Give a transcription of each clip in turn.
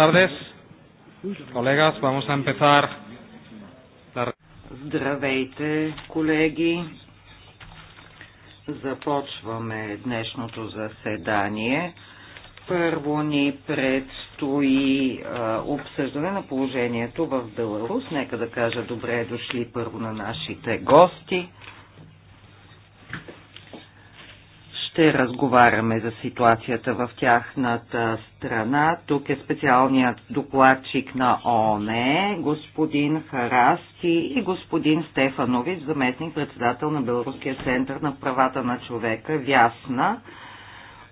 tardes. Colegas, vamos a empezar. La... Здравейте, колеги. Започваме днешното заседание. Първо ни предстои а, обсъждане на положението в Беларус. Нека да кажа добре дошли първо на нашите гости. ще разговаряме за ситуацията в тяхната страна. Тук е специалният докладчик на ООН, господин Харасти и господин Стефанович, заместник председател на Белоруския център на правата на човека, Вясна.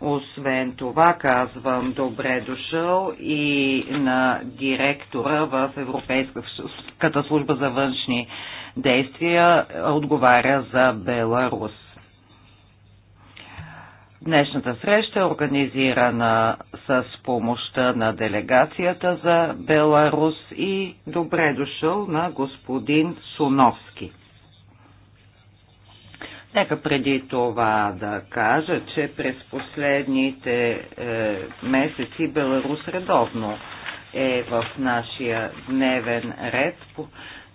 Освен това казвам добре дошъл и на директора в Европейската служба за външни действия, отговаря за Беларус. Днешната среща е организирана с помощта на делегацията за Беларус и добре е дошъл на господин Суновски. Нека преди това да кажа, че през последните е, месеци Беларус редовно е в нашия дневен ред. По,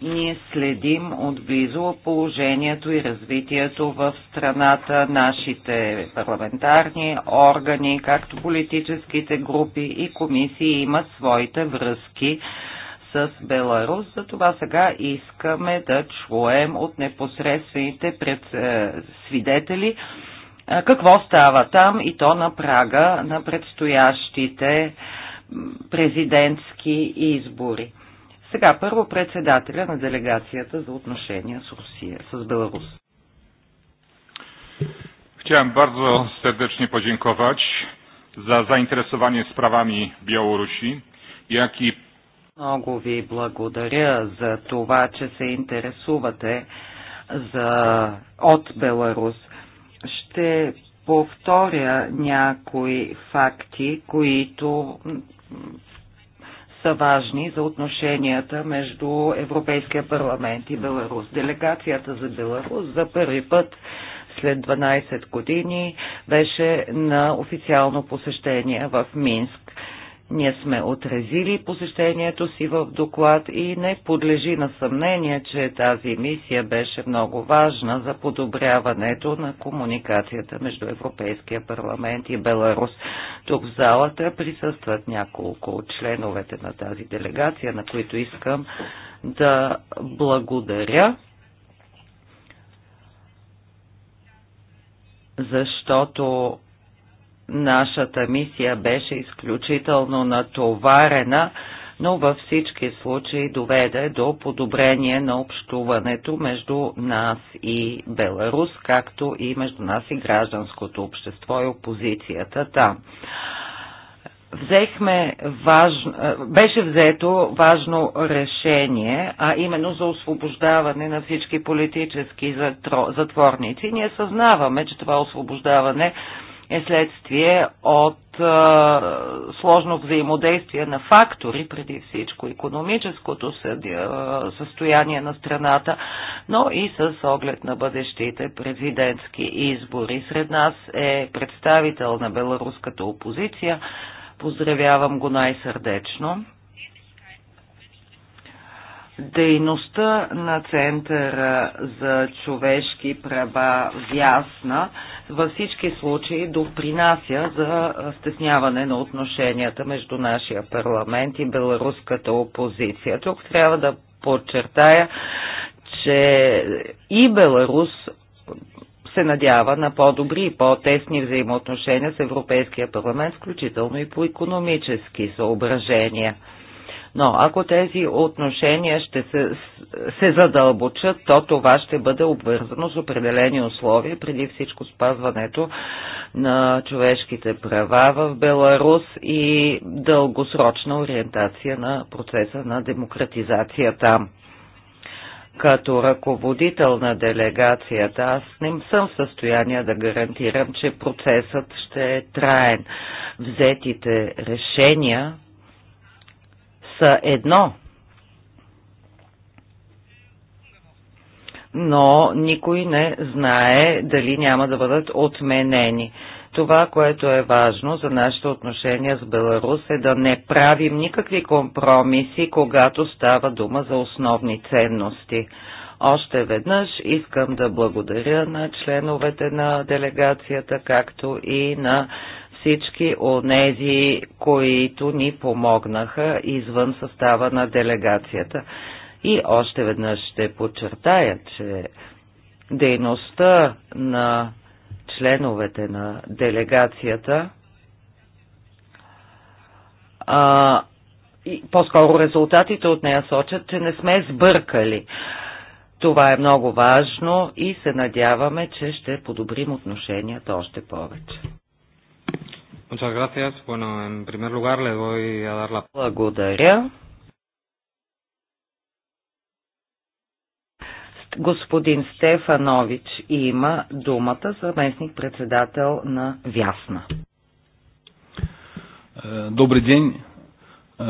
ние следим отблизо положението и развитието в страната, нашите парламентарни органи, както политическите групи и комисии имат своите връзки с Беларус. Затова сега искаме да чуем от непосредствените пред, е, свидетели е, какво става там и то на прага на предстоящите президентски избори. Сега първо председателя на делегацията за отношения с Русия, с Беларус. Chciałem bardzo serdecznie podziękować za zainteresowanie sprawami Białorusi, jak i много ви благодаря за това, че се интересувате за... от Беларус. Ще повторя някои факти, които са важни за отношенията между Европейския парламент и Беларус. Делегацията за Беларус за първи път след 12 години беше на официално посещение в Минск. Ние сме отразили посещението си в доклад и не подлежи на съмнение, че тази мисия беше много важна за подобряването на комуникацията между Европейския парламент и Беларус. Тук в залата присъстват няколко от членовете на тази делегация, на които искам да благодаря. защото Нашата мисия беше изключително натоварена, но във всички случаи доведе до подобрение на общуването между нас и Беларус, както и между нас и гражданското общество и опозицията там. Взехме важно, беше взето важно решение, а именно за освобождаване на всички политически затворници. Ние съзнаваме, че това освобождаване е следствие от а, сложно взаимодействие на фактори, преди всичко економическото състояние на страната, но и с оглед на бъдещите президентски избори. Сред нас е представител на беларуската опозиция. Поздравявам го най-сърдечно дейността на Центъра за човешки права в ясна във всички случаи допринася за стесняване на отношенията между нашия парламент и беларуската опозиция. Тук трябва да подчертая, че и Беларус се надява на по-добри и по-тесни взаимоотношения с Европейския парламент, включително и по економически съображения. Но ако тези отношения ще се, се задълбочат, то това ще бъде обвързано с определени условия, преди всичко спазването на човешките права в Беларус и дългосрочна ориентация на процеса на демократизация там като ръководител на делегацията, аз не съм в състояние да гарантирам, че процесът ще е траен. Взетите решения са едно, но никой не знае дали няма да бъдат отменени. Това, което е важно за нашите отношения с Беларус е да не правим никакви компромиси, когато става дума за основни ценности. Още веднъж искам да благодаря на членовете на делегацията, както и на всички онези, които ни помогнаха извън състава на делегацията. И още веднъж ще подчертая, че дейността на членовете на делегацията а, и по-скоро резултатите от нея сочат, че не сме сбъркали. Това е много важно и се надяваме, че ще подобрим отношенията още повече. Muchas gracias. Bueno, en primer lugar le voy a dar la... Благодаря. Господин Стефанович има думата, за местник председател на Вясна. Добрый день.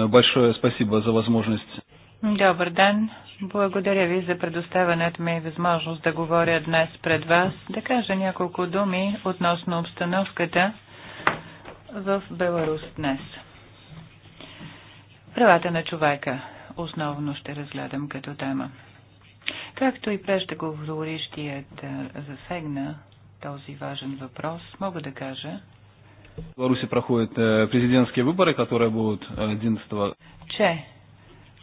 Большое спасибо за възможност. Добър ден. Благодаря ви за предоставянето ми и възможност да говоря днес пред вас, да кажа няколко думи относно обстановката в Беларус днес. Правата на човека основно ще разгледам като тема. Както и преждеговорищият засегна този важен въпрос, мога да кажа, Беларуси проходят е, президентски выборы, е, которые будут 11 Че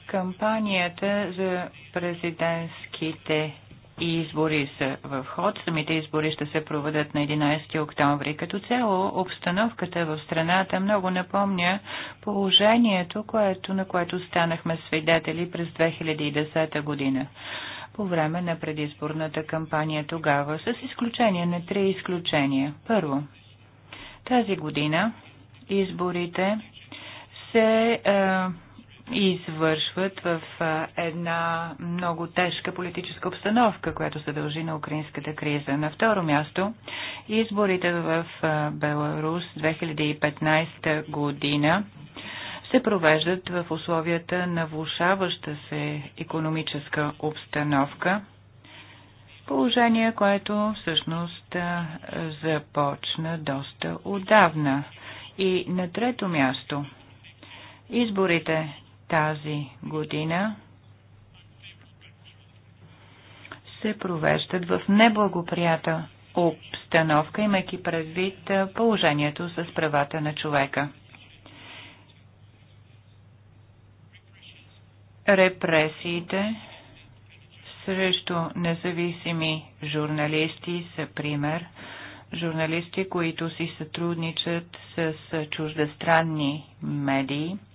кампанията за президентските избори са в ход. Самите избори ще се проведат на 11 октомври. Като цяло обстановката в страната много напомня положението, което, на което станахме свидетели през 2010 година по време на предизборната кампания тогава, с изключение на три изключения. Първо, тази година изборите се е, извършват в една много тежка политическа обстановка, която се дължи на украинската криза. На второ място, изборите в Беларус 2015 година се провеждат в условията на влушаваща се економическа обстановка, положение, което всъщност започна доста отдавна. И на трето място, изборите тази година се провеждат в неблагоприятна обстановка, имайки предвид положението с правата на човека. Репресиите срещу независими журналисти са пример. Журналисти, които си сътрудничат с чуждестранни медии –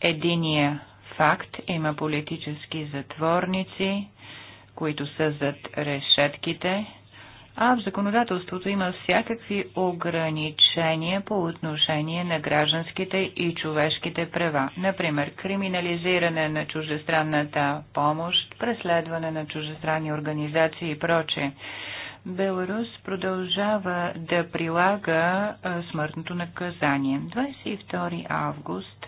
единия факт. Има политически затворници, които са зад решетките, а в законодателството има всякакви ограничения по отношение на гражданските и човешките права. Например, криминализиране на чужестранната помощ, преследване на чужестранни организации и прочее. Беларус продължава да прилага смъртното наказание. 22 август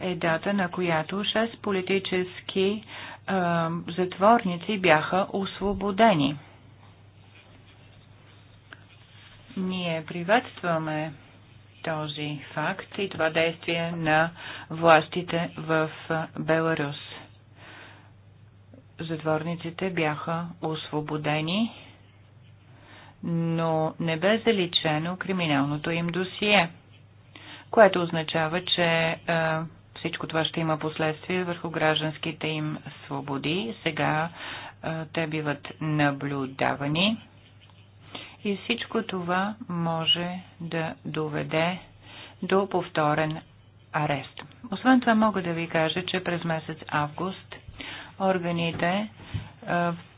е дата, на която 6 политически е, затворници бяха освободени. Ние приветстваме този факт и това действие на властите в Беларус. Затворниците бяха освободени, но не бе заличено криминалното им досие, което означава, че всичко това ще има последствия върху гражданските им свободи. Сега те биват наблюдавани и всичко това може да доведе до повторен арест. Освен това мога да ви кажа, че през месец август органите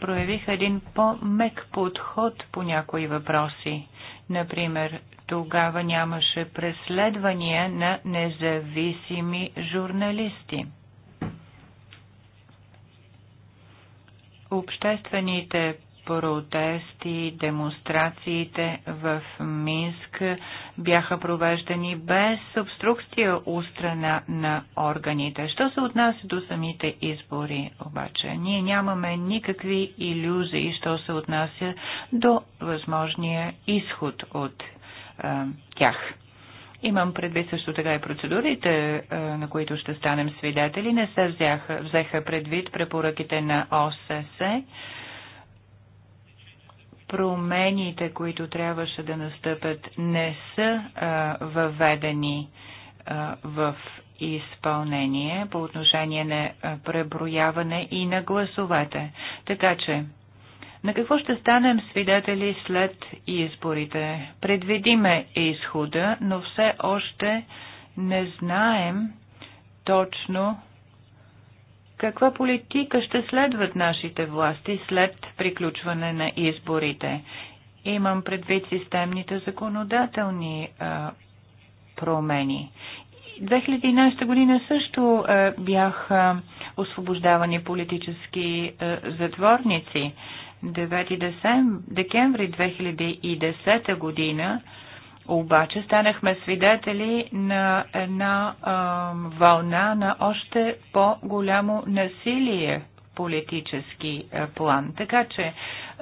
проявиха един по-мек подход по някои въпроси. Например, тогава нямаше преследвания на независими журналисти. Обществените протести, демонстрациите в Минск бяха провеждани без обструкция от страна на органите. Що се отнася до самите избори, обаче, ние нямаме никакви иллюзии, що се отнася до възможния изход от а, тях. Имам предвид също така и процедурите, на които ще станем свидетели. Не се взяха, взеха предвид препоръките на ОСС, промените, които трябваше да настъпят, не са а, въведени в изпълнение по отношение на преброяване и на гласовете. Така че на какво ще станем свидетели след изборите? Предвидиме изхода, но все още не знаем точно каква политика ще следват нашите власти след приключване на изборите. Имам предвид системните законодателни а, промени. 2011 година също а, бяха освобождавани политически а, затворници. 9 декември 2010 година обаче станахме свидетели на една а, вълна на още по-голямо насилие политически а, е, план. Така че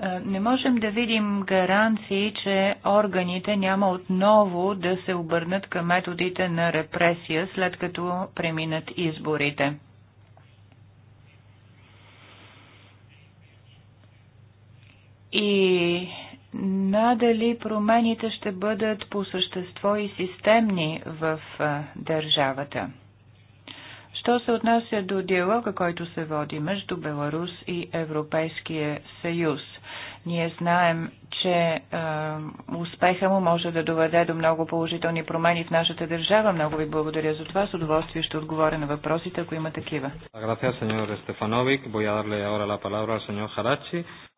а, е, не можем да видим гаранции, че органите няма отново да се обърнат към методите на репресия, след като преминат изборите. и надали промените ще бъдат по същество и системни в държавата. Що се отнася до диалога, който се води между Беларус и Европейския съюз – ние знаем, че е, успеха му може да доведе до много положителни промени в нашата държава. Много ви благодаря за това. С удоволствие ще отговоря на въпросите, ако има такива.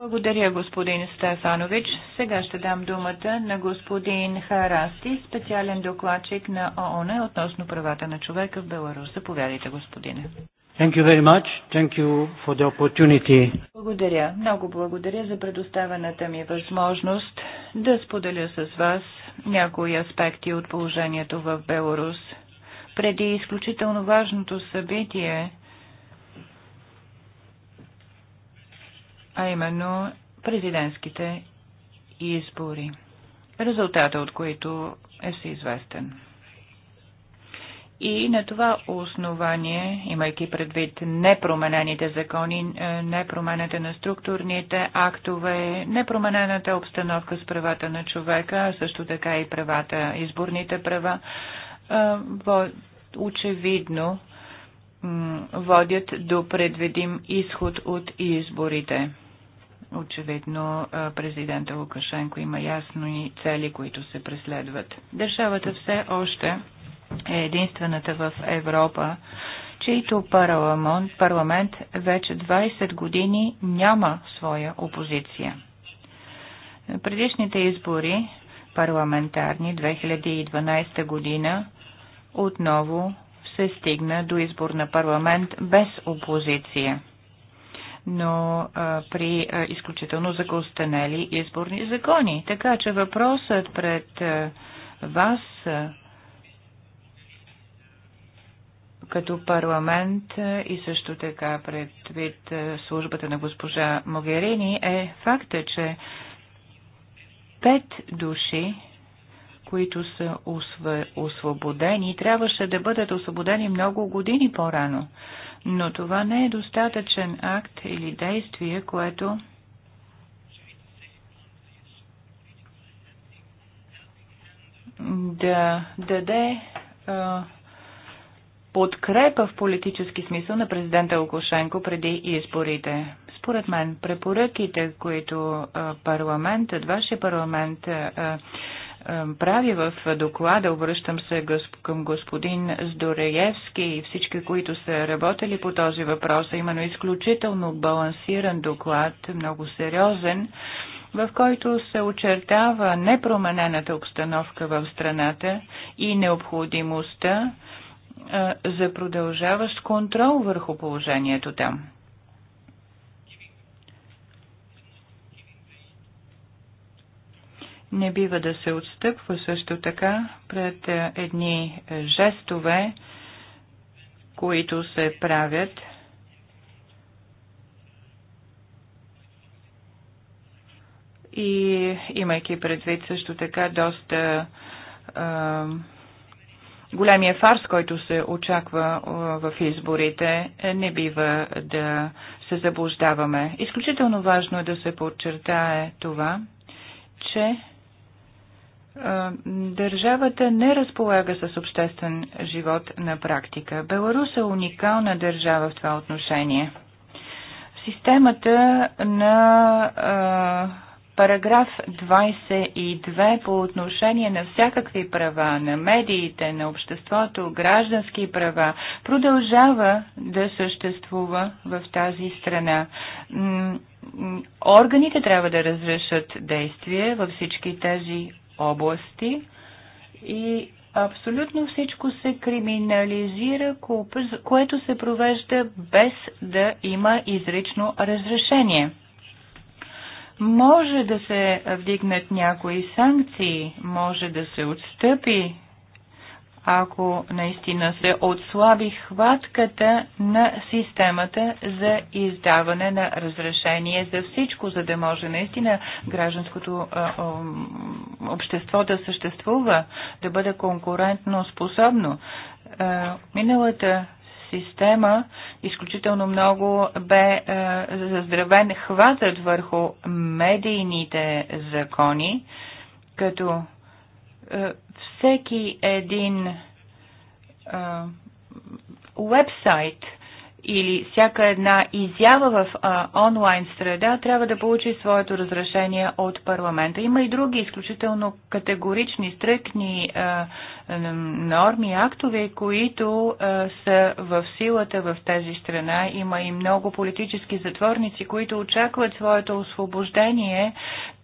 Благодаря, господин Стефанович. Сега ще дам думата на господин Харасти, специален докладчик на ООН относно правата на човека в Беларус. Заповядайте, господине. Thank you very much. Thank you for the opportunity. Благодаря. Много благодаря за предоставената ми възможност да споделя с вас някои аспекти от положението в Беларус. Преди изключително важното събитие, а именно президентските избори, резултата от които е всеизвестен. И на това основание, имайки предвид непроменените закони, е, непромената на структурните актове, непроменената обстановка с правата на човека, също така и правата, изборните права, е, очевидно водят до предвидим изход от изборите. Очевидно е, президента Лукашенко има ясно и цели, които се преследват. Държавата все още е единствената в Европа, чийто парламент, парламент вече 20 години няма своя опозиция. Предишните избори, парламентарни 2012 година, отново се стигна до избор на парламент без опозиция но а, при а, изключително закостанели изборни закони. Така че въпросът пред а, вас а, като парламент е, и също така предвид е, службата на госпожа Могерини е факта, че пет души, които са освободени, трябваше да бъдат освободени много години по-рано. Но това не е достатъчен акт или действие, което да даде а, подкрепа в политически смисъл на президента Лукашенко преди изборите. Според мен, препоръките, които парламентът, вашия парламент прави в доклада, обръщам се към господин Здореевски и всички, които са работили по този въпрос, а именно изключително балансиран доклад, много сериозен, в който се очертава непроменената обстановка в страната и необходимостта за продължаващ контрол върху положението там. Не бива да се отстъпва също така пред едни жестове, които се правят и имайки предвид също така доста а, големия фарс, който се очаква в изборите, е, не бива да се заблуждаваме. Изключително важно е да се подчертае това, че държавата не разполага с обществен живот на практика. Беларус е уникална държава в това отношение. Системата на Параграф 22 по отношение на всякакви права, на медиите, на обществото, граждански права, продължава да съществува в тази страна. Органите трябва да разрешат действие във всички тези области и абсолютно всичко се криминализира, което се провежда без да има изрично разрешение. Може да се вдигнат някои санкции, може да се отстъпи, ако наистина се отслаби хватката на системата за издаване на разрешение за всичко, за да може наистина гражданското общество да съществува, да бъде конкурентно способно. Миналата система изключително много бе е, заздравен хватът върху медийните закони, като е, всеки един вебсайт е, – или всяка една изява в а, онлайн среда трябва да получи своето разрешение от парламента. Има и други изключително категорични, стръкни а, норми, актове, които а, са в силата в тази страна. Има и много политически затворници, които очакват своето освобождение,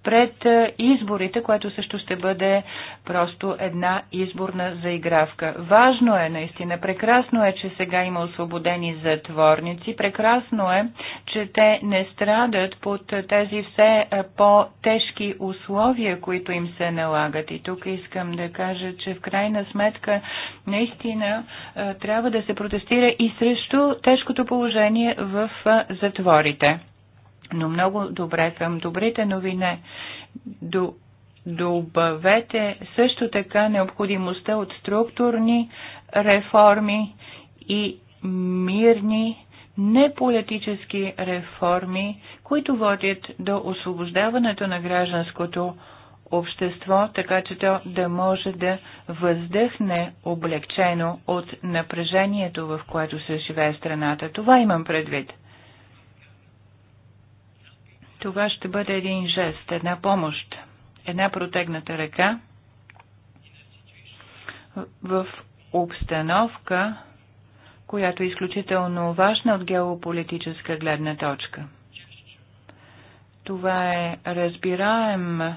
пред е, изборите, което също ще бъде просто една изборна заигравка. Важно е наистина, прекрасно е, че сега има освободени затворници, прекрасно е, че те не страдат под тези все е, по-тежки условия, които им се налагат. И тук искам да кажа, че в крайна сметка наистина е, трябва да се протестира и срещу тежкото положение в затворите но много добре към добрите новини. До добавете също така необходимостта от структурни реформи и мирни неполитически реформи, които водят до освобождаването на гражданското общество, така че то да може да въздъхне облегчено от напрежението, в което се живее страната. Това имам предвид. Това ще бъде един жест, една помощ, една протегната ръка в обстановка, която е изключително важна от геополитическа гледна точка. Това е разбираем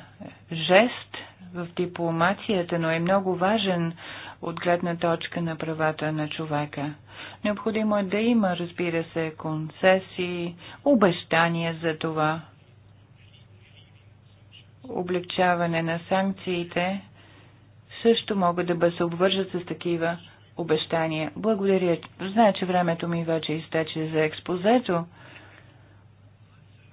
жест в дипломацията, но е много важен от гледна точка на правата на човека. Необходимо е да има, разбира се, концесии, обещания за това, облегчаване на санкциите също могат да се обвържат с такива обещания. Благодаря. Зная, че времето ми вече изтече за експозето.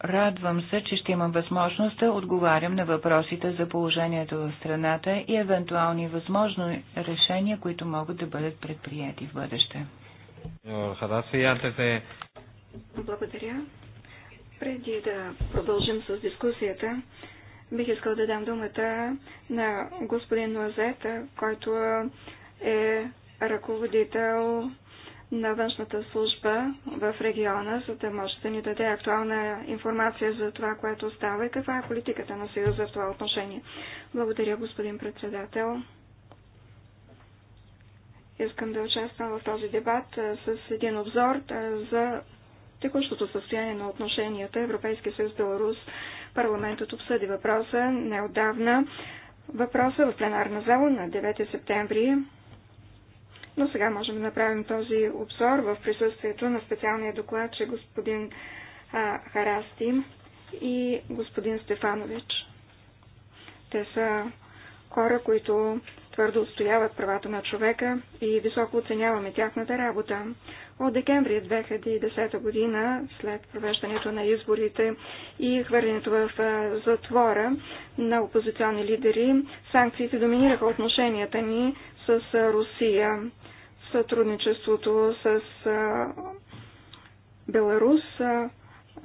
Радвам се, че ще имам възможност да отговарям на въпросите за положението в страната и евентуални възможни решения, които могат да бъдат предприяти в бъдеще. Благодаря. Преди да продължим с дискусията, Бих искал да дам думата на господин Нозет, който е ръководител на външната служба в региона, за да може да ни даде актуална информация за това, което става и каква е политиката на Съюза в това отношение. Благодаря, господин председател. Искам да участвам в този дебат с един обзор за текущото състояние на отношенията Европейския съюз Беларус. Парламентът обсъди въпроса неодавна. Въпроса в пленарна зала на 9 септември. Но сега можем да направим този обзор в присъствието на специалния доклад, че господин а, Харасти и господин Стефанович. Те са хора, които твърдо отстояват правата на човека и високо оценяваме тяхната работа. От декември 2010 година, след провеждането на изборите и хвърлянето в затвора на опозиционни лидери, санкциите доминираха отношенията ни с Русия. Сътрудничеството с Беларус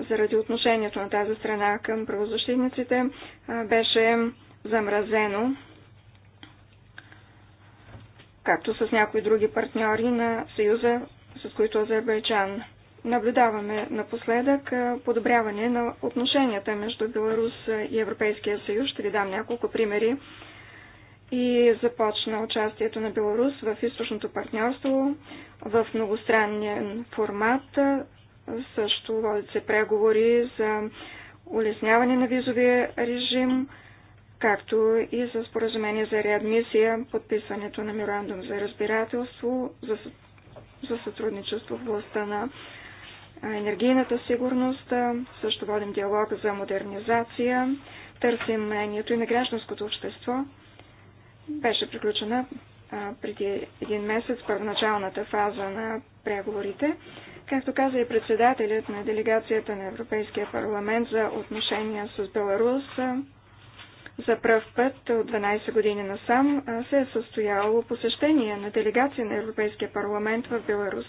заради отношението на тази страна към правозащитниците беше замразено, както с някои други партньори на Съюза с които Азербайджан. Наблюдаваме напоследък подобряване на отношенията между Беларус и Европейския съюз. Ще ви дам няколко примери. И започна участието на Беларус в източното партньорство в многостранен формат. Също водят се преговори за улесняване на визовия режим, както и за споразумение за реадмисия, подписването на меморандум за разбирателство, за за сътрудничество в областта на енергийната сигурност. Също водим диалог за модернизация. Търсим мнението и на гражданското общество. Беше приключена преди един месец първоначалната фаза на преговорите. Както каза и председателят на делегацията на Европейския парламент за отношения с Беларус, за пръв път от 12 години насам се е състояло посещение на делегация на Европейския парламент в Беларус.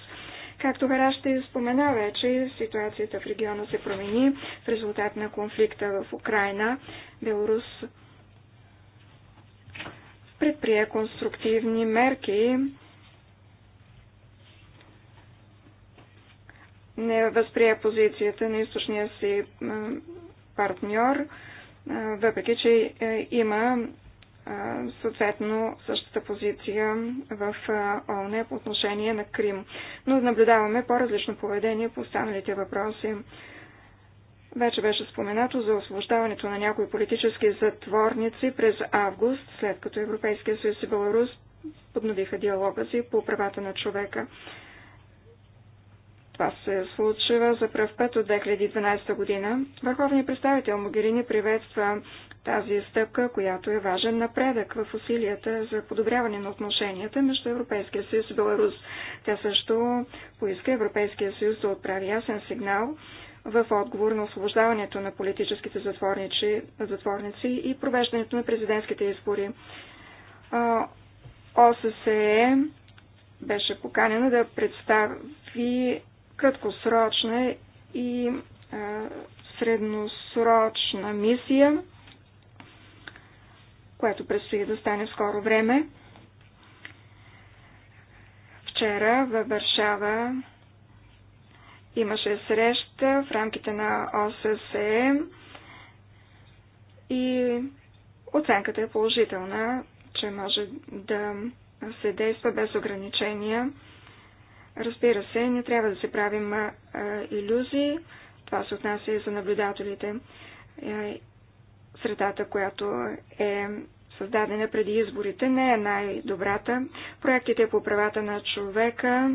Както Вера ще спомена вече, ситуацията в региона се промени в резултат на конфликта в Украина. Беларус предприе конструктивни мерки, не възприе позицията на източния си партньор, въпреки че е, има съответно същата позиция в ООН по отношение на Крим. Но наблюдаваме по-различно поведение по останалите въпроси. Вече беше споменато за освобождаването на някои политически затворници през август, след като Европейския съюз и Беларус подновиха диалога си по правата на човека. Това се случва за пръв път от 2012 година. Върховният представител Могерини приветства тази стъпка, която е важен напредък в усилията за подобряване на отношенията между Европейския съюз и Беларус. Тя също поиска Европейския съюз да отправи ясен сигнал в отговор на освобождаването на политическите затворници, затворници и провеждането на президентските избори. ОССЕ беше поканена да представи краткосрочна и а, средносрочна мисия, която предстои да стане в скоро време. Вчера във Варшава имаше среща в рамките на ОССЕ и оценката е положителна, че може да се действа без ограничения. Разбира се, не трябва да се правим а, иллюзии. Това се отнася и за наблюдателите. Е, средата, която е създадена преди изборите, не е най-добрата. Проектите по правата на човека,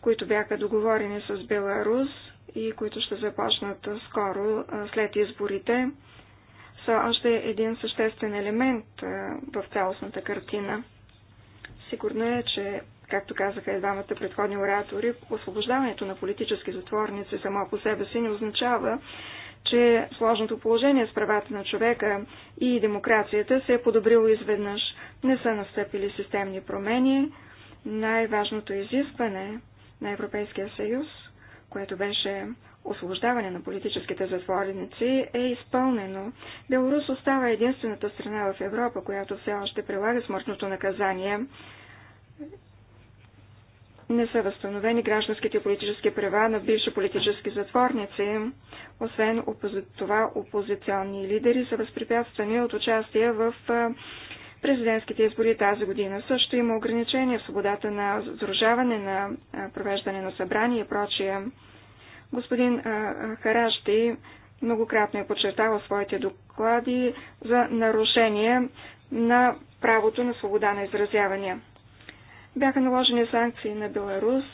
които бяха договорени с Беларус и които ще започнат скоро след изборите, са още един съществен елемент в цялостната картина. Сигурно е, че както казаха и двамата предходни оратори, освобождаването на политически затворници само по себе си не означава, че сложното положение с правата на човека и демокрацията се е подобрило изведнъж. Не са настъпили системни промени. Най-важното изискване на Европейския съюз, което беше освобождаване на политическите затворници, е изпълнено. Беларус остава единствената страна в Европа, която все още прилага смъртното наказание не са възстановени гражданските и политически права на бивши политически затворници. Освен това, опозиционни лидери са възпрепятствани от участие в президентските избори тази година. Също има ограничения в свободата на сдружаване, на провеждане на събрания и прочие. Господин Харашти многократно е подчертавал своите доклади за нарушение на правото на свобода на изразяване. Бяха наложени санкции на Беларус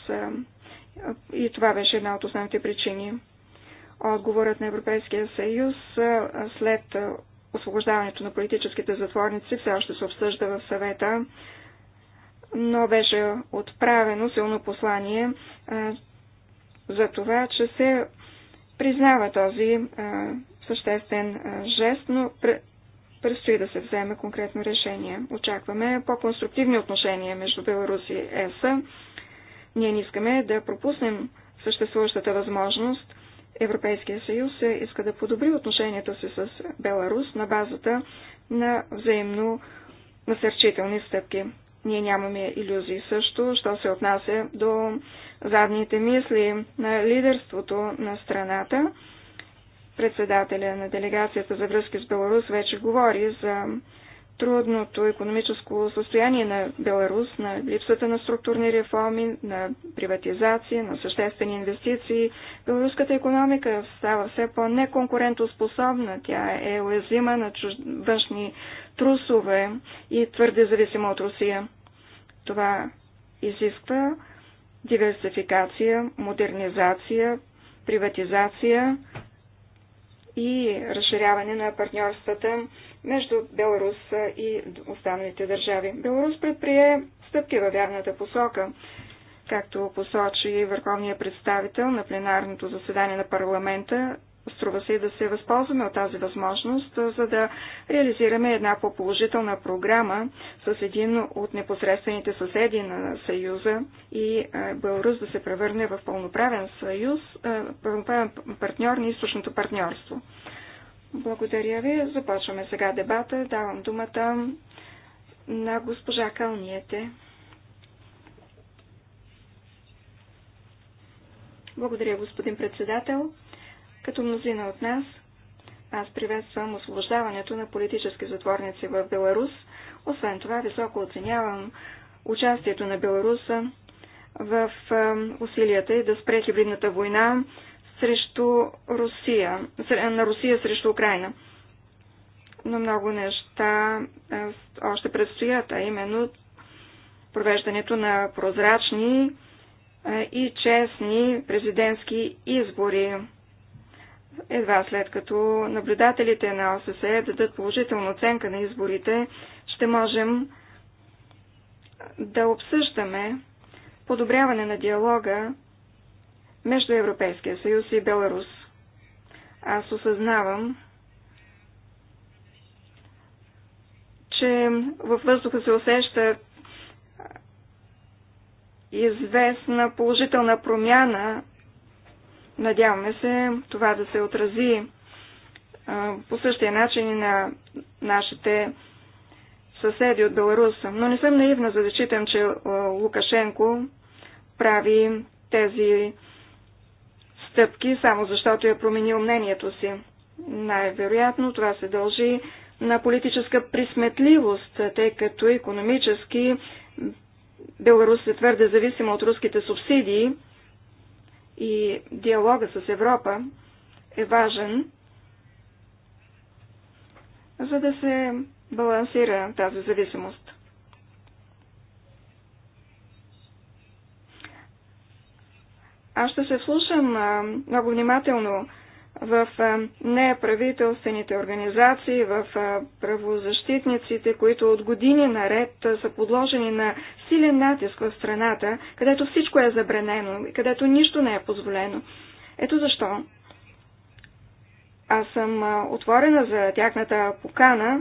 и това беше една от основните причини. Отговорът на Европейския съюз след освобождаването на политическите затворници все още се обсъжда в съвета, но беше отправено силно послание за това, че се признава този съществен жест, но Предстои да се вземе конкретно решение. Очакваме по-конструктивни отношения между Беларус и ЕС, Ние не искаме да пропуснем съществуващата възможност. Европейския съюз иска да подобри отношенията си с Беларус на базата на взаимно насърчителни стъпки. Ние нямаме иллюзии също, що се отнася до задните мисли на лидерството на страната. Председателя на делегацията за връзки с Беларус вече говори за трудното економическо състояние на Беларус, на липсата на структурни реформи, на приватизация, на съществени инвестиции. Беларуската економика става все по-неконкурентоспособна. Тя е уязвима на чуж... външни трусове и твърде зависима от Русия. Това изисква диверсификация, модернизация, приватизация, и разширяване на партньорствата между Беларус и останалите държави. Беларус предприе стъпки във вярната посока, както посочи върховният представител на пленарното заседание на парламента Струва се и да се възползваме от тази възможност, за да реализираме една по-положителна програма с един от непосредствените съседи на Съюза и Беларус да се превърне в пълноправен съюз, пълноправен партньор на източното партньорство. Благодаря ви. Започваме сега дебата. Давам думата на госпожа Калниете. Благодаря, господин председател. Като мнозина от нас, аз приветствам освобождаването на политически затворници в Беларус. Освен това, високо оценявам участието на Беларуса в усилията и да спре хибридната война срещу Русия, на Русия срещу Украина. Но много неща още предстоят, а именно провеждането на прозрачни и честни президентски избори едва след като наблюдателите на ОССЕ дадат положителна оценка на изборите, ще можем да обсъждаме подобряване на диалога между Европейския съюз и Беларус. Аз осъзнавам, че във въздуха се усеща известна положителна промяна Надяваме се това да се отрази по същия начин и на нашите съседи от Беларуса. Но не съм наивна, за да читам, че Лукашенко прави тези стъпки, само защото е променил мнението си. Най-вероятно това се дължи на политическа присметливост, тъй като економически Беларус е твърде зависима от руските субсидии и диалога с Европа е важен, за да се балансира тази зависимост. Аз ще се слушам много внимателно в неправителствените организации, в правозащитниците, които от години наред са подложени на силен натиск в страната, където всичко е забранено и където нищо не е позволено. Ето защо аз съм отворена за тяхната покана.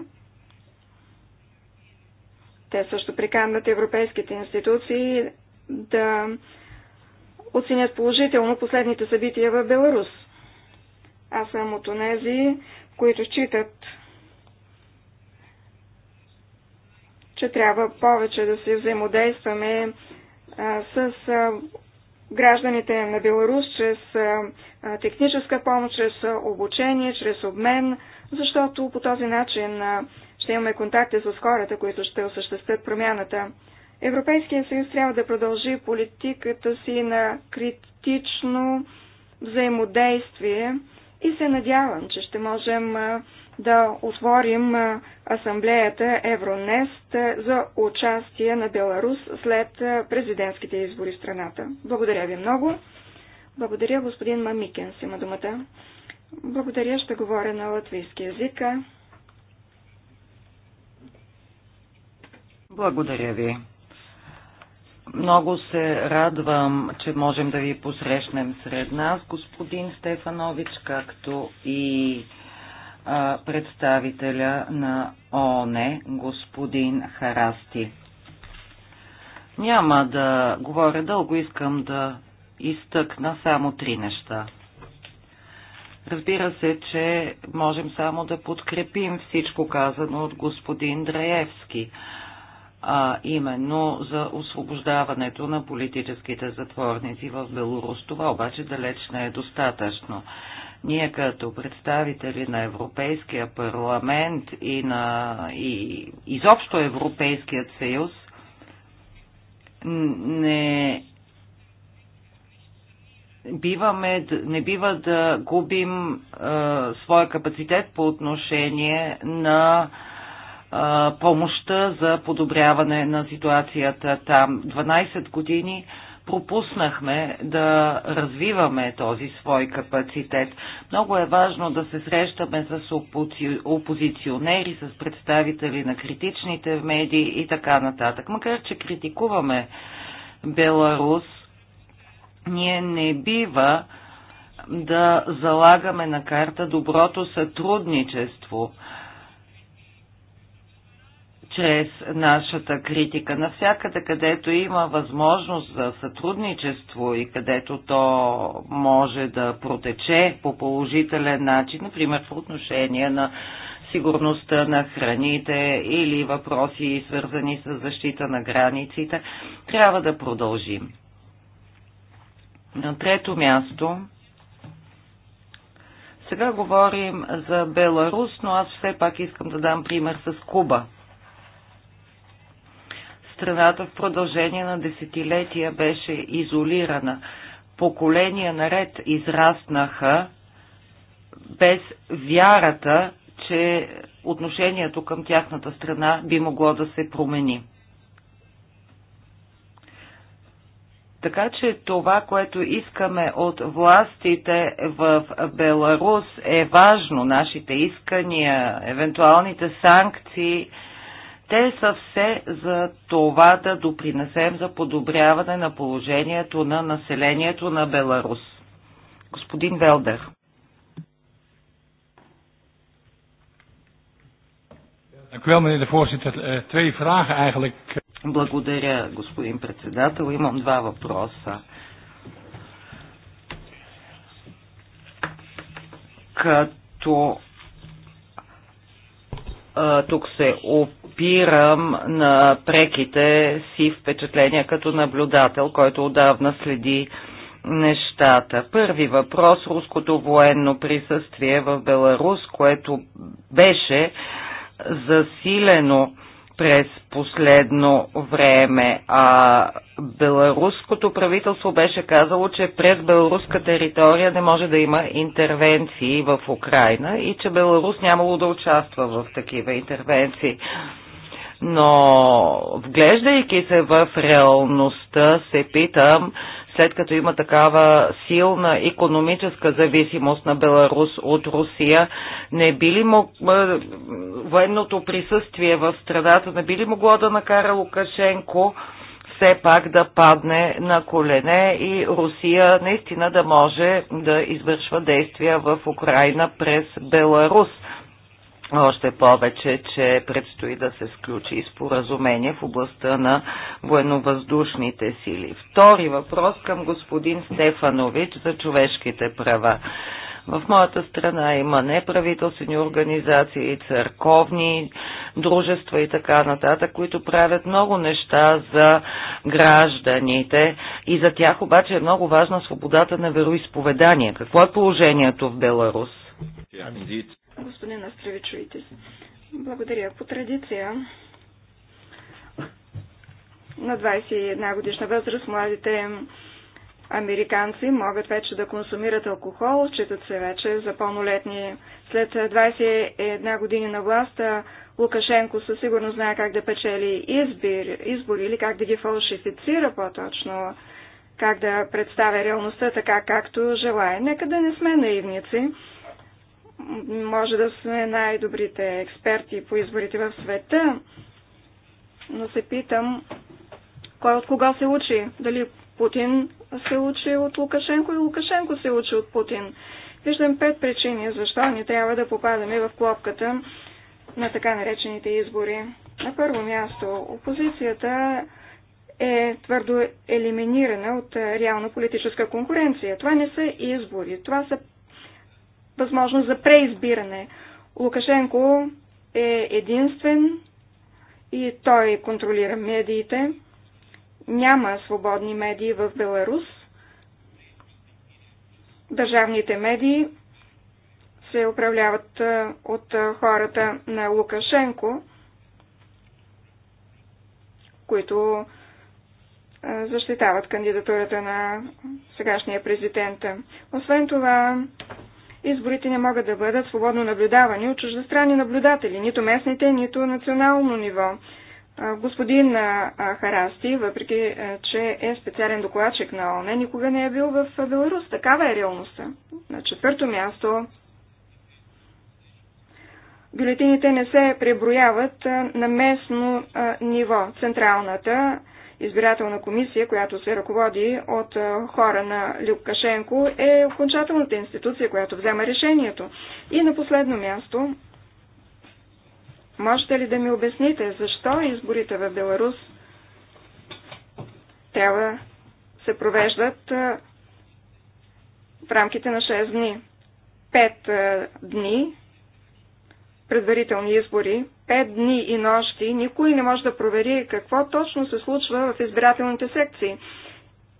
Те също приканват европейските институции да оценят положително последните събития в Беларус. Аз съм от онези, които считат, че трябва повече да се взаимодействаме с гражданите на Беларус чрез техническа помощ, чрез обучение, чрез обмен, защото по този начин ще имаме контакти с хората, които ще осъществят промяната. Европейския съюз трябва да продължи политиката си на критично взаимодействие и се надявам, че ще можем да отворим асамблеята Евронест за участие на Беларус след президентските избори в страната. Благодаря ви много. Благодаря, господин си има думата. Благодаря, ще говоря на латвийски язик. Благодаря ви. Много се радвам, че можем да ви посрещнем сред нас, господин Стефанович, както и а, представителя на ООН, господин Харасти. Няма да говоря дълго, искам да изтъкна само три неща. Разбира се, че можем само да подкрепим всичко казано от господин Драевски а именно за освобождаването на политическите затворници в Беларус. Това обаче далеч не е достатъчно. Ние като представители на Европейския парламент и, на, и изобщо Европейският съюз не биваме, не бива да губим е, своя капацитет по отношение на е, помощта за подобряване на ситуацията там. 12 години пропуснахме да развиваме този свой капацитет. Много е важно да се срещаме с опозиционери, с представители на критичните медии и така нататък. Макар, че критикуваме Беларус, ние не бива да залагаме на карта доброто сътрудничество чрез нашата критика. Навсякъде, където има възможност за сътрудничество и където то може да протече по положителен начин, например по отношение на сигурността на храните или въпроси свързани с защита на границите, трябва да продължим. На трето място сега говорим за Беларус, но аз все пак искам да дам пример с Куба страната в продължение на десетилетия беше изолирана. Поколения наред израснаха без вярата, че отношението към тяхната страна би могло да се промени. Така че това, което искаме от властите в Беларус е важно. Нашите искания, евентуалните санкции – те са все за това да допринесем за подобряване на положението на населението на Беларус. Господин Велдер. Eh, Благодаря, господин председател. Имам два въпроса. Като тук се опирам на преките си впечатления като наблюдател, който отдавна следи нещата. Първи въпрос – руското военно присъствие в Беларус, което беше засилено през последно време, а беларуското правителство беше казало, че през беларуска територия не може да има интервенции в Украина и че Беларус нямало да участва в такива интервенции. Но вглеждайки се в реалността, се питам, след като има такава силна економическа зависимост на Беларус от Русия, не би ли мог, е, военното присъствие в страдата, не би ли могло да накара Лукашенко все пак да падне на колене и Русия наистина да може да извършва действия в Украина през Беларус? Още повече, че предстои да се сключи споразумение в областта на военновъздушните сили. Втори въпрос към господин Стефанович за човешките права. В моята страна има неправителствени организации, църковни дружества и така нататък, които правят много неща за гражданите и за тях обаче е много важна свободата на вероисповедание. Какво е положението в Беларус? господин се. Благодаря. По традиция на 21 годишна възраст младите американци могат вече да консумират алкохол, считат се вече за пълнолетни. След 21 години на власт Лукашенко със сигурно знае как да печели избир, избори или как да ги фалшифицира по-точно, как да представя реалността така както желая. Нека да не сме наивници. Може да сме най-добрите експерти по изборите в света, но се питам кой от кога се учи. Дали Путин се учи от Лукашенко и Лукашенко се учи от Путин. Виждам пет причини защо ни трябва да попадаме в клопката на така наречените избори. На първо място, опозицията е твърдо елиминирана от реална политическа конкуренция. Това не са избори, това са възможност за преизбиране. Лукашенко е единствен и той контролира медиите. Няма свободни медии в Беларус. Държавните медии се управляват от хората на Лукашенко, които защитават кандидатурата на сегашния президент. Освен това, изборите не могат да бъдат свободно наблюдавани от чуждестранни наблюдатели, нито местните, нито национално ниво. Господин Харасти, въпреки че е специален докладчик на ОНЕ, никога не е бил в Беларус. Такава е реалността. На четвърто място бюлетините не се преброяват на местно ниво. Централната избирателна комисия, която се ръководи от хора на Люкашенко, е окончателната институция, която взема решението. И на последно място, можете ли да ми обясните защо изборите в Беларус трябва се провеждат в рамките на 6 дни? 5 дни предварителни избори, пет дни и нощи, никой не може да провери какво точно се случва в избирателните секции.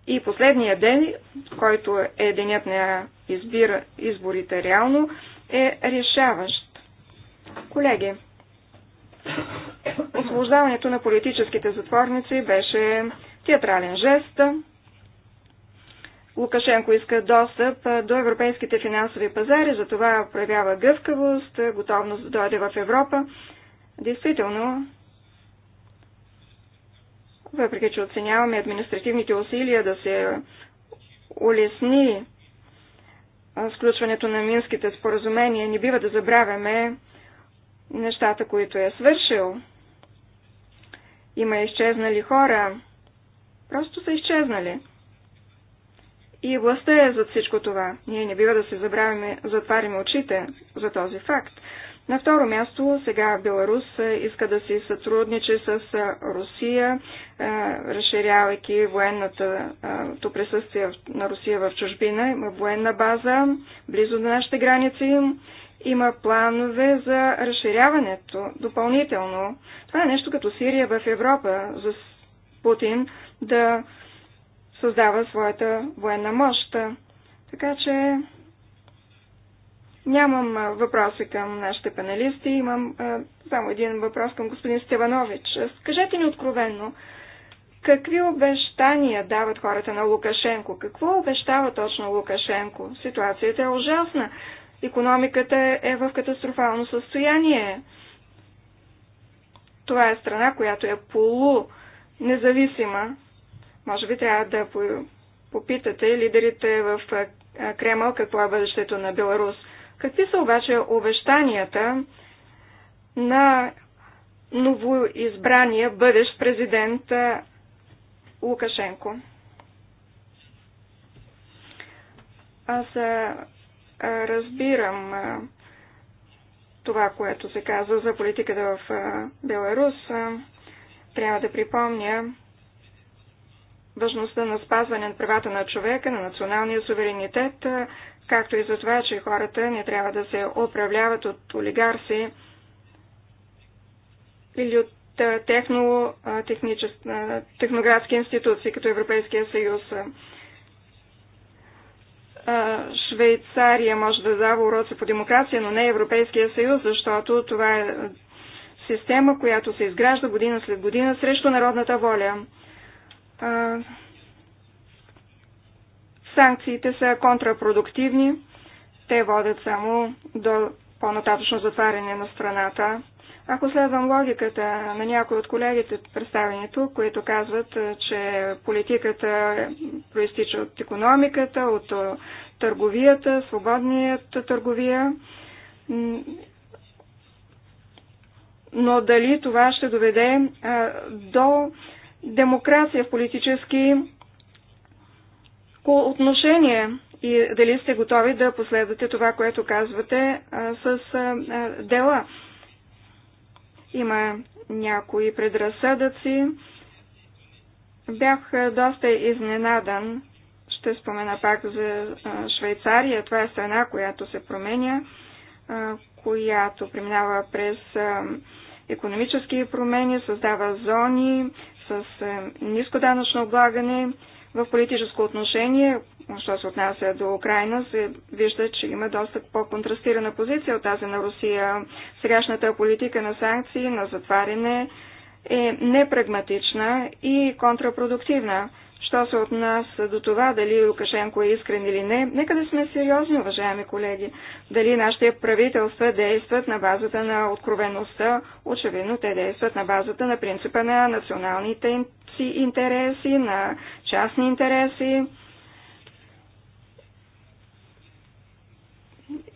И последния ден, който е денят на избира, изборите реално, е решаващ. Колеги, освобождаването на политическите затворници беше театрален жест, Лукашенко иска достъп до европейските финансови пазари, за това проявява гъвкавост, готовност да дойде в Европа. Действително, въпреки че оценяваме административните усилия да се улесни сключването на минските споразумения, не бива да забравяме нещата, които е свършил. Има изчезнали хора. Просто са изчезнали. И властта е зад всичко това. Ние не бива да се забравяме, затваряме очите за този факт. На второ място, сега Беларус иска да си сътрудничи с Русия, разширявайки военното присъствие на Русия в чужбина. Има военна база близо до нашите граници. Има планове за разширяването допълнително. Това е нещо като Сирия в Европа за Путин да създава своята военна мощ. Така че нямам въпроси към нашите панелисти, имам а, само един въпрос към господин Стеванович. Скажете ни откровенно, какви обещания дават хората на Лукашенко? Какво обещава точно Лукашенко? Ситуацията е ужасна. Економиката е в катастрофално състояние. Това е страна, която е полу независима може би трябва да попитате лидерите в Кремъл какво е бъдещето на Беларус. Какви са обаче обещанията на новоизбрания бъдещ президент Лукашенко? Аз разбирам това, което се казва за политиката в Беларус. Трябва да припомня, важността на спазване на правата на човека, на националния суверенитет, както и за това, че хората не трябва да се управляват от олигарси или от техно, техноградски институции, като Европейския съюз. Швейцария може да дава уроци по демокрация, но не Европейския съюз, защото това е система, която се изгражда година след година срещу народната воля санкциите са контрапродуктивни. Те водят само до по-нататъчно затваряне на страната. Ако следвам логиката на някои от колегите представени тук, които казват, че политиката проистича от економиката, от търговията, свободният търговия, но дали това ще доведе до демокрация в политически отношения и дали сте готови да последвате това, което казвате с дела. Има някои предразсъдъци. Бях доста изненадан. Ще спомена пак за Швейцария. Това е страна, която се променя, която преминава през економически промени, създава зони, с е, ниско данъчно облагане в политическо отношение, що се отнася до Украина, се вижда, че има доста по-контрастирана позиция от тази на Русия. Сегашната политика на санкции, на затваряне е непрагматична и контрапродуктивна. Що се от нас до това, дали Лукашенко е искрен или не, нека да сме сериозни, уважаеми колеги. Дали нашите правителства действат на базата на откровеността, очевидно те действат на базата на принципа на националните си интереси, на частни интереси.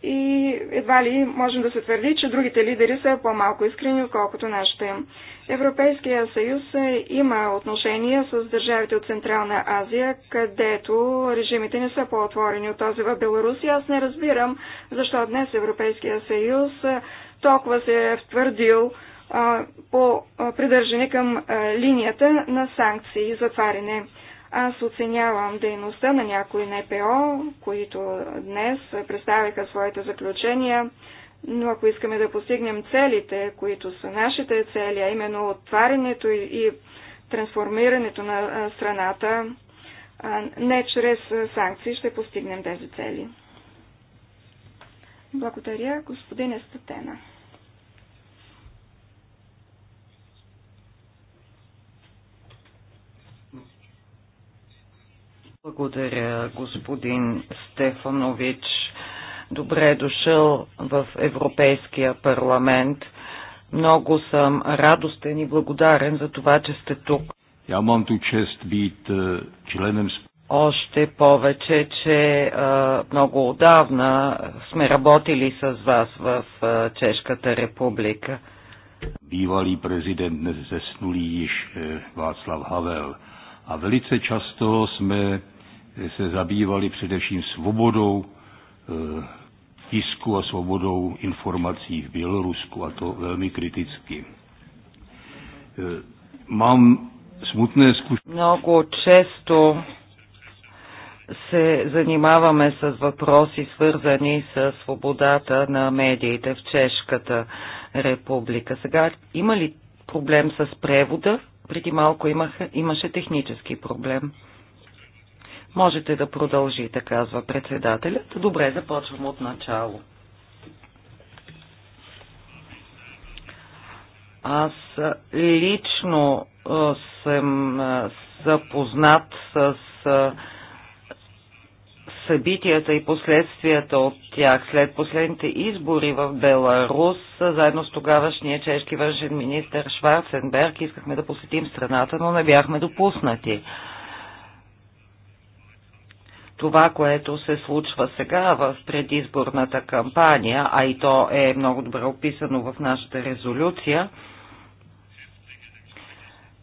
И едва ли можем да се твърди, че другите лидери са по-малко искрени, отколкото нашите. Европейския съюз е, има отношения с държавите от Централна Азия, където режимите не са по-отворени от този в Беларусия. Аз не разбирам защо днес Европейския съюз е, толкова се е втвърдил е, по придържане към линията на санкции и затваряне. Аз оценявам дейността на някои НПО, които днес представиха своите заключения но ако искаме да постигнем целите, които са нашите цели, а именно отварянето и трансформирането на страната, не чрез санкции ще постигнем тези цели. Благодаря, господин Естатена. Благодаря, господин Стефанович. Добре дошъл в Европейския парламент. Много съм радостен и благодарен за това, че сте тук. Я мам ту чест бит е, още повече, че а, е, много отдавна сме работили с вас в а, е, Чешката република. Бивали президент не заснули еш Вацлав Хавел. А велице часто сме се забивали především svobodou e, tisku a svobodou informací v Bělorusku, a to velmi kriticky. E, mám smutné zkušenosti. Mnoho často se zanimáváme s въпроси, свързани s свободата na медиите v Чешката република. Сега има ли проблем с превода? Преди малко имах, имаше технически проблем. Можете да продължите, казва председателят. Добре, започвам от начало. Аз лично съм запознат с събитията и последствията от тях след последните избори в Беларус, заедно с тогавашния чешки външен министр Шварценберг, искахме да посетим страната, но не бяхме допуснати това, което се случва сега в предизборната кампания, а и то е много добре описано в нашата резолюция,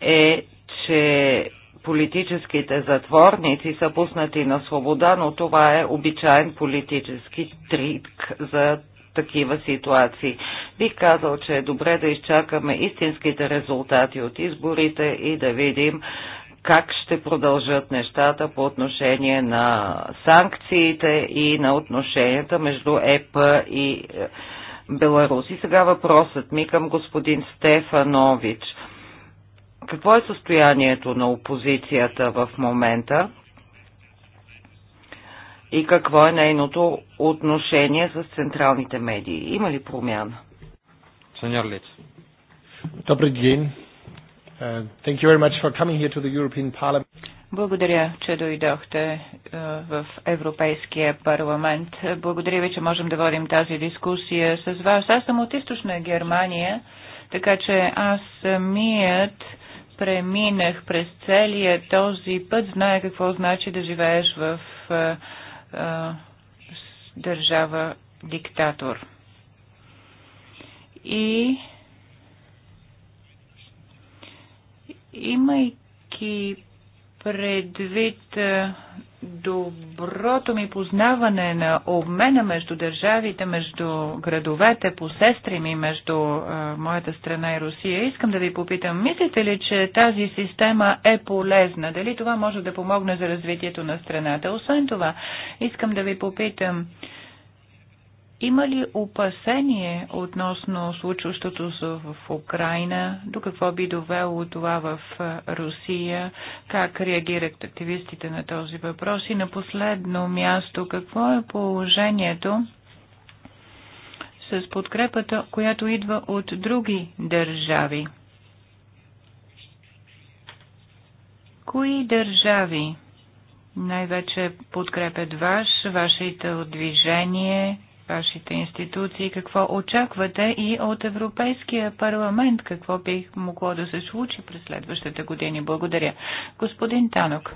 е, че политическите затворници са пуснати на свобода, но това е обичайен политически трик за такива ситуации. Бих казал, че е добре да изчакаме истинските резултати от изборите и да видим как ще продължат нещата по отношение на санкциите и на отношенията между ЕП и е, Беларус. И сега въпросът ми към господин Стефанович. Какво е състоянието на опозицията в момента и какво е нейното отношение с централните медии? Има ли промяна? Сеньор Лиц. Добър ден. Uh, thank you very much for coming here to the European Parliament. Благодаря, че дойдохте е, в Европейския парламент. Благодаря ви, че можем да водим тази дискусия с вас. Аз съм от източна Германия, така че аз самият преминах през целия този път. Зная какво значи да живееш в е, е, държава диктатор. И Имайки предвид доброто ми познаване на обмена между държавите, между градовете, по сестри ми, между а, моята страна и Русия, искам да ви попитам, мислите ли, че тази система е полезна? Дали това може да помогне за развитието на страната? Освен това, искам да ви попитам, а, има ли опасение относно случващото се в Украина? До какво би довело това в Русия? Как реагират активистите на този въпрос? И на последно място, какво е положението с подкрепата, която идва от други държави? Кои държави най-вече подкрепят ваш, вашето движение, вашите институции, какво очаквате и от Европейския парламент, какво би могло да се случи през следващите години. Благодаря. Господин Танок.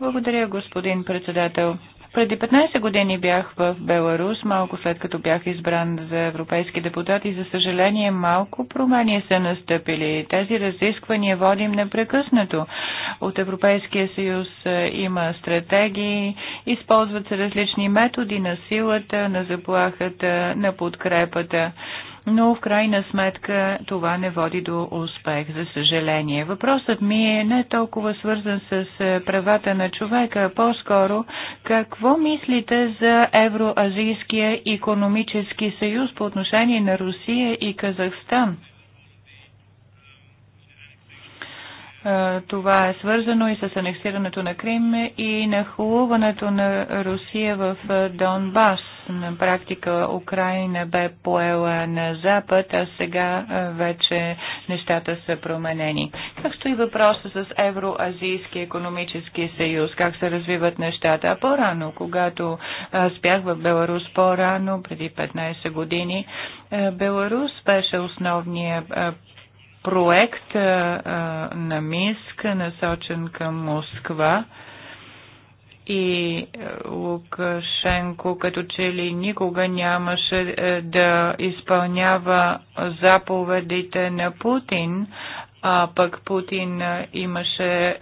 Благодаря, господин председател. Преди 15 години бях в Беларус, малко след като бях избран за европейски депутат и за съжаление малко промени са настъпили. Тези разисквания водим непрекъснато. От Европейския съюз е, има стратегии, използват се различни методи на силата, на заплахата, на подкрепата но в крайна сметка това не води до успех, за съжаление. Въпросът ми е не толкова свързан с е, правата на човека, а по-скоро какво мислите за Евроазийския економически съюз по отношение на Русия и Казахстан? Е, това е свързано и с анексирането на Крим и нахлуването на Русия в е, Донбас. На практика Украина бе поела на Запад, а сега е, вече нещата са променени. Как стои въпроса с Евроазийския економически съюз? Как се развиват нещата? А по-рано, когато аз бях в Беларус по-рано, преди 15 години, Беларус беше основният проект на Минск, насочен към Москва и Лукашенко като че ли никога нямаше да изпълнява заповедите на Путин, а пък Путин имаше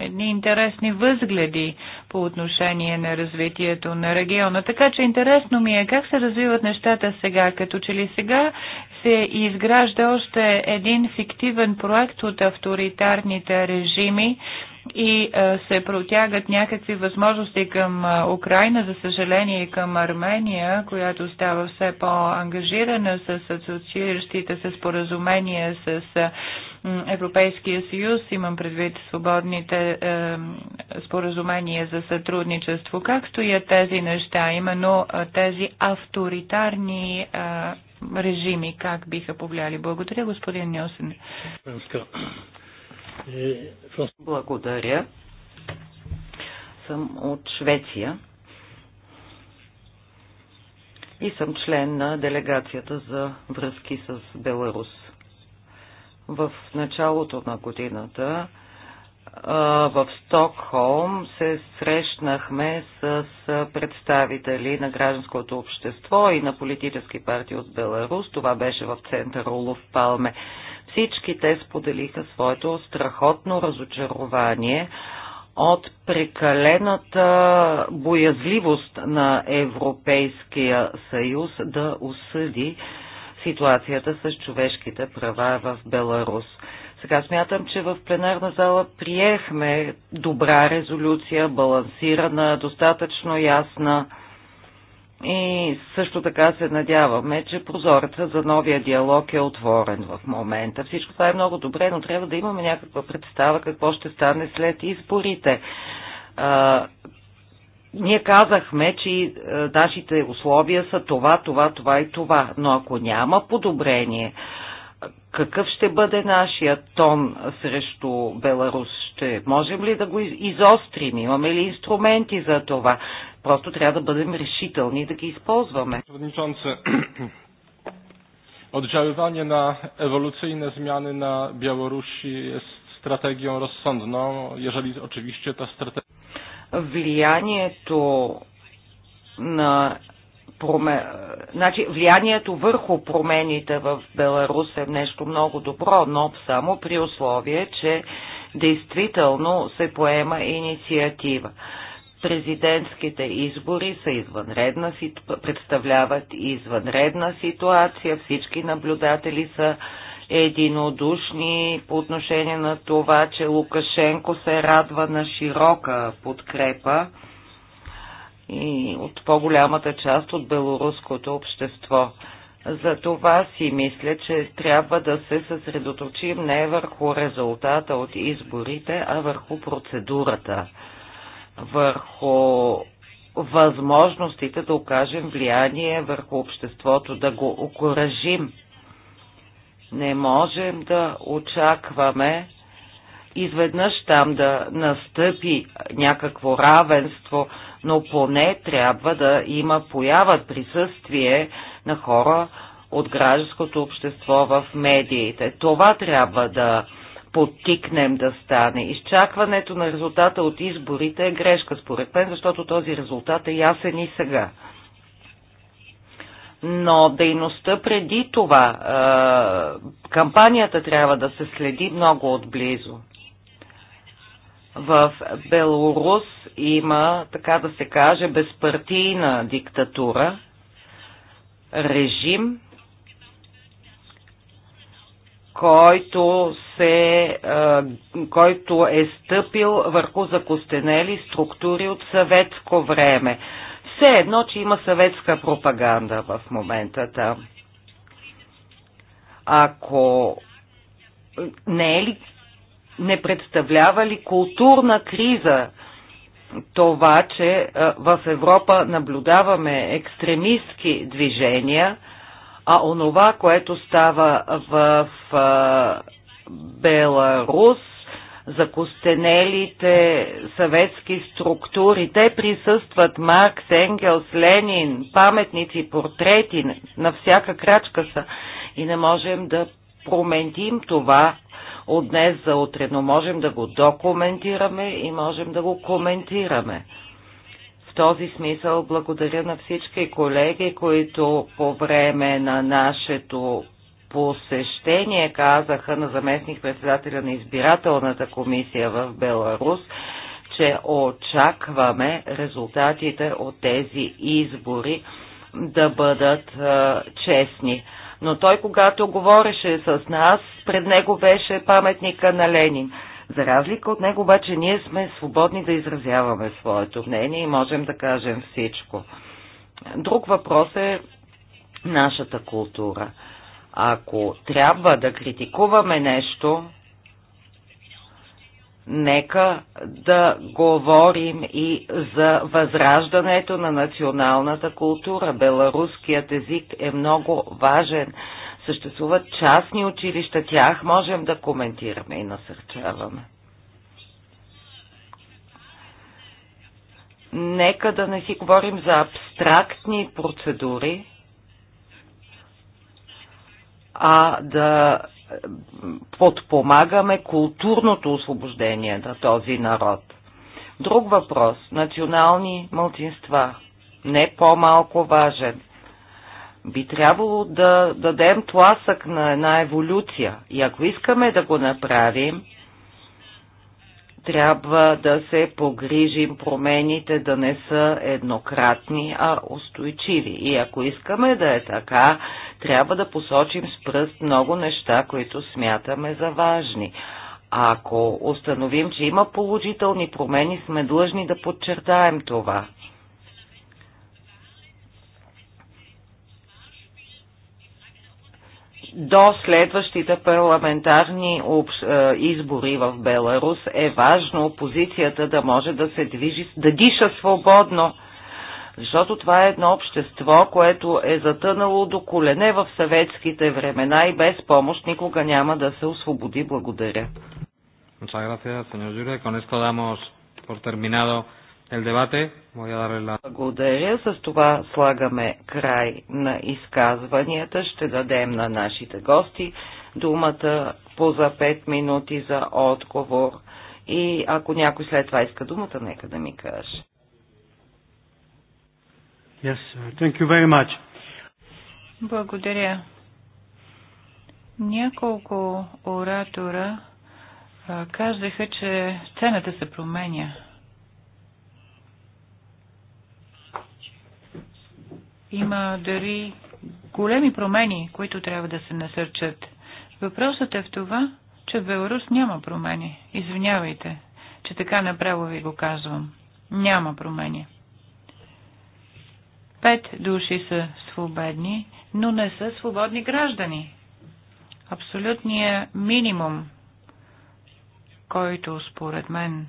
едни интересни възгледи по отношение на развитието на региона. Така че интересно ми е как се развиват нещата сега, като че ли сега се изгражда още един фиктивен проект от авторитарните режими и е, се протягат някакви възможности към е, Украина, за съжаление и към Армения, която става все по-ангажирана с асоцииращите се споразумения с е, Европейския съюз, имам предвид свободните е, споразумения за сътрудничество. както стоят тези неща, именно тези авторитарни е, режими как биха повлияли. Благодаря, господин Ньосен. Благодаря. Съм от Швеция и съм член на делегацията за връзки с Беларус. В началото на годината в Стокхолм се срещнахме с представители на гражданското общество и на политически партии от Беларус. Това беше в центъра Улов Палме. Всички те споделиха своето страхотно разочарование от прекалената боязливост на Европейския съюз да осъди ситуацията с човешките права в Беларус. Сега смятам, че в пленарна зала приехме добра резолюция, балансирана, достатъчно ясна. И също така се надяваме, че прозореца за новия диалог е отворен в момента. Всичко това е много добре, но трябва да имаме някаква представа какво ще стане след изборите. А, ние казахме, че нашите условия са това, това, това и това, но ако няма подобрение, какъв ще бъде нашия тон срещу Беларус? Ще можем ли да го изострим? Имаме ли инструменти за това? Просто трябва да бъдем решителни и да ги използваме. Oddziaływanie na ewolucyjne zmiany na Białorusi jest strategią rozsądną, jeżeli oczywiście ta strategia. Влиянието на промен... значи, влиянието върху промените в Беларус е нещо много добро, но само при условие, че действително се поема инициатива. Президентските избори са извънредна, представляват извънредна ситуация, всички наблюдатели са единодушни по отношение на това, че Лукашенко се радва на широка подкрепа и от по-голямата част от белоруското общество. За това си мисля, че трябва да се съсредоточим не върху резултата от изборите, а върху процедурата, върху възможностите да окажем влияние върху обществото, да го окоръжим. Не можем да очакваме изведнъж там да настъпи някакво равенство, но поне трябва да има поява присъствие на хора от гражданското общество в медиите. Това трябва да подтикнем да стане. Изчакването на резултата от изборите е грешка, според мен, защото този резултат е ясен и сега. Но дейността преди това, кампанията трябва да се следи много отблизо в Белорус има, така да се каже, безпартийна диктатура, режим, който, се, който е стъпил върху закостенели структури от съветско време. Все едно, че има съветска пропаганда в момента там. Ако не е ли не представлява ли културна криза това, че в Европа наблюдаваме екстремистски движения, а онова, което става в Беларус, закостенелите съветски структури. Те присъстват Маркс, Енгелс, Ленин, паметници, портрети, на всяка крачка са. И не можем да променим това от днес за утре, но можем да го документираме и можем да го коментираме. В този смисъл благодаря на всички колеги, които по време на нашето посещение казаха на заместник председателя на избирателната комисия в Беларус, че очакваме резултатите от тези избори да бъдат а, честни но той, когато говореше с нас, пред него беше паметника на Ленин. За разлика от него обаче ние сме свободни да изразяваме своето мнение и можем да кажем всичко. Друг въпрос е нашата култура. Ако трябва да критикуваме нещо, нека да говорим и за възраждането на националната култура. Беларуският език е много важен. Съществуват частни училища, тях можем да коментираме и насърчаваме. Нека да не си говорим за абстрактни процедури, а да подпомагаме културното освобождение на този народ. Друг въпрос – национални мълтинства. Не по-малко важен. Би трябвало да дадем тласък на една еволюция. И ако искаме да го направим, трябва да се погрижим промените да не са еднократни, а устойчиви. И ако искаме да е така, трябва да посочим с пръст много неща, които смятаме за важни. Ако установим, че има положителни промени, сме длъжни да подчертаем това. до следващите парламентарни е, избори в Беларус е важно опозицията да може да се движи, да диша свободно, защото това е едно общество, което е затънало до колене в съветските времена и без помощ никога няма да се освободи. Благодаря. Muchas gracias, señor Yure. Con esto damos por terminado благодаря. С това слагаме край на изказванията. Ще дадем на нашите гости думата по за 5 минути за отговор. И ако някой след това иска думата, нека да ми каже. Yes, thank you very much. Благодаря. Няколко оратора казаха, че цената се променя има дори големи промени, които трябва да се насърчат. Въпросът е в това, че в Беларус няма промени. Извинявайте, че така направо ви го казвам. Няма промени. Пет души са свободни, но не са свободни граждани. Абсолютният минимум, който според мен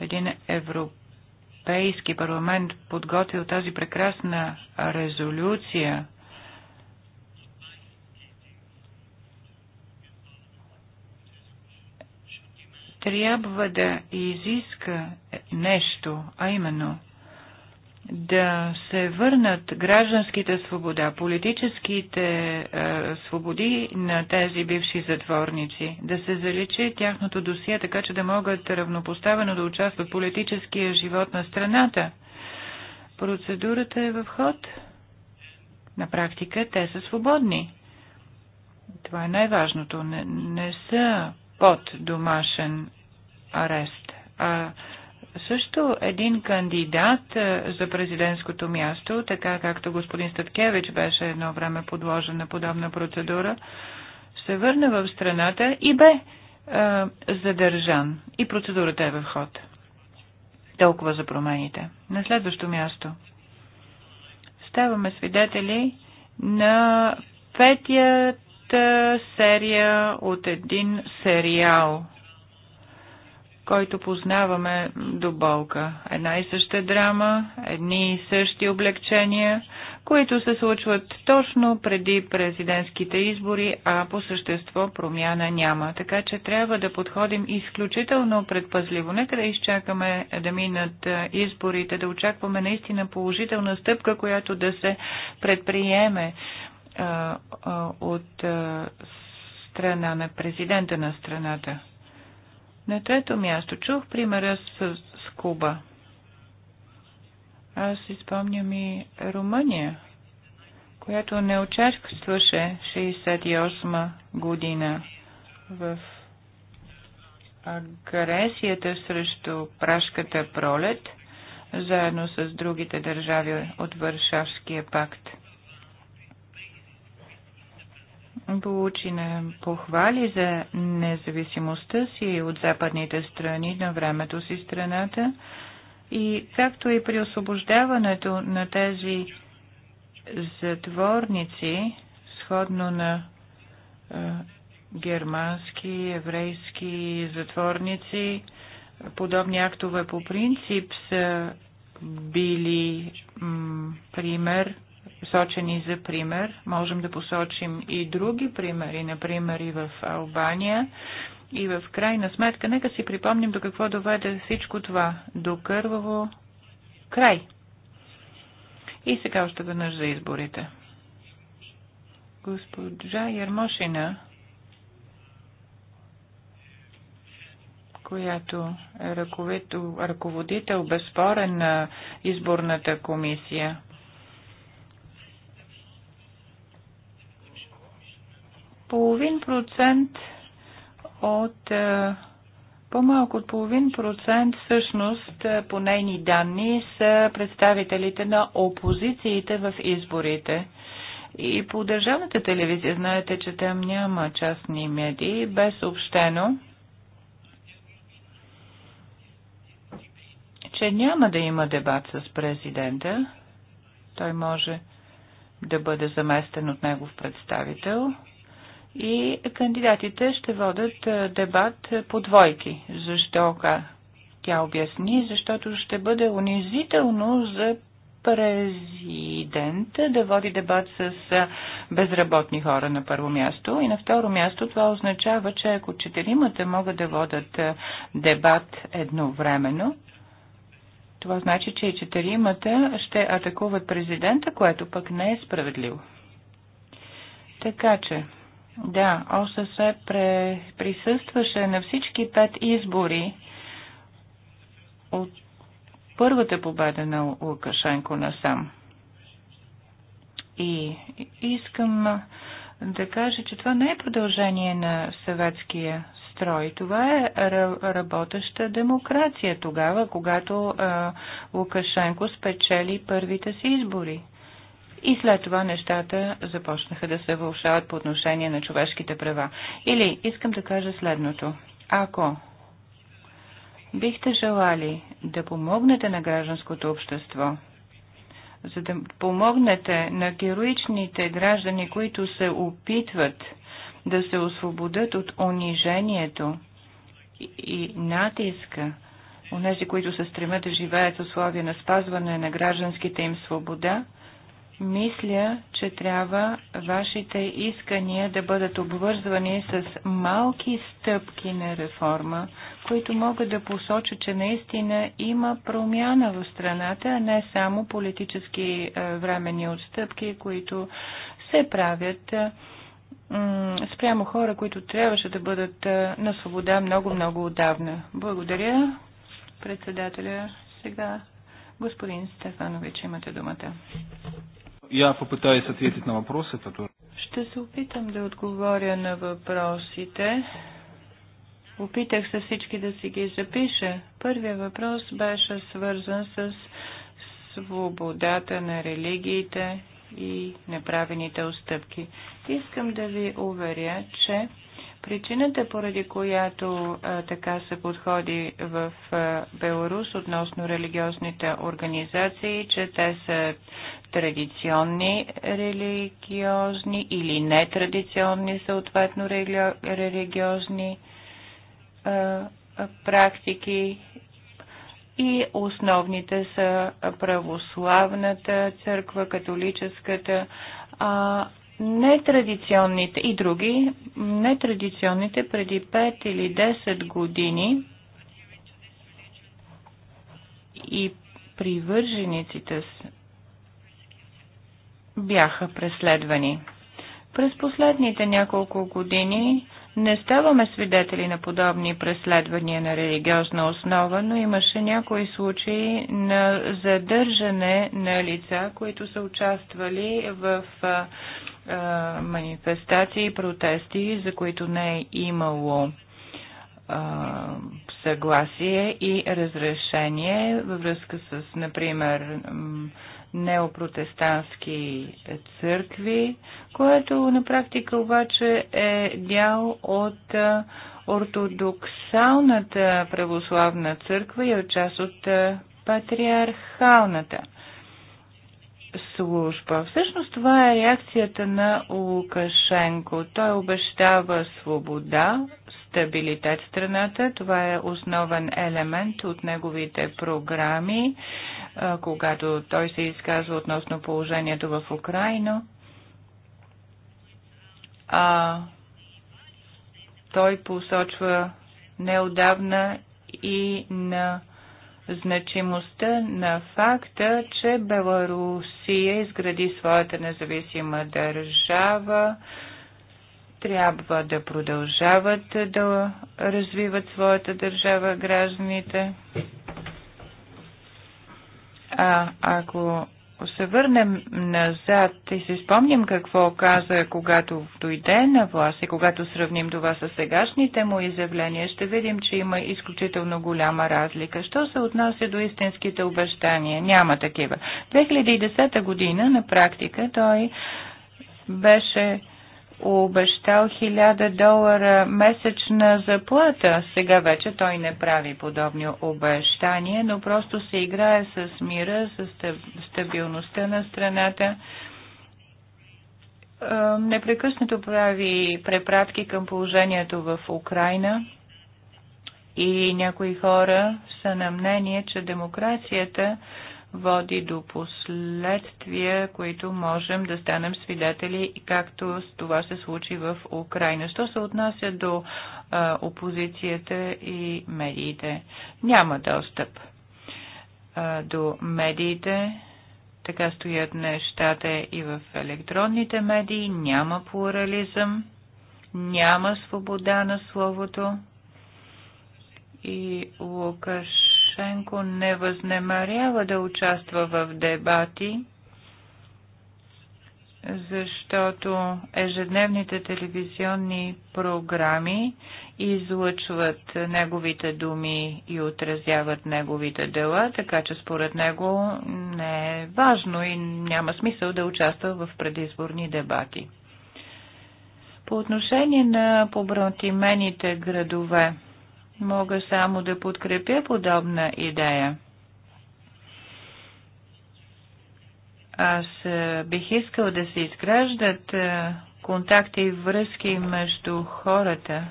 един европ Европейски парламент подготвил тази прекрасна резолюция, трябва да изиска нещо, а именно да се върнат гражданските свобода, политическите е, свободи на тези бивши затворници, да се заличи тяхното досие, така че да могат равнопоставено да участват в политическия живот на страната. Процедурата е в ход. На практика те са свободни. Това е най-важното. Не, не са под домашен арест, а също един кандидат е, за президентското място, така както господин Статкевич беше едно време подложен на подобна процедура, се върна в страната и бе е, задържан. И процедурата е в ход. Толкова за промените. На следващо място. Ставаме свидетели на петият серия от един сериал – който познаваме до болка. Една и съща драма, едни и същи облегчения, които се случват точно преди президентските избори, а по същество промяна няма. Така че трябва да подходим изключително предпазливо. Нека да изчакаме да минат изборите, да очакваме наистина положителна стъпка, която да се предприеме а, а, от а, страна на президента на страната. На трето място чух примера с, с Куба. Аз изпомням и Румъния, която не участваше 68 година в агресията срещу прашката пролет, заедно с другите държави от Варшавския пакт. получи на похвали за независимостта си от западните страни на времето си страната и както и при освобождаването на тези затворници, сходно на е, германски, еврейски затворници, подобни актове по принцип са били м, пример – посочени за пример. Можем да посочим и други примери, например и в Албания. И в крайна сметка, нека си припомним до какво доведе всичко това. До кърваво край. И сега още веднъж за изборите. Госпожа Ярмошина, която е ръководител, безспорен на изборната комисия, половин процент от е, по-малко от половин процент всъщност е, по нейни данни са представителите на опозициите в изборите. И по държавната телевизия знаете, че там няма частни медии, бе съобщено, че няма да има дебат с президента. Той може да бъде заместен от негов представител и кандидатите ще водят дебат по двойки. Защо? Тя обясни, защото ще бъде унизително за президент да води дебат с безработни хора на първо място. И на второ място това означава, че ако четиримата могат да водят дебат едновременно, това значи, че и четиримата ще атакуват президента, което пък не е справедливо. Така че, да, ОСС пре... присъстваше на всички пет избори от първата победа на Лукашенко насам. И искам да кажа, че това не е продължение на съветския строй. Това е работеща демокрация тогава, когато а, Лукашенко спечели първите си избори и след това нещата започнаха да се вълшават по отношение на човешките права. Или искам да кажа следното. Ако бихте желали да помогнете на гражданското общество, за да помогнете на героичните граждани, които се опитват да се освободят от унижението и натиска, онези, които се стремят да живеят в условия на спазване на гражданските им свобода, мисля, че трябва вашите искания да бъдат обвързвани с малки стъпки на реформа, които могат да посочат, че наистина има промяна в страната, а не само политически е, временни отстъпки, които се правят е, спрямо хора, които трябваше да бъдат е, на свобода много-много отдавна. Благодаря, председателя. Сега господин Стефанович, имате думата. Я попытаюсь ответить на вопросы, которые... Ще се опитам да отговоря на въпросите. Опитах се всички да си ги запиша. Първият въпрос беше свързан с свободата на религиите и направените устъпки. Искам да ви уверя, че Причината, поради която а, така се подходи в а, Беларус относно религиозните организации, че те са традиционни религиозни или нетрадиционни съответно религиозни а, практики и основните са православната църква, католическата, а нетрадиционните и други, нетрадиционните преди 5 или 10 години и привържениците бяха преследвани. През последните няколко години не ставаме свидетели на подобни преследвания на религиозна основа, но имаше някои случаи на задържане на лица, които са участвали в манифестации и протести, за които не е имало съгласие и разрешение във връзка с, например, неопротестантски църкви, което на практика обаче е дял от ортодоксалната православна църква и от част от патриархалната служба. Всъщност това е реакцията на Лукашенко. Той обещава свобода, стабилитет в страната. Това е основен елемент от неговите програми, когато той се изказва относно положението в Украина. А той посочва неодавна и на значимостта на факта, че Беларусия изгради своята независима държава, трябва да продължават да развиват своята държава гражданите. А ако се върнем назад и си спомним какво каза, когато дойде на власт и когато сравним това с сегашните му изявления, ще видим, че има изключително голяма разлика. Що се отнася до истинските обещания? Няма такива. 2010 година на практика той беше обещал 1000 долара месечна заплата. Сега вече той не прави подобни обещания, но просто се играе с мира, с стабилността на страната. Е, непрекъснато прави препратки към положението в Украина и някои хора са на мнение, че демокрацията води до последствия, които можем да станем свидетели, както това се случи в Украина. Що се отнася до а, опозицията и медиите? Няма достъп а, до медиите. Така стоят нещата и в електронните медии. Няма плурализъм, няма свобода на словото. И Лукаш Лукашенко не възнемарява да участва в дебати, защото ежедневните телевизионни програми излъчват неговите думи и отразяват неговите дела, така че според него не е важно и няма смисъл да участва в предизборни дебати. По отношение на побратимените градове – Мога само да подкрепя подобна идея. Аз бих искал да се изграждат контакти и връзки между хората.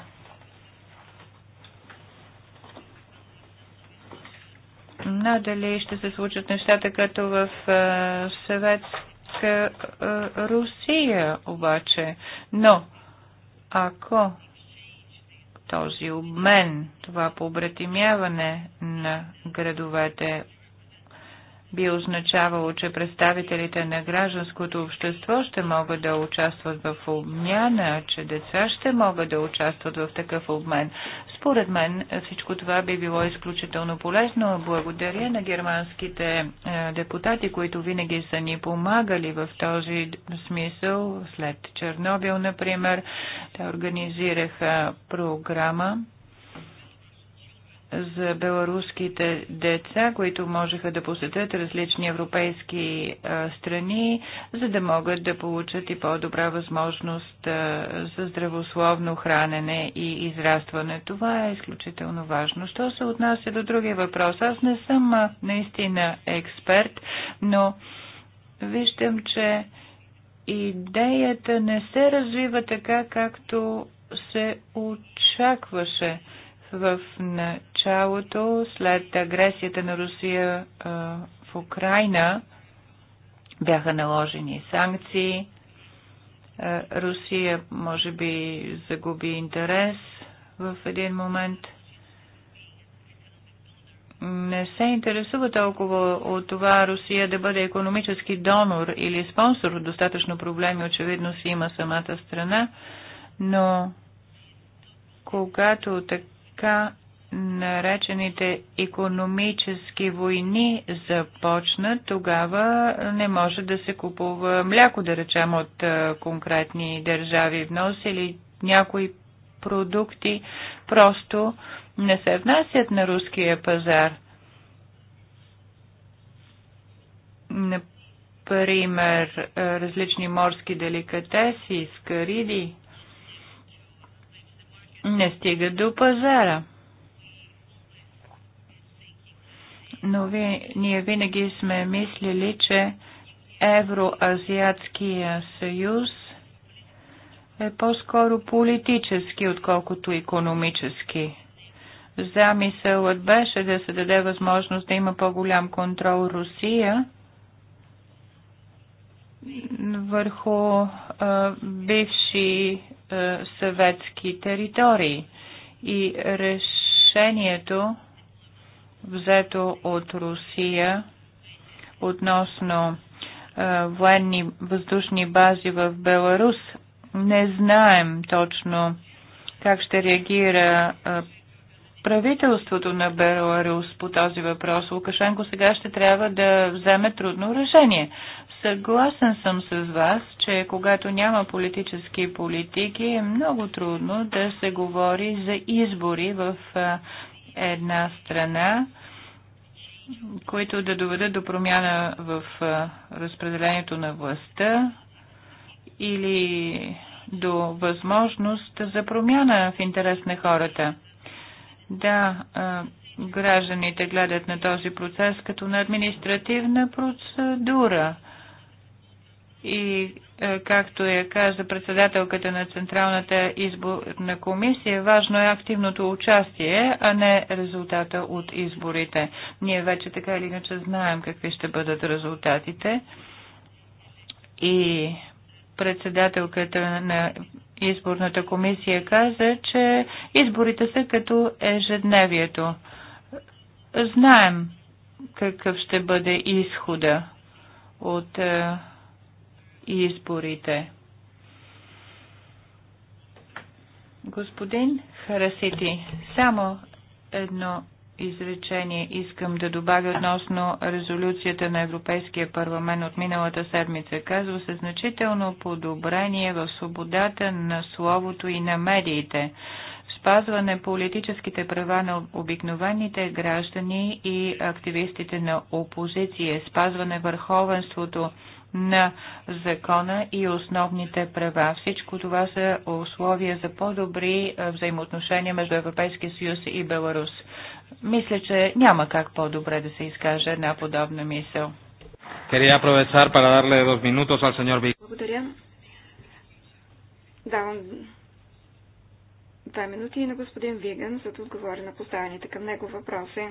Надали ще се случат нещата като в съветска Русия обаче. Но ако този обмен, това побратимяване на градовете би означавало, че представителите на гражданското общество ще могат да участват в обмяна, че деца ще могат да участват в такъв обмен. Според мен всичко това би било изключително полезно. Благодаря на германските е, депутати, които винаги са ни помагали в този смисъл. След Чернобил, например, те организираха програма за беларуските деца, които можеха да посетят различни европейски страни, за да могат да получат и по-добра възможност за здравословно хранене и израстване. Това е изключително важно. Що се отнася до другия въпрос? Аз не съм наистина експерт, но виждам, че идеята не се развива така, както се очакваше в началото, след агресията на Русия в Украина, бяха наложени санкции. Русия, може би, загуби интерес в един момент. Не се интересува толкова от това Русия да бъде економически донор или спонсор. Достатъчно проблеми очевидно си има самата страна, но когато така така наречените економически войни започнат, тогава не може да се купува мляко, да речем, от конкретни държави внос или някои продукти просто не се внасят на руския пазар. Например, различни морски деликатеси, скариди – не стига до пазара. Но ви, ние винаги сме мислили, че Евроазиатския съюз е по-скоро политически, отколкото економически. Замисълът беше да се даде възможност да има по-голям контрол Русия върху а, бивши е, съветски територии. И решението, взето от Русия относно е, военни въздушни бази в Беларус. Не знаем точно как ще реагира е, правителството на Беларус по този въпрос. Лукашенко сега ще трябва да вземе трудно решение. Съгласен съм с вас, че когато няма политически политики, е много трудно да се говори за избори в една страна, които да доведат до промяна в разпределението на властта или до възможност за промяна в интерес на хората. Да, гражданите гледат на този процес като на административна процедура – и е, както я каза председателката на Централната изборна комисия, важно е активното участие, а не резултата от изборите. Ние вече така или иначе знаем какви ще бъдат резултатите и председателката на изборната комисия каза, че изборите са като ежедневието. Знаем какъв ще бъде изхода от е, изборите. Господин Харасити, само едно изречение искам да добавя относно резолюцията на Европейския парламент от миналата седмица. Казва се значително подобрение в свободата на словото и на медиите спазване политическите права на обикновените граждани и активистите на опозиция, спазване върховенството на закона и основните права. Всичко това са условия за по-добри е, взаимоотношения между Европейския съюз и Беларус. Мисля, че няма как по-добре да се изкаже една подобна мисъл. Благодаря. Давам две минути на господин Виган, за да отговори на поставените към него въпроси.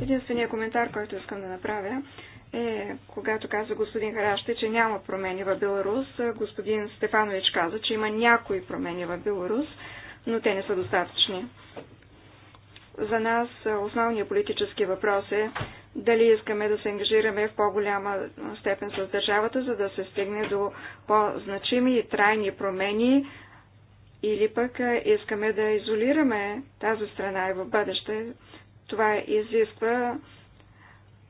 Единственият коментар, който искам да направя, е, когато каза господин Хараште, че няма промени в Беларус, господин Стефанович каза, че има някои промени в Беларус, но те не са достатъчни. За нас основният политически въпрос е дали искаме да се ангажираме в по-голяма степен с държавата, за да се стигне до по-значими и трайни промени, или пък искаме да изолираме тази страна и в бъдеще. Това изисква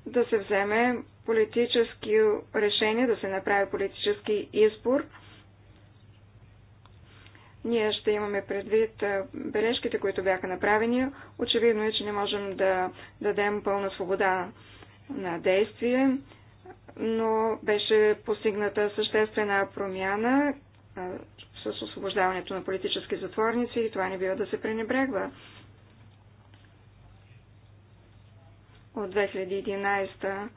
да се вземе политически решение, да се направи политически избор. Ние ще имаме предвид бележките, които бяха направени. Очевидно е, че не можем да дадем пълна свобода на действие, но беше постигната съществена промяна с освобождаването на политически затворници и това не бива да се пренебрегва. от 2011.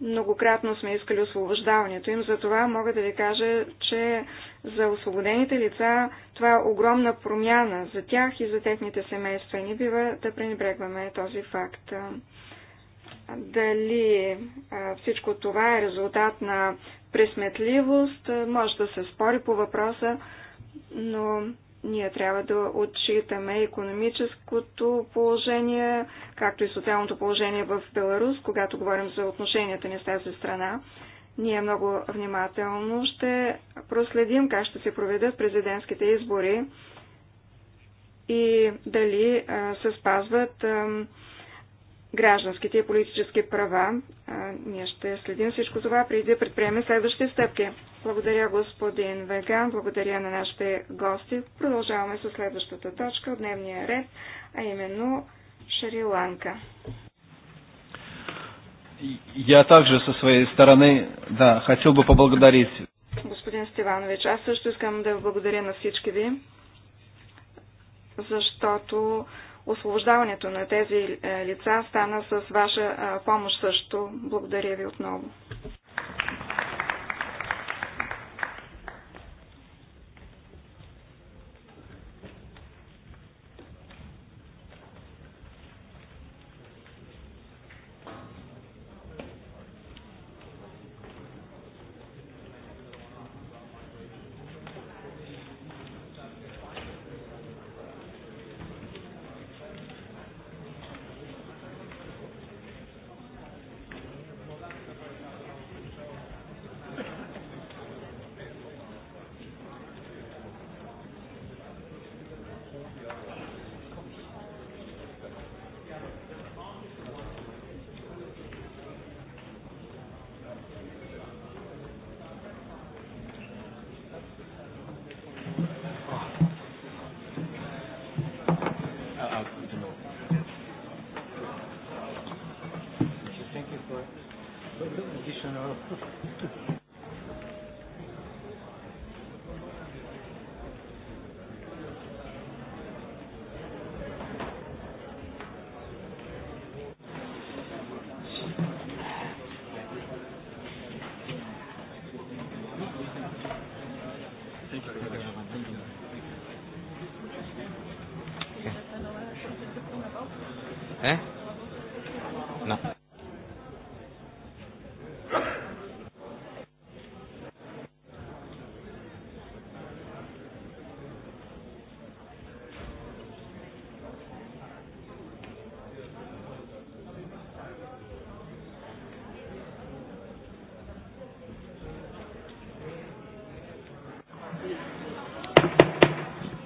Многократно сме искали освобождаването им, затова мога да ви кажа, че за освободените лица това е огромна промяна за тях и за техните семейства и не бива да пренебрегваме този факт. Дали всичко това е резултат на пресметливост, може да се спори по въпроса, но ние трябва да отчитаме економическото положение, както и социалното положение в Беларус, когато говорим за отношенията ни с тази страна. Ние много внимателно ще проследим как ще се проведат президентските избори и дали се спазват гражданските и политически права. Ние ще следим всичко това преди да предприемем следващите стъпки. Благодаря господин Веган, благодаря на нашите гости. Продължаваме с следващата точка от дневния ред, а именно Шри-Ланка. Я также со своей стороны, да, хотел бы поблагодарить. Господин Стиванович, аз също искам да благодаря на всички ви, защото освобождаването на тези е, лица стана с ваша е, помощ също. Благодаря ви отново.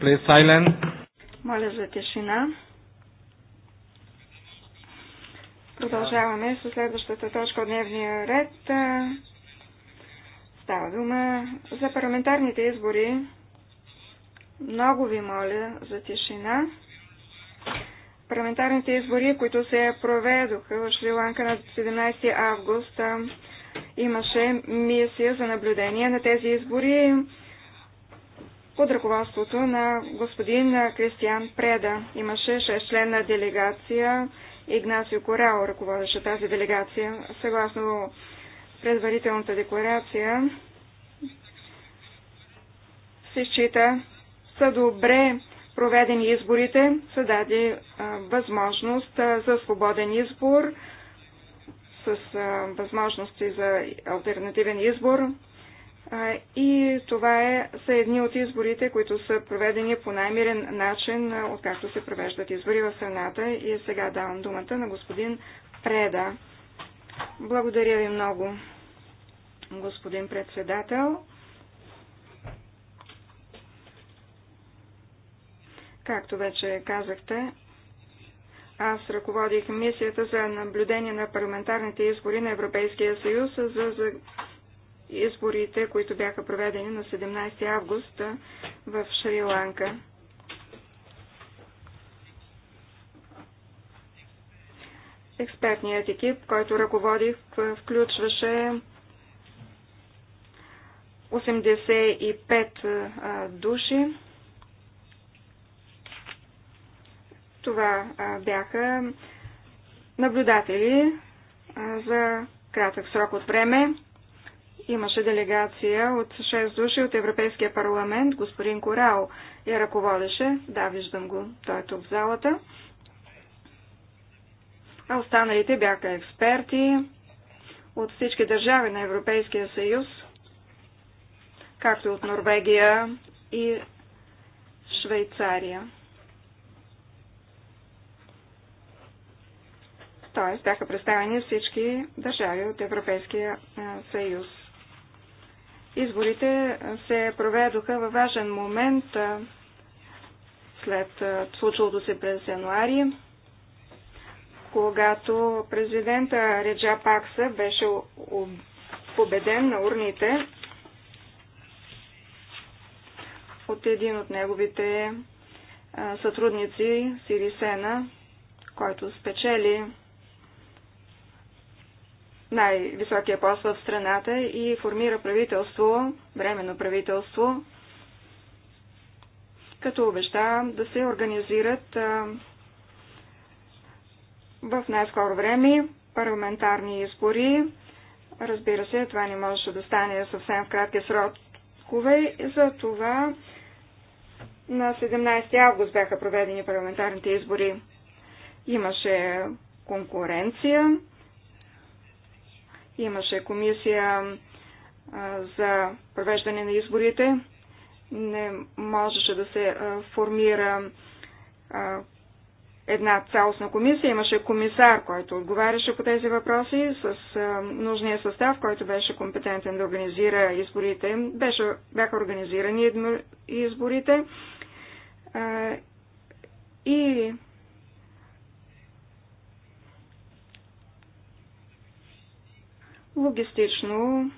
Please silent. Моля за тишина. Продължаваме с следващата точка от дневния ред. Става дума за парламентарните избори. Много ви моля за тишина. Парламентарните избори, които се проведоха в Шри-Ланка на 17 август, имаше мисия за наблюдение на тези избори под ръководството на господин Кристиан Преда. Имаше 6 члена делегация. Игнасио Корао ръководеше тази делегация. Съгласно предварителната декларация се счита са добре проведени изборите, са даде възможност за свободен избор, с възможности за альтернативен избор, и това е, са едни от изборите, които са проведени по най-мирен начин, откакто се провеждат избори в страната. И сега давам думата на господин Преда. Благодаря ви много, господин председател. Както вече казахте, аз ръководих мисията за наблюдение на парламентарните избори на Европейския съюз за изборите, които бяха проведени на 17 август в Шри-Ланка. Експертният екип, който ръководих, включваше 85 души. Това бяха наблюдатели за кратък срок от време. Имаше делегация от 6 души от Европейския парламент. Господин Корао я ръководеше. Да, виждам го. Той е тук в залата. А останалите бяха експерти от всички държави на Европейския съюз, както от Норвегия и Швейцария. Тоест бяха представени всички държави от Европейския съюз. Изборите се проведоха във важен момент след случилото се през януари, когато президента Реджа Пакса беше победен на урните от един от неговите сътрудници Сирисена, който спечели най-високия пост в страната и формира правителство, временно правителство, като обеща да се организират в най-скоро време парламентарни избори. Разбира се, това не може да стане съвсем в кратки срокове, за това на 17 август бяха проведени парламентарните избори. Имаше конкуренция Имаше комисия за провеждане на изборите. Не можеше да се формира една цялостна комисия. Имаше комисар, който отговаряше по тези въпроси с нужния състав, който беше компетентен да организира изборите. Беше, бяха организирани изборите. и логистично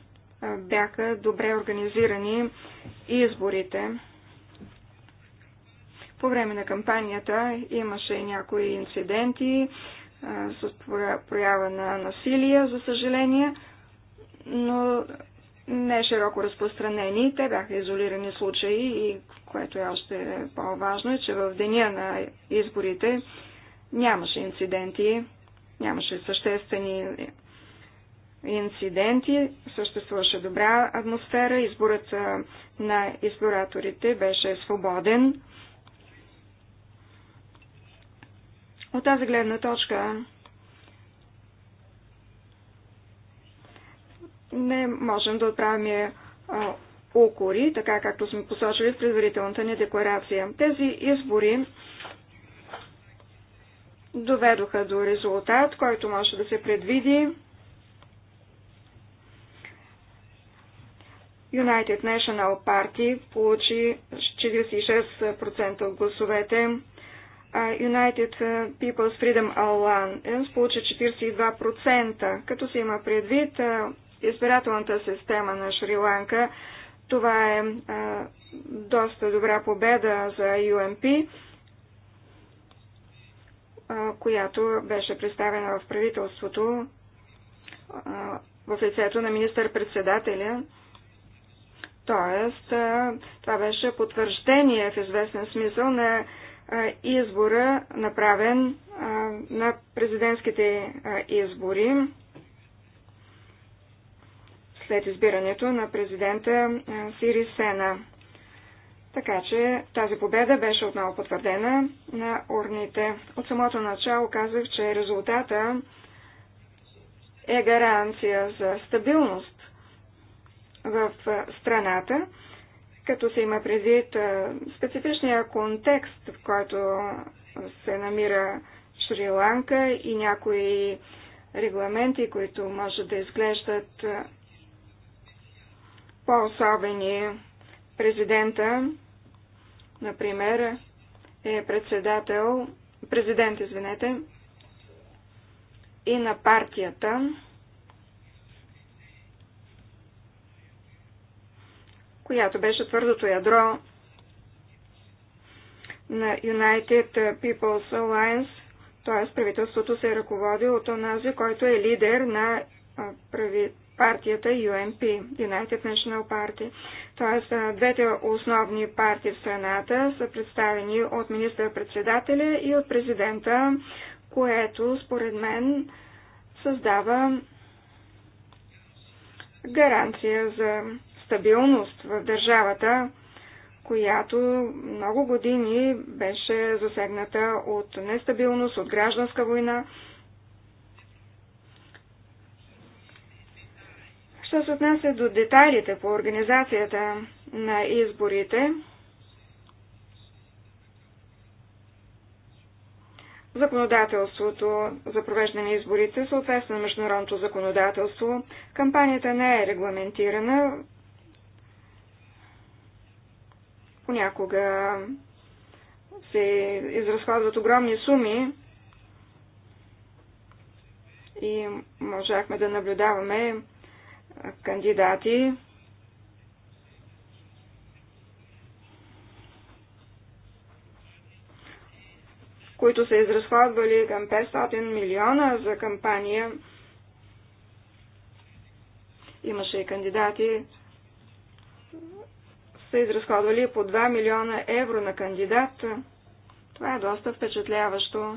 бяха добре организирани изборите. По време на кампанията имаше някои инциденти с проява на насилие, за съжаление, но не широко разпространени. Те бяха изолирани случаи и което е още по-важно е, че в деня на изборите нямаше инциденти, нямаше съществени инциденти, съществуваше добра атмосфера, изборът на избораторите беше свободен. От тази гледна точка не можем да отправим укори, така както сме посочили в предварителната ни декларация. Тези избори доведоха до резултат, който може да се предвиди United National Party получи 46% от гласовете. United People's Freedom Alliance получи 42%, като се има предвид избирателната система на Шри-Ланка. Това е доста добра победа за UMP, която беше представена в правителството в лицето на министър-председателя Тоест, това беше потвърждение в известен смисъл на избора, направен на президентските избори след избирането на президента Сири Сена. Така че тази победа беше отново потвърдена на урните. От самото начало казах, че резултата е гаранция за стабилност в страната, като се има предвид специфичния контекст, в който се намира Шри-Ланка и някои регламенти, които може да изглеждат по-особени. Президента, например, е председател, президент, извинете, и на партията, която беше твърдото ядро на United People's Alliance, т.е. правителството се е ръководи от онази, който е лидер на партията UNP, United National Party. Т.е. двете основни партии в страната са представени от министър-председателя и от президента, което според мен създава гаранция за стабилност в държавата, която много години беше засегната от нестабилност, от гражданска война. Що се отнася до детайлите по организацията на изборите, Законодателството за провеждане на изборите съответства на международното законодателство. Кампанията не е регламентирана Понякога се изразходват огромни суми и можахме да наблюдаваме кандидати, които са изразходвали към 500 милиона за кампания. Имаше и кандидати, са изразходвали по 2 милиона евро на кандидат. Това е доста впечатляващо.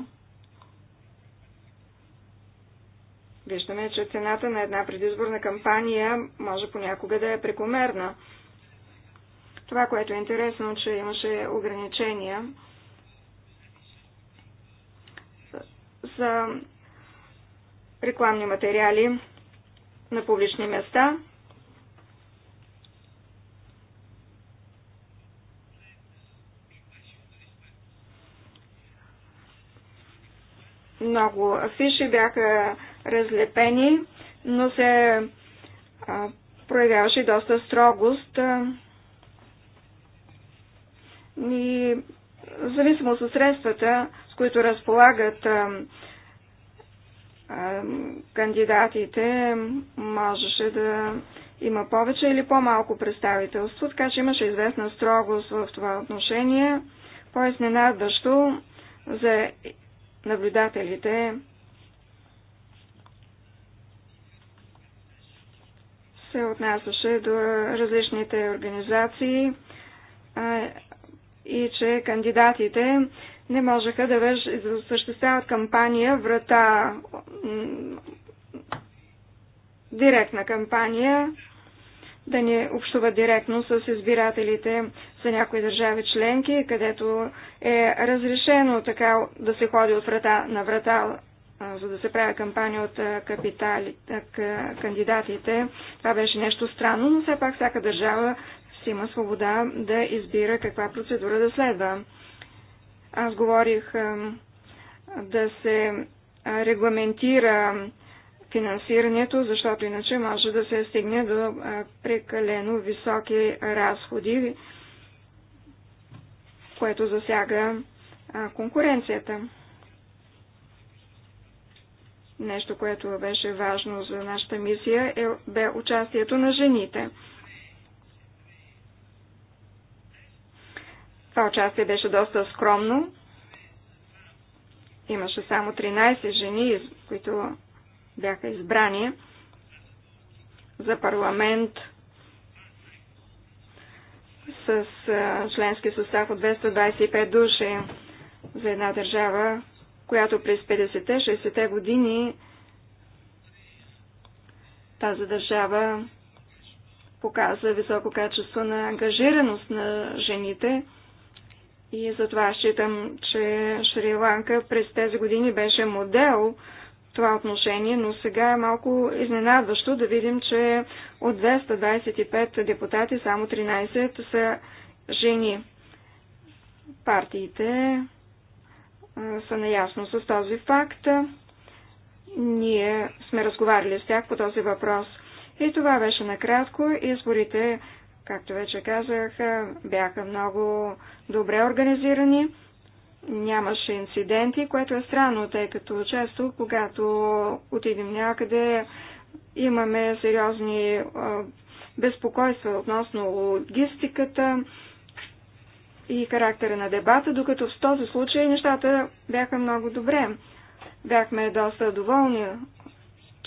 Виждаме, че цената на една предизборна кампания може понякога да е прекомерна. Това, което е интересно, че имаше ограничения за рекламни материали на публични места. Много афиши бяха разлепени, но се а, проявяваше доста строгост. А, и в зависимост от средствата, с които разполагат а, а, кандидатите, можеше да има повече или по-малко представителство, така че имаше известна строгост в това отношение. По-изненадващо за наблюдателите се отнасяше до различните организации и че кандидатите не можеха да, веж... осъществяват кампания врата, директна кампания да ни общува директно с избирателите за някои държави членки, където е разрешено така да се ходи от врата на врата, за да се прави кампания от капитали, кандидатите. Това беше нещо странно, но все пак всяка държава си има свобода да избира каква процедура да следва. Аз говорих да се регламентира финансирането, защото иначе може да се стигне до прекалено високи разходи, което засяга конкуренцията. Нещо, което беше важно за нашата мисия, е, бе участието на жените. Това участие беше доста скромно. Имаше само 13 жени, които бяха избрани за парламент с членски състав от 225 души за една държава, която през 50-60-те години тази държава показва високо качество на ангажираност на жените. И затова считам, че Шри-Ланка през тези години беше модел това отношение, но сега е малко изненадващо да видим, че от 225 депутати само 13 са жени. Партиите са наясно с този факт. Ние сме разговаряли с тях по този въпрос. И това беше накратко. Изборите, както вече казах, бяха много добре организирани нямаше инциденти, което е странно, тъй като често, когато отидем някъде, имаме сериозни безпокойства относно логистиката и характера на дебата, докато в този случай нещата бяха много добре. Бяхме доста доволни,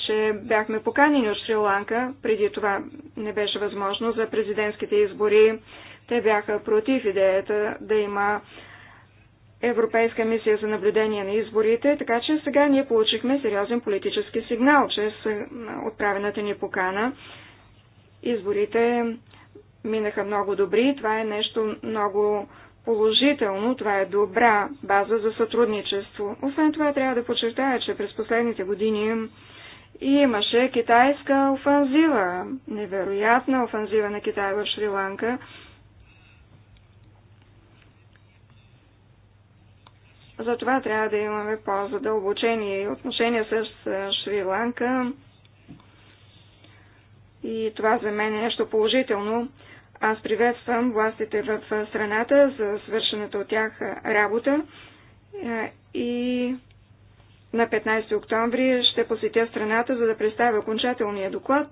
че бяхме поканени от Шри-Ланка. Преди това не беше възможно за президентските избори. Те бяха против идеята да има Европейска мисия за наблюдение на изборите, така че сега ние получихме сериозен политически сигнал чрез отправената ни покана. Изборите минаха много добри, това е нещо много положително, това е добра база за сътрудничество. Освен това трябва да подчертая, че през последните години имаше китайска офанзива, невероятна офанзива на Китай в Шри-Ланка, Затова трябва да имаме по-задълбочени отношения с Шри-Ланка. И това за мен е нещо положително. Аз приветствам властите в страната за свършената от тях работа е, и на 15 октомври ще посетя страната, за да представя окончателния доклад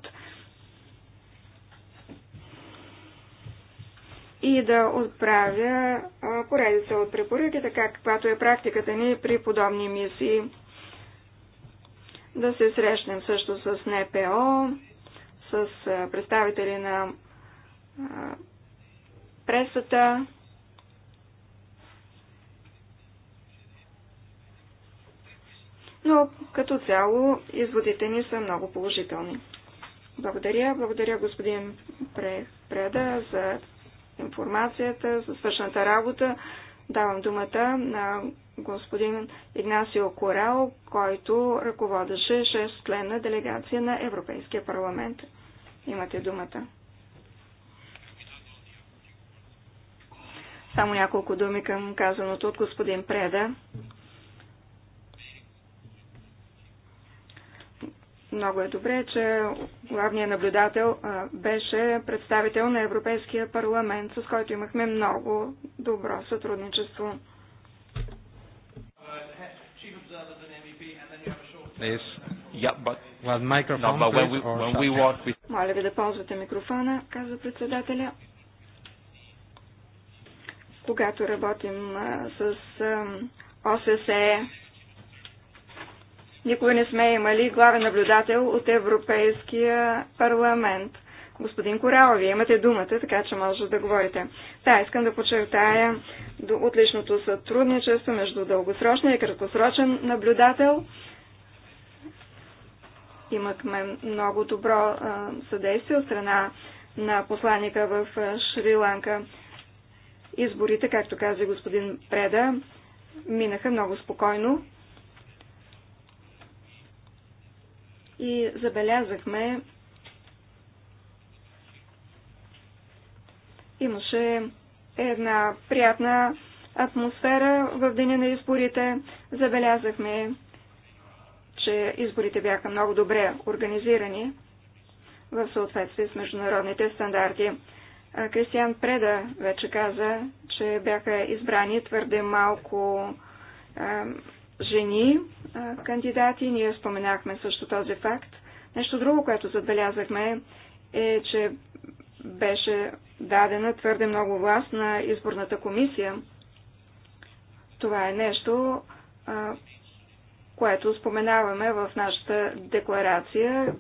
и да отправя поредица от препоръки, така каквато е практиката ни при подобни мисии. Да се срещнем също с НПО, с представители на пресата, но като цяло изводите ни са много положителни. Благодаря, благодаря господин Преда за информацията, за свършната работа. Давам думата на господин Игнасио Корал, който ръководеше 6 члена делегация на Европейския парламент. Имате думата. Само няколко думи към казаното от господин Преда. Много е добре, че главният наблюдател беше представител на Европейския парламент, с който имахме много добро сътрудничество. Моля ви да ползвате микрофона, каза председателя. Когато работим с ОССЕ, Никога не сме имали главен наблюдател от Европейския парламент. Господин Корала, вие имате думата, така че може да говорите. Да, искам да подчертая до отличното сътрудничество между дългосрочен и краткосрочен наблюдател. Имахме много добро съдействие от страна на посланника в Шри-Ланка. Изборите, както каза господин Преда, минаха много спокойно. и забелязахме, имаше една приятна атмосфера в деня на изборите. Забелязахме, че изборите бяха много добре организирани в съответствие с международните стандарти. Кристиан Преда вече каза, че бяха избрани твърде малко жени кандидати. Ние споменахме също този факт. Нещо друго, което забелязахме е, че беше дадена твърде много власт на изборната комисия. Това е нещо, което споменаваме в нашата декларация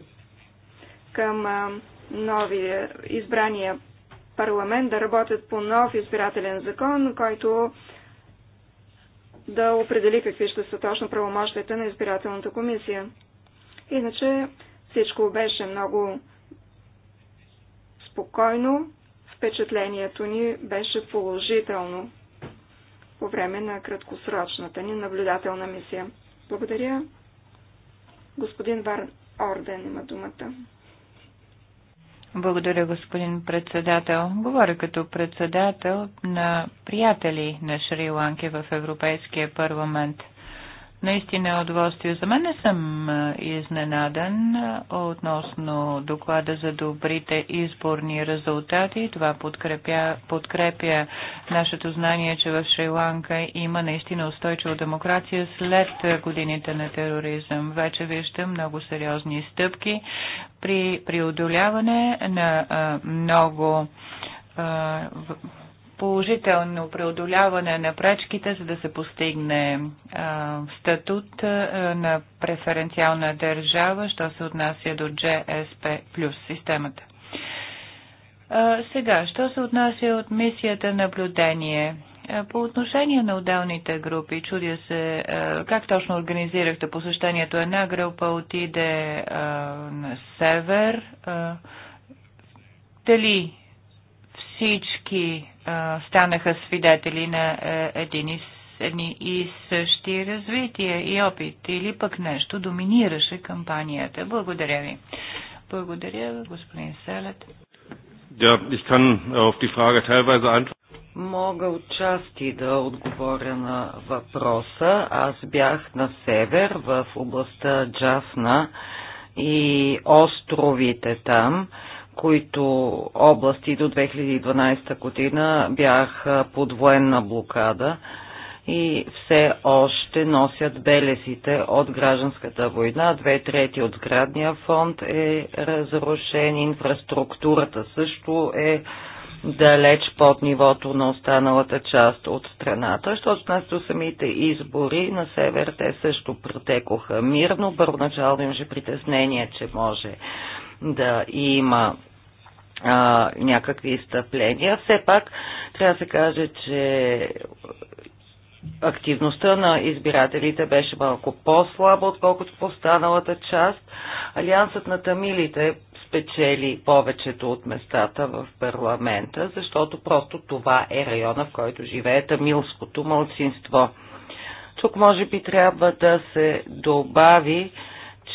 към новия избрания парламент да работят по нов избирателен закон, който да определи какви ще са точно правомощията на избирателната комисия. Иначе всичко беше много спокойно, впечатлението ни беше положително по време на краткосрочната ни наблюдателна мисия. Благодаря. Господин Вар Орден има думата. Благодаря, господин председател. Говоря като председател на приятели на Шри-Ланки в Европейския парламент – Наистина е удоволствие. За мен не съм изненадан относно доклада за добрите изборни резултати. Това подкрепя, подкрепя нашето знание, че в Шри-Ланка има наистина устойчива демокрация след годините на тероризъм. Вече виждам много сериозни стъпки при преодоляване на много а, положително преодоляване на пречките, за да се постигне статут на преференциална държава, що се отнася до GSP плюс системата. сега, що се отнася от мисията наблюдение? По отношение на отделните групи, чудя се как точно организирахте посещението. Една група отиде на север. Дали всички станаха свидетели на е, едни и същи развитие и опит, или пък нещо доминираше кампанията. Благодаря ви. Благодаря, господин Селет. Ja, ich kann auf die Frage teilweise Мога отчасти да отговоря на въпроса. Аз бях на север, в областта Джафна и островите там които области до 2012 година бяха под военна блокада и все още носят белесите от гражданската война. Две трети от сградния фонд е разрушен, инфраструктурата също е далеч под нивото на останалата част от страната, защото нас до самите избори на север те също протекоха мирно. Първоначално имаше притеснение, че може да има а, някакви изтъпления. Все пак трябва да се каже, че активността на избирателите беше малко по-слаба, отколкото по останалата част. Алиансът на тамилите спечели повечето от местата в парламента, защото просто това е района, в който живее тамилското малцинство. Тук може би трябва да се добави,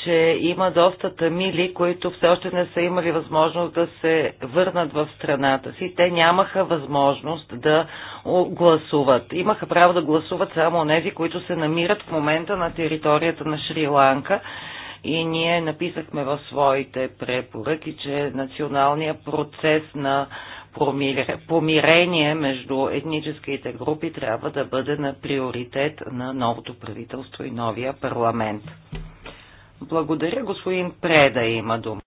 че има доста тамили, които все още не са имали възможност да се върнат в страната си. Те нямаха възможност да гласуват. Имаха право да гласуват само нези, които се намират в момента на територията на Шри-Ланка. И ние написахме в своите препоръки, че националният процес на помирение между етническите групи трябва да бъде на приоритет на новото правителство и новия парламент. Благодаря, господин Преда има дума.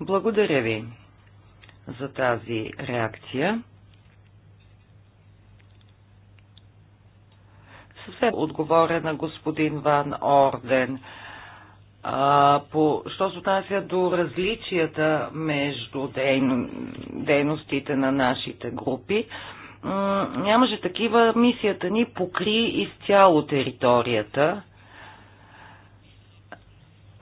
Благодаря ви за тази реакция. Съвсем отговоря на господин Ван Орден. А, по, що се отнася до различията между дейно, дейностите на нашите групи, а, нямаше такива. Мисията ни покри изцяло територията.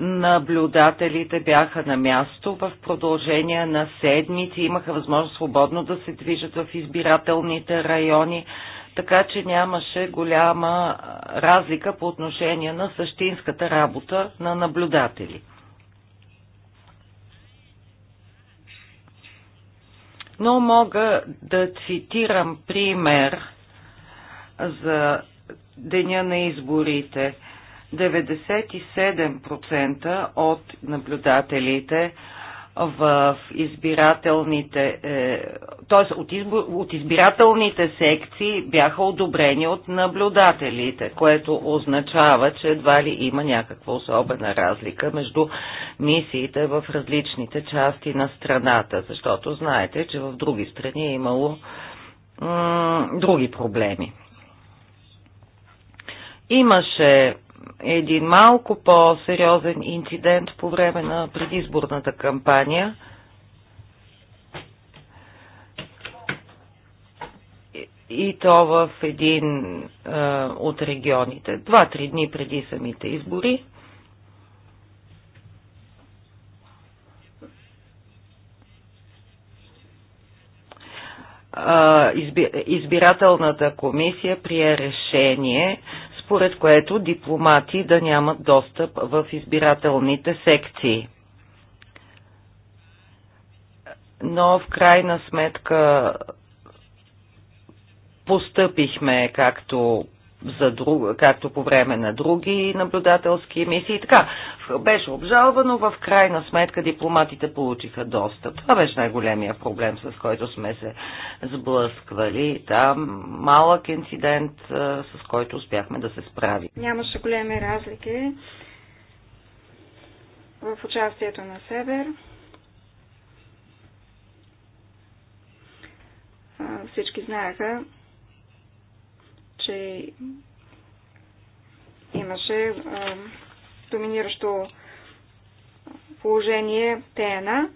Наблюдателите бяха на място в продължение на седмици, имаха възможност свободно да се движат в избирателните райони, така че нямаше голяма разлика по отношение на същинската работа на наблюдатели. но мога да цитирам пример за деня на изборите. 97% от наблюдателите в избирателните, т.е. От, избор, от избирателните секции бяха одобрени от наблюдателите, което означава, че едва ли има някаква особена разлика между мисиите в различните части на страната, защото знаете, че в други страни е имало други проблеми. Имаше един малко по-сериозен инцидент по време на предизборната кампания. И то в един е, от регионите. Два-три дни преди самите избори. избирателната комисия прие решение според което дипломати да нямат достъп в избирателните секции. Но в крайна сметка постъпихме както за друг, както по време на други наблюдателски мисии. И така, беше обжалвано, в крайна сметка дипломатите получиха доста. Това беше най-големия проблем, с който сме се сблъсквали. Там малък инцидент, с който успяхме да се справи. Нямаше големи разлики в участието на Север. Всички знаеха, че имаше а, доминиращо положение ТНА.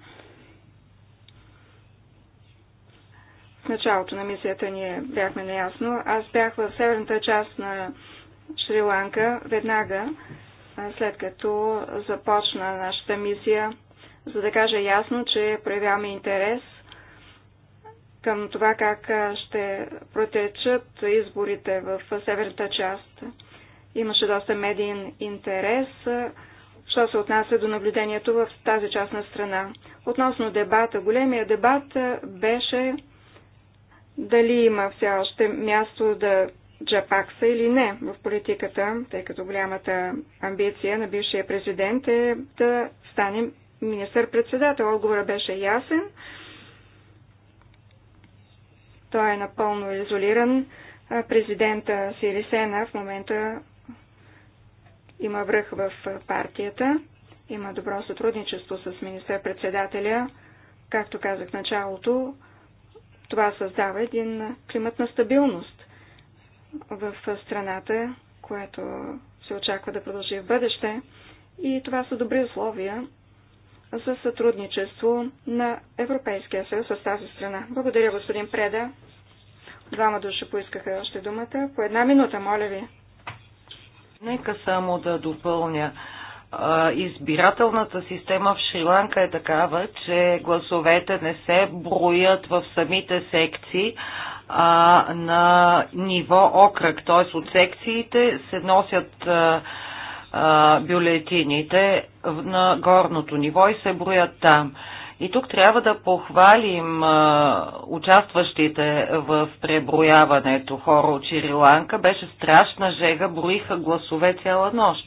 В началото на мисията ние бяхме неясно. Аз бях в северната част на Шри-Ланка веднага след като започна нашата мисия, за да кажа ясно, че проявяваме интерес към това как ще протечат изборите в северната част. Имаше доста медиен интерес, що се отнася до наблюдението в тази част на страна. Относно дебата, големия дебат беше дали има все още място да джапакса или не в политиката, тъй като голямата амбиция на бившия президент е да стане министър-председател. Отговорът беше ясен той е напълно изолиран. Президента Сирисена в момента има връх в партията. Има добро сътрудничество с министър-председателя. Както казах в началото, това създава един климат на стабилност в страната, което се очаква да продължи в бъдеще. И това са добри условия за сътрудничество на Европейския съюз с тази страна. Благодаря, господин Преда. Двама души поискаха още думата. По една минута, моля ви. Нека само да допълня. Избирателната система в Шри-Ланка е такава, че гласовете не се броят в самите секции, а на ниво окръг, т.е. от секциите се носят а, бюлетините на горното ниво и се броят там. И тук трябва да похвалим а, участващите в преброяването хора от Шириланка. Беше страшна жега, броиха гласове цяла нощ.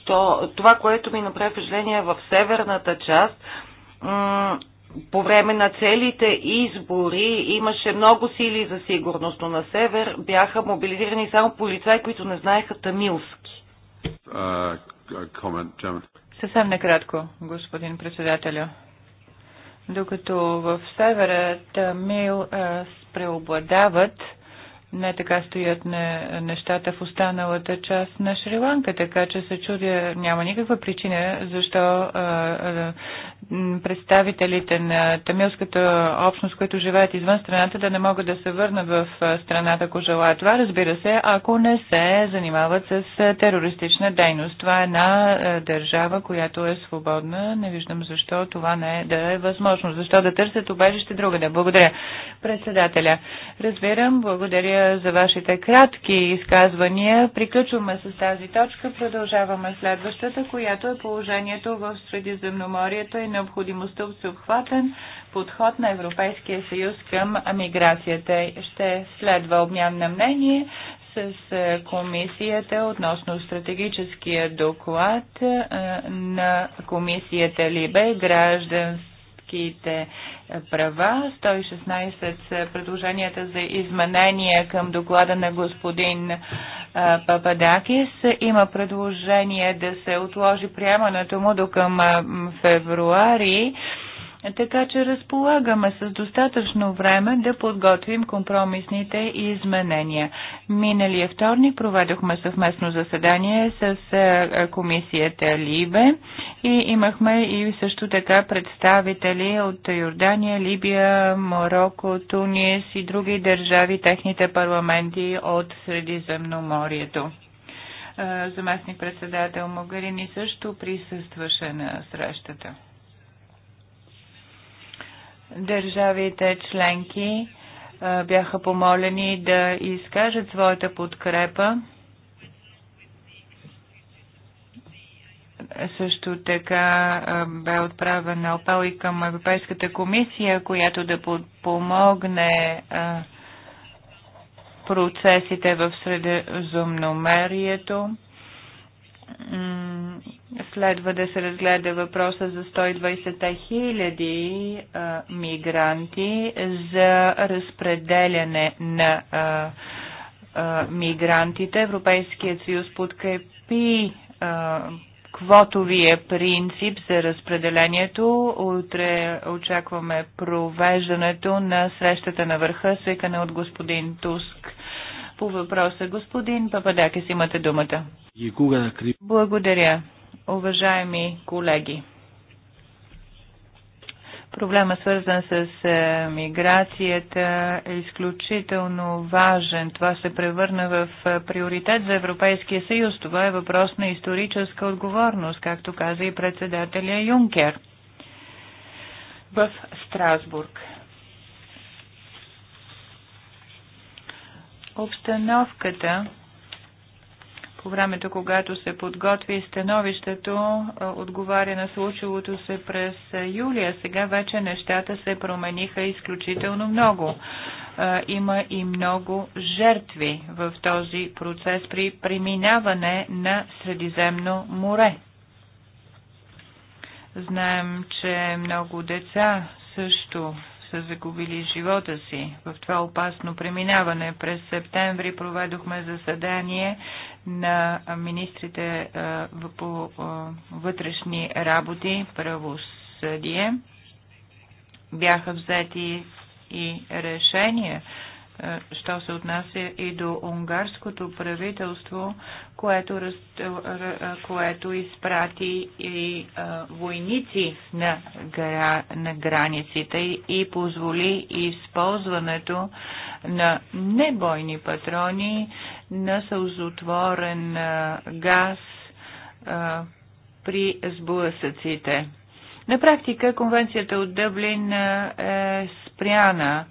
Що, това, което ми направи впечатление в северната част, по време на целите избори имаше много сили за сигурност, но на север бяха мобилизирани само полицаи, които не знаеха тамилски. Uh, Съвсем накратко, господин председателю. Докато в северата мил преобладават не така стоят не, нещата в останалата част на Шри-Ланка, така че се чудя, няма никаква причина защо а, а, представителите на тамилската общност, които живеят извън страната, да не могат да се върнат в страната, ако желаят. Това разбира се, ако не се занимават с терористична дейност. Това е една държава, която е свободна. Не виждам защо това не е да е възможно. Защо да търсят друга? другаде? Благодаря. Председателя. Разбирам. Благодаря за вашите кратки изказвания. Приключваме с тази точка. Продължаваме следващата, която е положението в Средиземноморието и необходимостта от всеобхватен подход на Европейския съюз към миграцията. Ще следва обмян на мнение с е, комисията относно стратегическия доклад е, на комисията Либе гражданство авторските права. 116 са предложенията за изменения към доклада на господин Пападакис. Има предложение да се отложи приемането му до към февруари така че разполагаме с достатъчно време да подготвим компромисните изменения. Миналия вторник проведохме съвместно заседание с е, е, комисията Либе и имахме и също така представители от Йордания, Либия, Марокко, Тунис и други държави, техните парламенти от Средиземноморието е, заместник-председател Могарини също присъстваше на срещата. Държавите членки бяха помолени да изкажат своята подкрепа. Също така бе отправен опал и към Европейската комисия, която да помогне процесите в средоземномерието следва да се разгледа въпроса за 120 хиляди мигранти за разпределяне на мигрантите. Европейският съюз подкрепи квотовия принцип за разпределението. Утре очакваме провеждането на срещата на върха, свикана от господин Туск по въпроса. Господин Пападакис, имате думата. Благодаря, уважаеми колеги. Проблема свързан с е, миграцията е изключително важен. Това се превърна в е, приоритет за Европейския съюз. Това е въпрос на историческа отговорност, както каза и председателя Юнкер в Страсбург. обстановката по времето, когато се подготви становището, е, отговаря на случилото се през юли, а сега вече нещата се промениха изключително много. Е, има и много жертви в този процес при преминаване на Средиземно море. Знаем, че много деца също са загубили живота си в това опасно преминаване. През септември проведохме заседание на министрите е, по е, вътрешни работи, правосъдие. Бяха взети и решения е, що се отнася и до унгарското правителство, което, раз, е, е, което изпрати и войници на, гра, на границите и позволи използването на небойни патрони на сълзотворен газ а, при сблъсъците. На практика конвенцията от Дъблин е спряна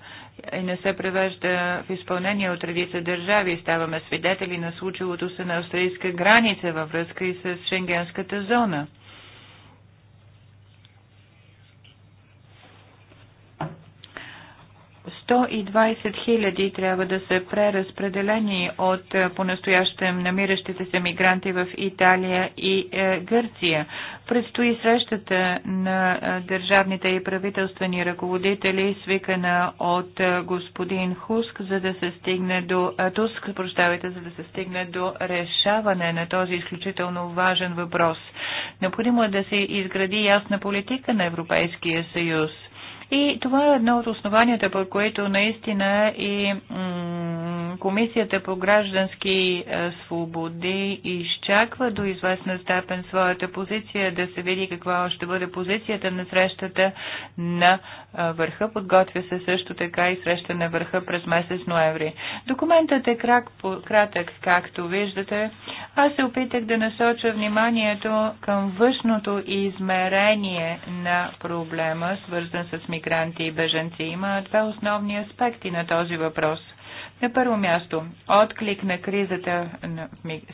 и не се превежда в изпълнение от редица държави. Ставаме свидетели на случилото се на австрийска граница във връзка и с Шенгенската зона. 120 хиляди трябва да са преразпределени от е, понастоящем намиращите се мигранти в Италия и е, Гърция. Предстои срещата на е, държавните и правителствени ръководители, свикана от господин Хуск, за да се стигне до Туск, прощавайте, за да се стигне до решаване на този изключително важен въпрос. Необходимо е да се изгради ясна политика на Европейския съюз и това е едно от основанията, по което наистина и Комисията по граждански е, свободи изчаква до известна степен своята позиция, да се види каква ще бъде позицията на срещата на е, върха. Подготвя се също така и среща на върха през месец ноември. Документът е крак, по кратък, както виждате. Аз се опитах да насоча вниманието към външното измерение на проблема, свързан с мигранти и беженци. Има две основни аспекти на този въпрос – на първо място, отклик на кризата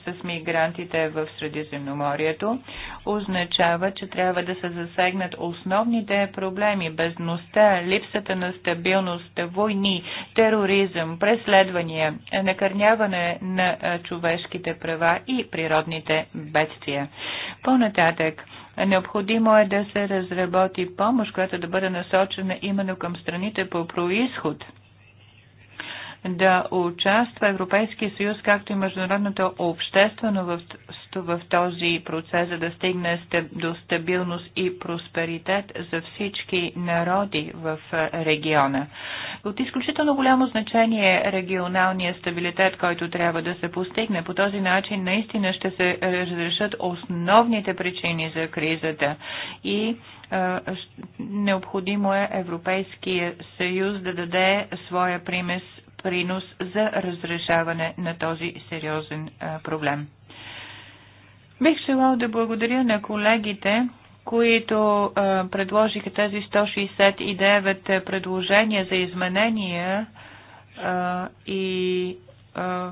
с мигрантите в Средиземноморието означава, че трябва да се засегнат основните проблеми – бездността, липсата на стабилност, войни, тероризъм, преследвания, накърняване на човешките права и природните бедствия. По-нататък, Необходимо е да се разработи помощ, която да бъде насочена именно към страните по происход – да участва Европейския съюз, както и международното обществено в, в този процес, за да стигне до стабилност и просперитет за всички народи в е, региона. От изключително голямо значение е регионалния стабилитет, който трябва да се постигне. По този начин наистина ще се разрешат основните причини за кризата и е, необходимо е Европейския съюз да даде своя примес принос за разрешаване на този сериозен проблем. Бих желал да благодаря на колегите, които предложиха тези 169 предложения за изменения и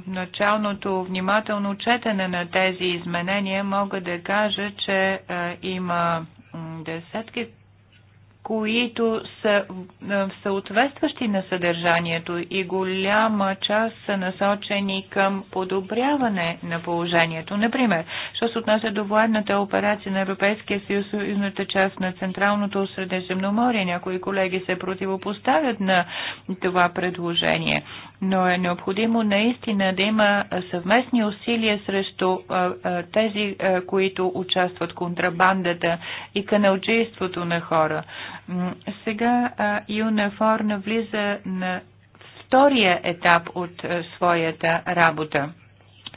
началното внимателно четене на тези изменения мога да кажа, че има десетки които са съответстващи на съдържанието и голяма част са насочени към подобряване на положението. Например, що се отнася до военната операция на Европейския съюз в южната част на Централното Средиземноморие, някои колеги се противопоставят на това предложение но е необходимо наистина да има съвместни усилия срещу тези, които участват контрабандата и каналджийството на хора. Сега ЮНЕФОР навлиза на втория етап от своята работа –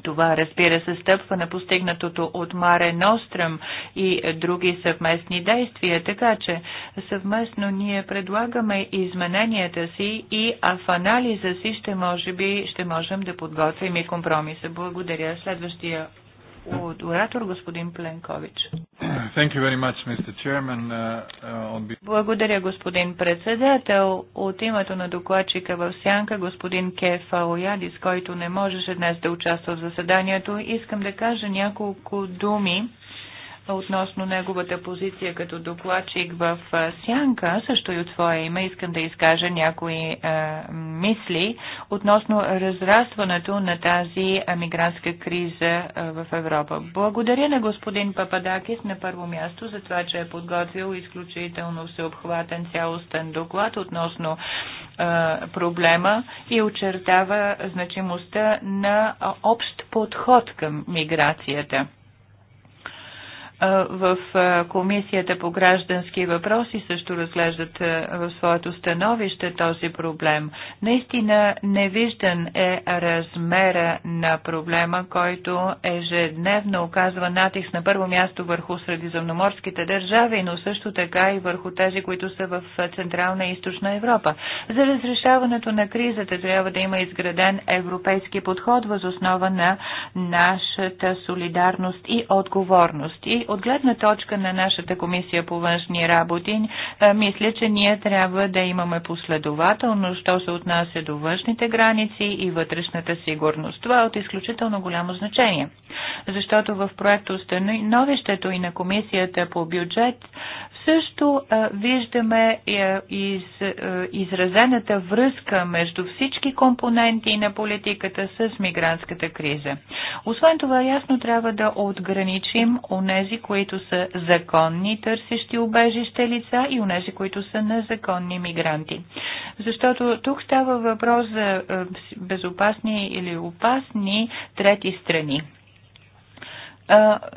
това, разбира се, стъпва на постигнатото от Маре Ностръм и други съвместни действия, така че съвместно ние предлагаме измененията си и а в анализа си ще може би ще можем да подготвим и компромиса. Благодаря. Следващия от оратор господин Пленкович. Thank you very much, Mr. Chairman. Uh, uh, Благодаря, господин председател. От името на докладчика в Сянка, господин Кефа Оядис, който не можеше днес да участва в заседанието, искам да кажа няколко думи относно неговата позиция като докладчик в Сянка, също и от своя име искам да изкажа някои е, мисли относно разрастването на тази мигрантска криза в Европа. Благодаря на господин Пападакис на първо място за това, че е подготвил изключително всеобхватен цялостен доклад относно проблема и очертава значимостта на общ подход към миграцията в Комисията по граждански въпроси също разглеждат в своето становище този проблем. Наистина невиждан е размера на проблема, който ежедневно оказва натиск на първо място върху средиземноморските държави, но също така и върху тези, които са в Централна и Източна Европа. За разрешаването на кризата трябва да има изграден европейски подход въз основа на нашата солидарност и отговорност. И от гледна точка на нашата комисия по външни работи, мисля, че ние трябва да имаме последователно, що се отнася до външните граници и вътрешната сигурност. Това е от изключително голямо значение, защото в проекта установището и на комисията по бюджет също а, виждаме а, из, а, изразената връзка между всички компоненти на политиката с мигрантската криза. Освен това, ясно трябва да отграничим онези, които са законни търсещи убежище лица и онези, които са незаконни мигранти. Защото тук става въпрос за безопасни или опасни трети страни.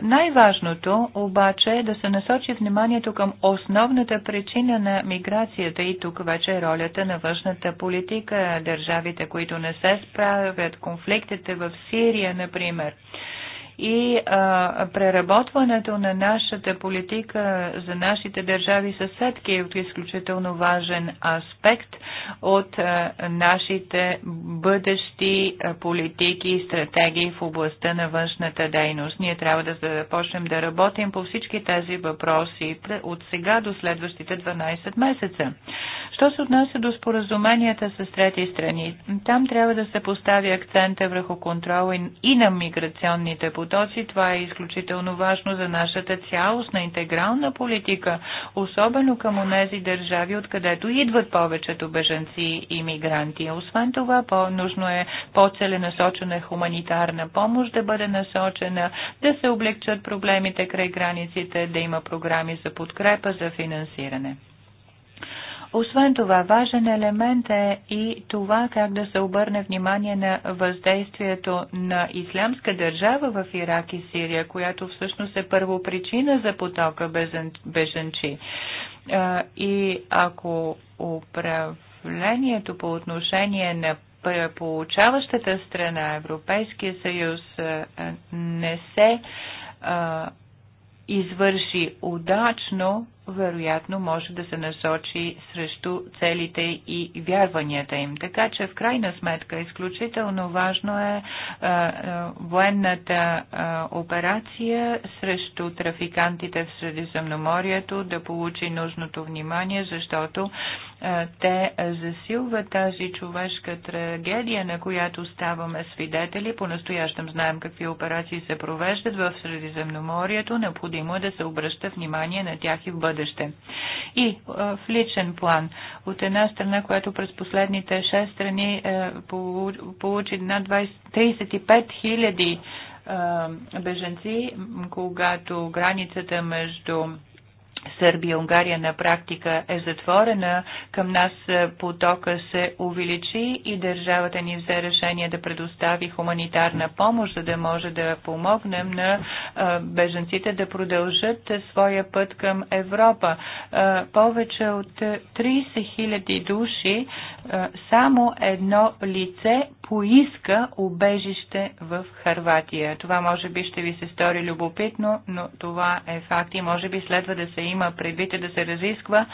Най-важното обаче е да се насочи вниманието към основната причина на миграцията и тук вече е ролята на външната политика, държавите, които не се справят, конфликтите в Сирия, например и а, преработването на нашата политика за нашите държави съседки е от изключително важен аспект от а, нашите бъдещи политики и стратегии в областта на външната дейност. Ние трябва да започнем да работим по всички тези въпроси от сега до следващите 12 месеца. Що се отнася до споразуменията с трети страни, там трябва да се постави акцента върху контрола и на миграционните потоци. Това е изключително важно за нашата цялостна интегрална политика, особено към онези държави, откъдето идват повечето беженци и мигранти. Освен това, по-нужно е по-целенасочена хуманитарна помощ да бъде насочена, да се облегчат проблемите край границите, да има програми за подкрепа, за финансиране. Освен това, важен елемент е и това как да се обърне внимание на въздействието на ислямска държава в Ирак и Сирия, която всъщност е първопричина за потока беженчи. И ако управлението по отношение на получаващата страна, Европейския съюз, не се извърши удачно, вероятно може да се насочи срещу целите и вярванията им. Така че в крайна сметка изключително важно е а, е, а, е, военната а, е, операция срещу трафикантите в Средиземноморието да получи нужното внимание, защото е, те засилват тази човешка трагедия, на която ставаме свидетели. По-настоящем знаем какви операции се провеждат в Средиземноморието. Необходимо е да се обръща внимание на тях и в бъдеще. И е, в личен план, от една страна, която през последните 6 страни е, получи над 20, 35 хиляди беженци, когато границата между Сърбия, Унгария на практика е затворена, към нас е, потока се увеличи и държавата ни взе решение да предостави хуманитарна помощ, за да може да помогнем на е, беженците да продължат своя път към Европа. Е, повече от 30 000 души е, само едно лице поиска убежище в Харватия. Това може би ще ви се стори любопитно, но това е факт и може би следва да се има предвид и да се разисква е,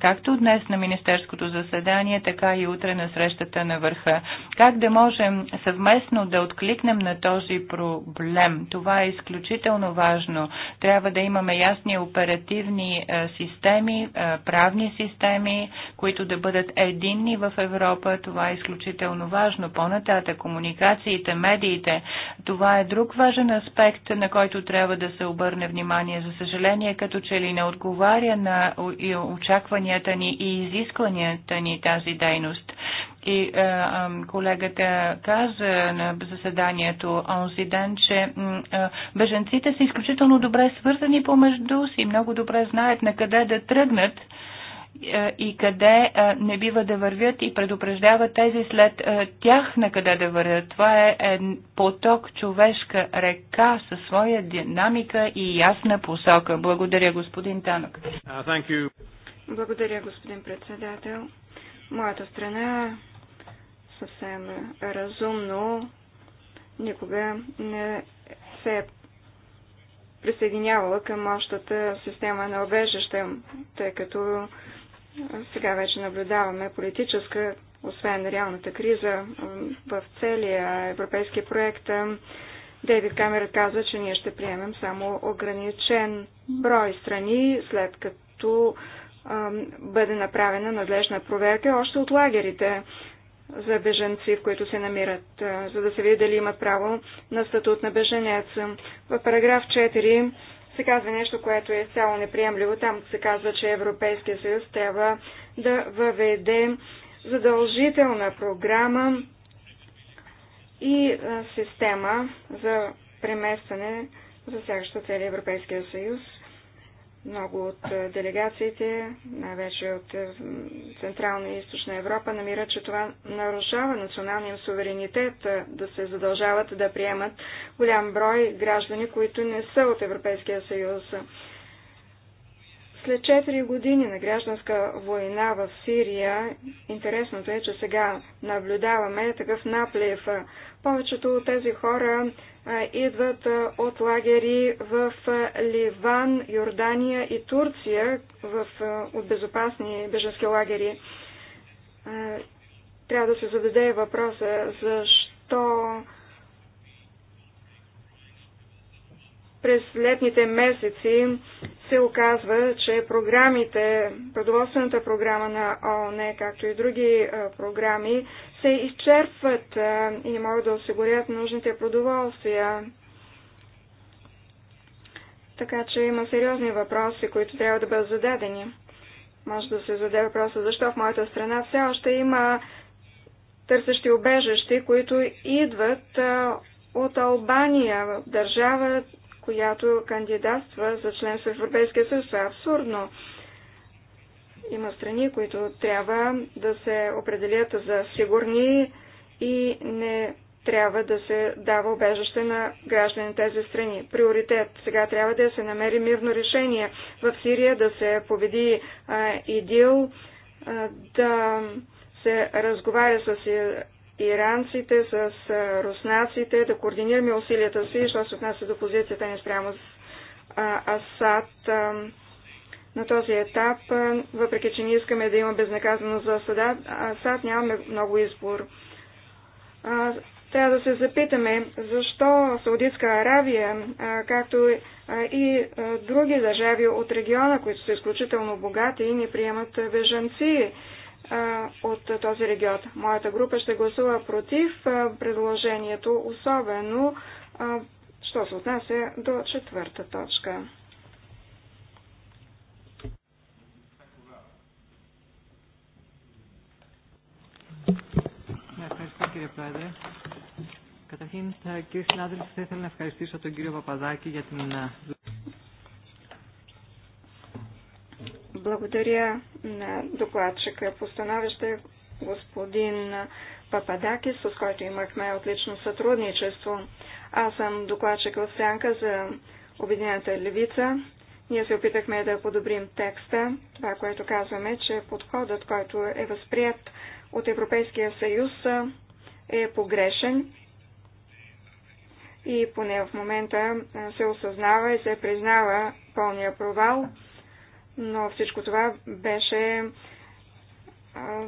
както днес на министерското заседание, така и утре на срещата на върха. Как да можем съвместно да откликнем на този проблем? Това е изключително важно. Трябва да имаме ясни оперативни е, системи, правни системи, които да бъдат единни данни в Европа. Това е изключително важно. По-нататък комуникациите, медиите, това е друг важен аспект, на който трябва да се обърне внимание. За съжаление, като че ли не отговаря на очакванията ни и изискванията ни тази дейност. И е, е, колегата каза на заседанието онзи ден, че е, беженците са изключително добре свързани помежду си, много добре знаят на къде да тръгнат е, и къде е, не бива да вървят и предупреждава тези след е, тях на къде да вървят. Това е поток човешка река със своя динамика и ясна посока. Благодаря, господин Танок. Благодаря, господин председател. Моята страна съвсем разумно никога не се е присъединявала към общата система на обежища, тъй като сега вече наблюдаваме политическа, освен реалната криза, в целия европейски проект. Дейвид Камера каза, че ние ще приемем само ограничен брой страни, след като бъде направена надлежна проверка още от лагерите за беженци, в които се намират, за да се види дали имат право на статут на беженец. В параграф 4 се казва нещо, което е цяло неприемливо. Там се казва, че Европейския съюз трябва да въведе задължителна програма и система за преместване, засягаща цели Европейския съюз. Много от е, делегациите, най-вече от е, Централна и Източна Европа, намират, че това нарушава националния суверенитет е, да се задължават да приемат голям брой граждани, които не са от Европейския съюз. След 4 години на гражданска война в Сирия, интересното е, че сега наблюдаваме такъв наплев. Повечето от тези хора идват от лагери в Ливан, Йордания и Турция в, от безопасни беженски лагери. Трябва да се зададе въпроса защо през летните месеци се оказва, че програмите, продоволствената програма на ООН, както и други е, програми, се изчерпват е, и не могат да осигурят нужните продоволствия. Така че има сериозни въпроси, които трябва да бъдат зададени. Може да се зададе въпроса, защо в моята страна все още има търсещи обежащи, които идват е, от Албания, държава, която кандидатства за членство в Европейския съюз. Това е абсурдно. Има страни, които трябва да се определят за сигурни и не трябва да се дава обежаще на граждани тези страни. Приоритет сега трябва да се намери мирно решение в Сирия, да се победи а, ИДИЛ, а, да се разговаря с иранците, с руснаците, да координираме усилията си, що се отнася до позицията ни спрямо с Асад на този етап, въпреки че не искаме да има безнаказаност за Асада, Асад нямаме много избор. Трябва да се запитаме защо Саудитска Аравия, както и други държави от региона, които са изключително богати, не приемат бежанци от този регион. Моята група ще гласува против предложението, особено що се отнася до четвърта точка. Ευχαριστώ κύριε Πρόεδρε. Καταρχήν, κύριε συνάδελφοι, θα ήθελα να ευχαριστήσω τον κύριο Παπαδάκη για την благодаря на докладчика по становище господин Пападакис, с който имахме отлично сътрудничество. Аз съм докладчик в Сянка за Обединената левица. Ние се опитахме да подобрим текста. Това, което казваме, че подходът, който е възприят от Европейския съюз, е погрешен и поне в момента се осъзнава и се признава пълния провал но всичко това беше а,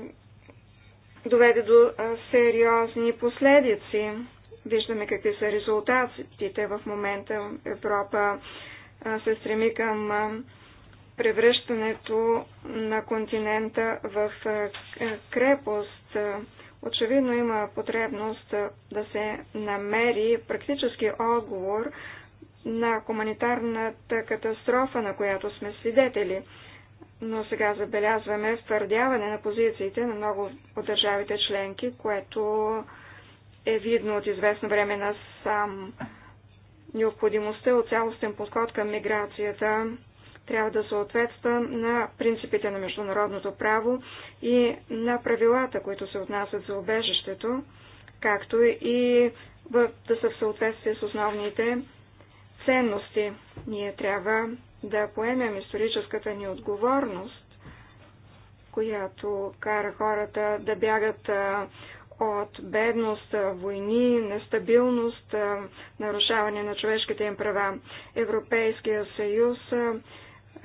доведе до а, сериозни последици. Виждаме какви са резултатите в момента. Европа а, се стреми към а, превръщането на континента в а, крепост. Очевидно има потребност да се намери практически отговор на хуманитарната катастрофа, на която сме свидетели. Но сега забелязваме втвърдяване на позициите на много от държавите членки, което е видно от известно време на сам. Необходимостта от цялостен подход към миграцията трябва да съответства на принципите на международното право и на правилата, които се отнасят за обежището, както и в, да са в съответствие с основните ценности. Ние трябва да поемем историческата ни отговорност, която кара хората да бягат от бедност, войни, нестабилност, нарушаване на човешките им права. Европейския съюз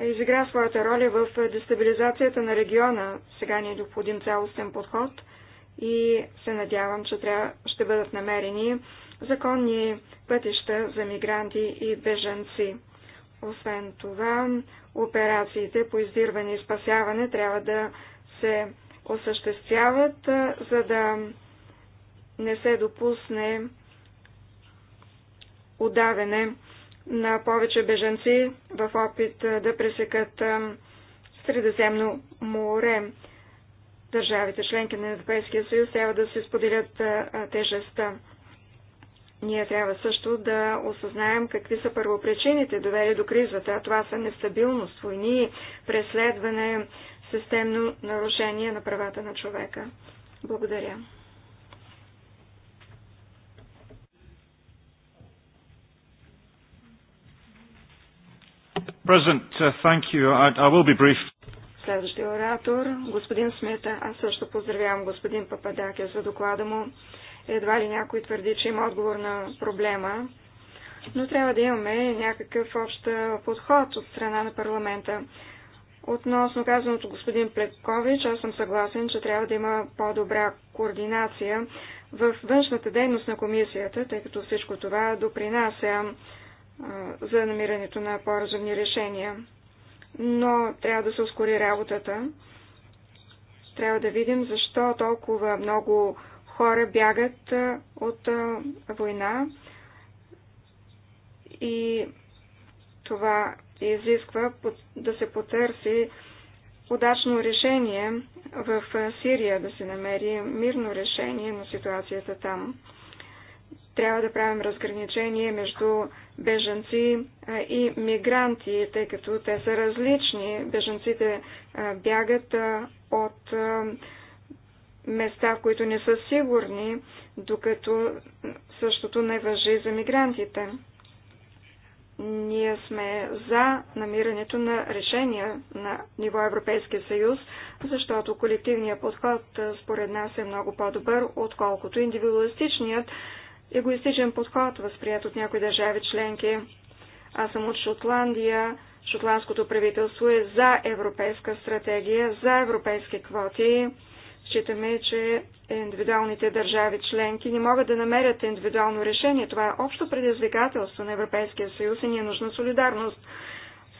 изигра своята роля в дестабилизацията на региона. Сега ни е необходим цялостен подход и се надявам, че трябва, ще бъдат намерени законни пътища за мигранти и беженци. Освен това, операциите по издирване и спасяване трябва да се осъществяват, за да не се допусне удавяне на повече беженци в опит да пресекат Средиземно море. Държавите членки на Европейския съюз трябва да се споделят тежестта. Ние трябва също да осъзнаем какви са първопричините довели до кризата. а Това са нестабилност, войни, преследване, системно нарушение на правата на човека. Благодаря. Uh, thank you. I, I will be brief. Следващия оратор, господин Смета. Аз също поздравявам господин Пападакия за доклада му. Едва ли някой твърди, че има отговор на проблема, но трябва да имаме някакъв общ подход от страна на парламента. Относно казаното господин Плекович, аз съм съгласен, че трябва да има по-добра координация в външната дейност на комисията, тъй като всичко това допринася за намирането на по-разумни решения. Но трябва да се ускори работата. Трябва да видим защо толкова много хора бягат от война и това изисква да се потърси удачно решение в Сирия, да се намери мирно решение на ситуацията там. Трябва да правим разграничение между беженци и мигранти, тъй като те са различни. Беженците бягат от места, които не са сигурни, докато същото не въжи за мигрантите. Ние сме за намирането на решения на ниво Европейския съюз, защото колективният подход според нас е много по-добър, отколкото индивидуалистичният егоистичен подход, възприят от някои държави членки. Аз съм от Шотландия. Шотландското правителство е за европейска стратегия, за европейски квоти. Считаме, че индивидуалните държави членки не могат да намерят индивидуално решение. Това е общо предизвикателство на Европейския съюз и ни е нужна солидарност.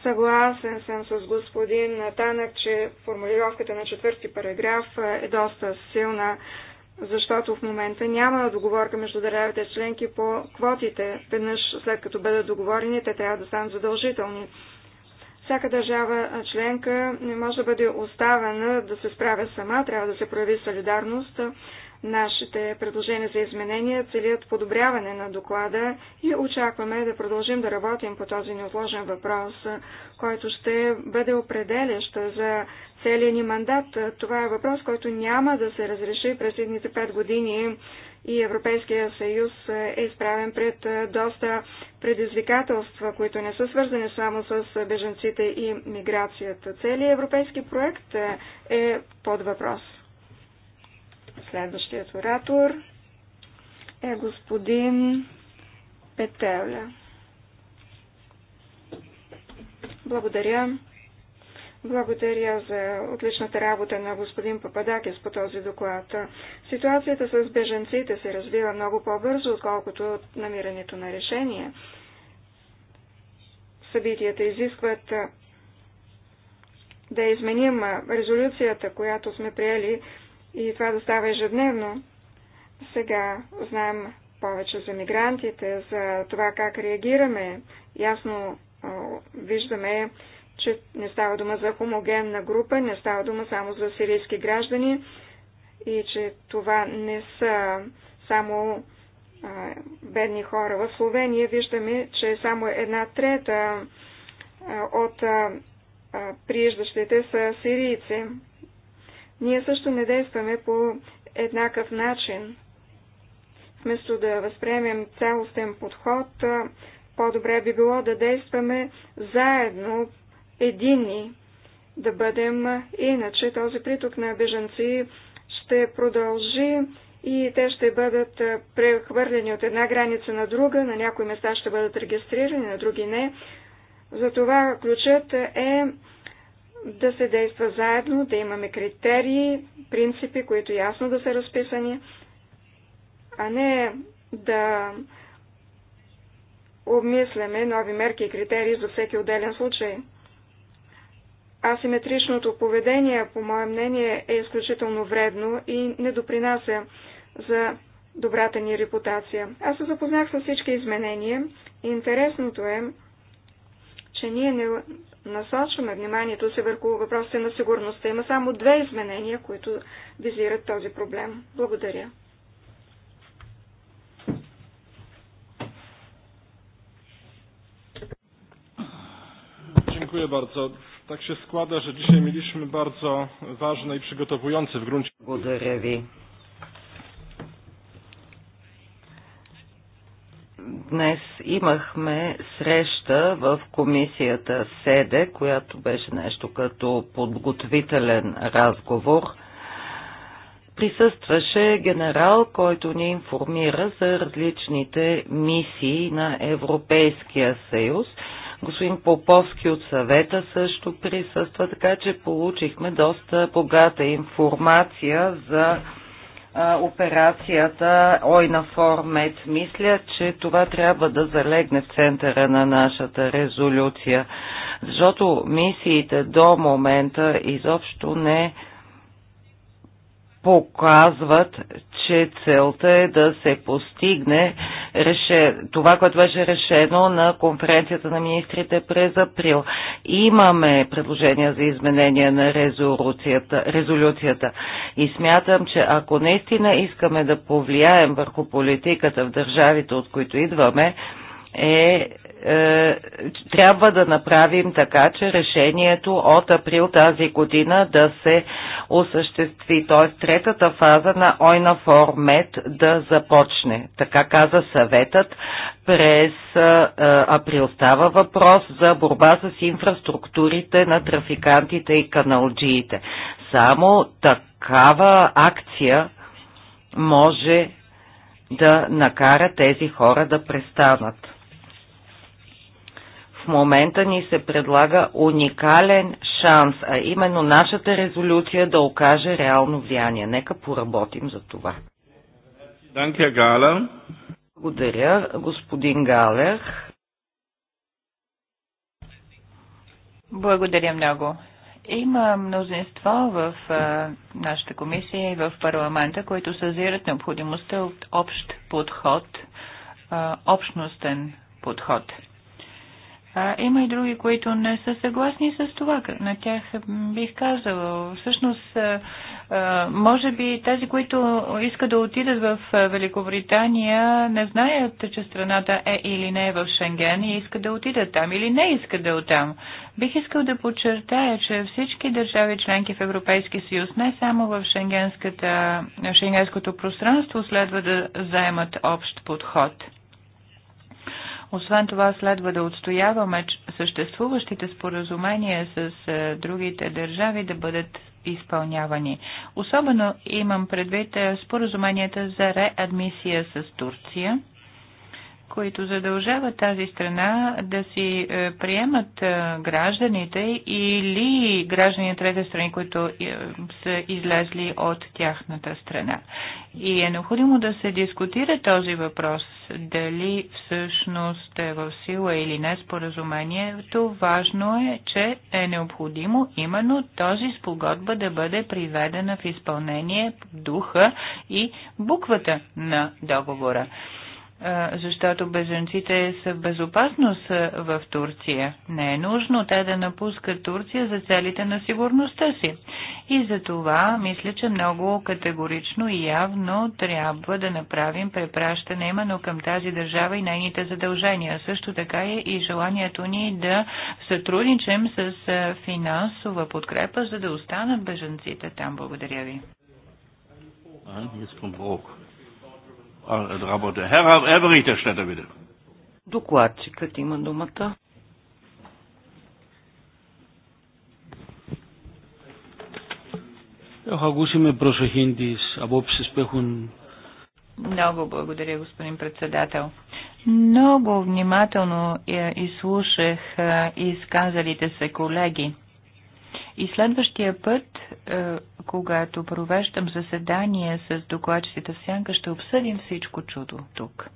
Съгласен съм с господин Танък, че формулировката на четвърти параграф е доста силна, защото в момента няма договорка между държавите членки по квотите. Веднъж след като бъдат договорени, те трябва да станат задължителни. Всяка държава членка не може да бъде оставена да се справя сама, трябва да се прояви солидарност. Нашите предложения за изменения целият подобряване на доклада и очакваме да продължим да работим по този неотложен въпрос, който ще бъде определящ за целия ни мандат. Това е въпрос, който няма да се разреши през едните пет години и Европейския съюз е изправен пред доста предизвикателства, които не са свързани само с беженците и миграцията. Целият европейски проект е под въпрос. Следващият оратор е господин Петеля. Благодаря. Благодаря за отличната работа на господин Пападакис по този доклад. Ситуацията с беженците се развива много по-бързо, отколкото от намирането на решение. Събитията изискват да изменим резолюцията, която сме приели и това да става ежедневно. Сега знаем повече за мигрантите, за това как реагираме. Ясно виждаме че не става дума за хомогенна група, не става дума само за сирийски граждани и че това не са само а, бедни хора. В Словения виждаме, че само една трета а, от а, приеждащите прииждащите са сирийци. Ние също не действаме по еднакъв начин. Вместо да възприемем цялостен подход, по-добре би било да действаме заедно единни да бъдем, иначе този приток на беженци ще продължи и те ще бъдат прехвърлени от една граница на друга, на някои места ще бъдат регистрирани, на други не. Затова ключът е да се действа заедно, да имаме критерии, принципи, които ясно да са разписани, а не да обмисляме нови мерки и критерии за всеки отделен случай асиметричното поведение, по мое мнение, е изключително вредно и не допринася за добрата ни репутация. Аз се запознах с всички изменения и интересното е, че ние не насочваме вниманието си върху въпросите на сигурността. Има само две изменения, които визират този проблем. Благодаря. Dziękuję bardzo. Tak się składa, że dzisiaj mieliśmy bardzo ważne i przygotowujące w gruncie. Благодаря Днес имахме среща в комисията СЕДЕ, която беше нещо като подготвителен разговор – присъстваше генерал, който ни информира за различните мисии на Европейския съюз Господин Поповски от съвета също присъства, така че получихме доста богата информация за операцията Ойна Формет. Мисля, че това трябва да залегне в центъра на нашата резолюция, защото мисиите до момента изобщо не показват, че целта е да се постигне реше... това, което беше решено на конференцията на министрите през април. Имаме предложения за изменение на резолюцията, резолюцията и смятам, че ако наистина искаме да повлияем върху политиката в държавите, от които идваме, е е, трябва да направим така, че решението от април тази година да се осъществи, т.е. третата фаза на Ойна Формет да започне. Така каза съветът през е, е, април. Става въпрос за борба с инфраструктурите на трафикантите и каналджиите. Само такава акция може да накара тези хора да престанат в момента ни се предлага уникален шанс, а именно нашата резолюция да окаже реално влияние. Нека поработим за това. Благодаря, господин Галер. Благодаря много. Има мнозинство в а, нашата комисия и в парламента, които съзират необходимостта от общ подход, а, общностен подход. А, има и други, които не са съгласни с това. На тях бих казала. Всъщност, а, може би тези, които искат да отидат в Великобритания, не знаят, че страната е или не е в Шенген и искат да отидат там или не искат да оттам. Бих искал да подчертая, че всички държави членки в Европейски съюз, не само в шенгенското пространство, следва да заемат общ подход – освен това, следва да отстояваме съществуващите споразумения с е, другите държави да бъдат изпълнявани. Особено имам предвид е, споразуменията за реадмисия с Турция които задължават тази страна да си е, приемат е, гражданите или граждани на трета страни, които е, са излезли от тяхната страна. И е необходимо да се дискутира този въпрос, дали всъщност е в сила или не споразумението. Важно е, че е необходимо именно този спогодба да бъде приведена в изпълнение духа и буквата на договора защото беженците са в безопасност в Турция. Не е нужно те да напускат Турция за целите на сигурността си. И за това мисля, че много категорично и явно трябва да направим препращане именно към тази държава и нейните задължения. Също така е и желанието ни да сътрудничим с финансова подкрепа, за да останат беженците там. Благодаря ви. Бог работа. ще да биде. Докладчикът има думата. Έχω ακούσει με προσοχή που έχουν... Много благодаря, господин председател. Много внимателно е, изслушах е, изказалите се колеги. И следващия път е, когато провеждам заседание с докладчиците в сянка, ще обсъдим всичко чудо тук.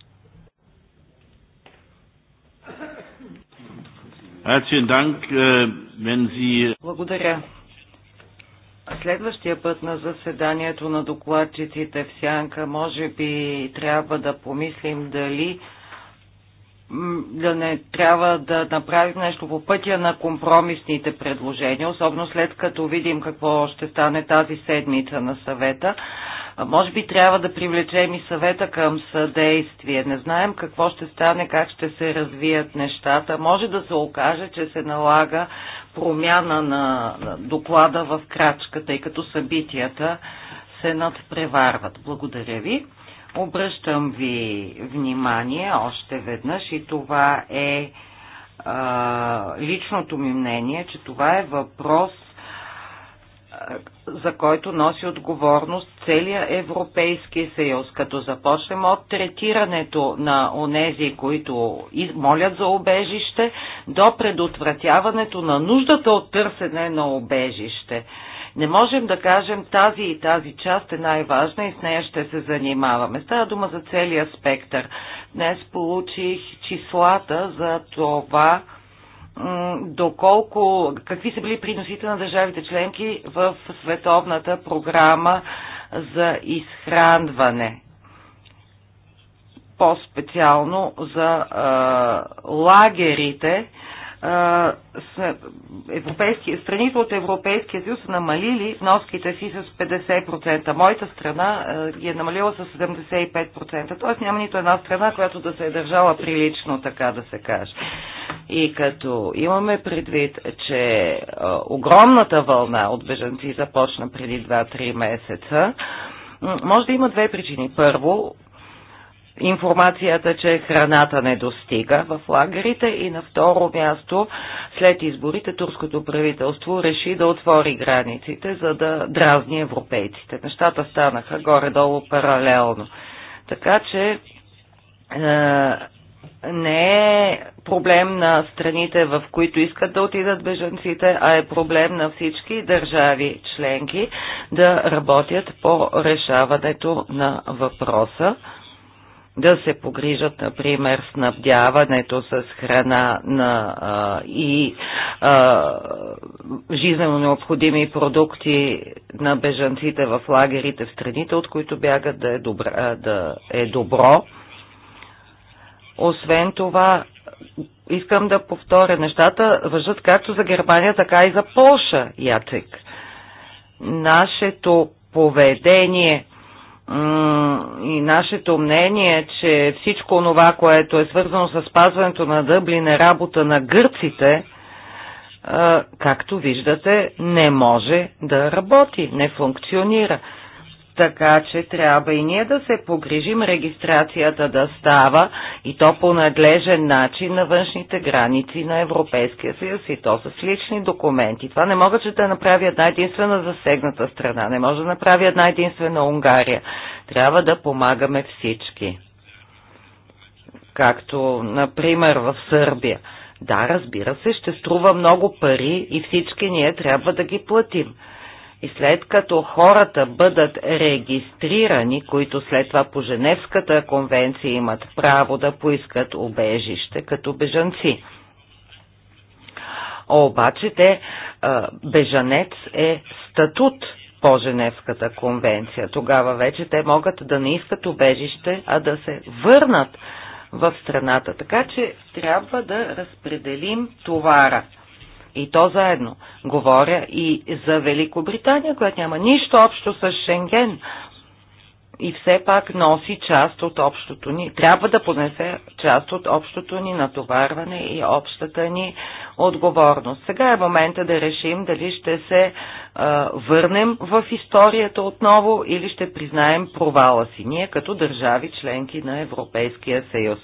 Äh, Благодаря. Следващия път на заседанието на докладчиците в Сянка, може би трябва да помислим дали да не трябва да направим нещо по пътя на компромисните предложения, особено след като видим какво ще стане тази седмица на съвета. Може би трябва да привлечем и съвета към съдействие. Не знаем какво ще стане, как ще се развият нещата. Може да се окаже, че се налага промяна на доклада в крачката, тъй като събитията се надпреварват. Благодаря ви. Обръщам ви внимание още веднъж и това е а, личното ми мнение, че това е въпрос, а, за който носи отговорност целият Европейски съюз, като започнем от третирането на онези, които молят за обежище, до предотвратяването на нуждата от търсене на обежище. Не можем да кажем тази и тази част е най-важна и с нея ще се занимаваме. Става дума за целия спектър. Днес получих числата за това, доколко, какви са били приносите на държавите членки в световната програма за изхранване. По-специално за а, лагерите европейски, страните от Европейския съюз са намалили вноските си с 50%. Моята страна ги е намалила с 75%. Тоест няма нито една страна, която да се е държала прилично, така да се каже. И като имаме предвид, че огромната вълна от беженци започна преди 2-3 месеца, може да има две причини. Първо, информацията, че храната не достига в лагерите и на второ място след изборите турското правителство реши да отвори границите, за да дразни европейците. Нещата станаха горе-долу паралелно. Така че е, не е проблем на страните, в които искат да отидат бежанците, а е проблем на всички държави членки да работят по решаването на въпроса да се погрижат, например, снабдяването с храна на, а, и а, жизненно необходими продукти на бежанците в лагерите в страните, от които бягат да е, добра, да е добро. Освен това, искам да повторя, нещата въжат както за Германия, така и за Полша, Яцек. Нашето поведение и нашето мнение, че всичко това, което е свързано с спазването на Дъблин е работа на гърците, както виждате, не може да работи, не функционира. Така че трябва и ние да се погрижим регистрацията да става и то по надлежен начин на външните граници на Европейския съюз и то с лични документи. Това не мога, че да направи една единствена засегната страна, не може да направи една единствена Унгария. Трябва да помагаме всички. Както, например, в Сърбия. Да, разбира се, ще струва много пари и всички ние трябва да ги платим. И след като хората бъдат регистрирани, които след това по Женевската конвенция имат право да поискат обежище като бежанци. Обаче те, бежанец е статут по Женевската конвенция. Тогава вече те могат да не искат обежище, а да се върнат в страната. Така че трябва да разпределим товара – и то заедно. Говоря и за Великобритания, която няма нищо общо с Шенген. И все пак носи част от общото ни, трябва да понесе част от общото ни натоварване и общата ни отговорност. Сега е момента да решим дали ще се а, върнем в историята отново или ще признаем провала си ние като държави членки на Европейския съюз.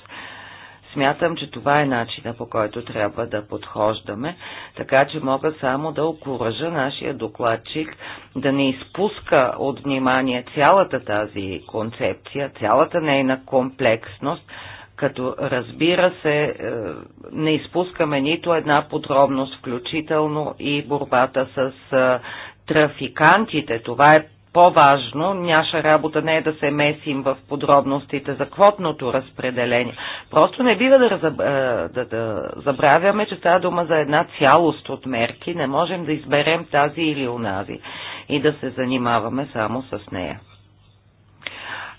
Смятам, че това е начина по който трябва да подхождаме, така че мога само да окоръжа нашия докладчик да не изпуска от внимание цялата тази концепция, цялата нейна комплексност, като разбира се е, не изпускаме нито една подробност, включително и борбата с е, трафикантите. Това е по-важно. Наша работа не е да се месим в подробностите за квотното разпределение. Просто не бива да, разъб... Е, да, да забравяме, че става дума за една цялост от мерки. Не можем да изберем тази или унази и да се занимаваме само с нея.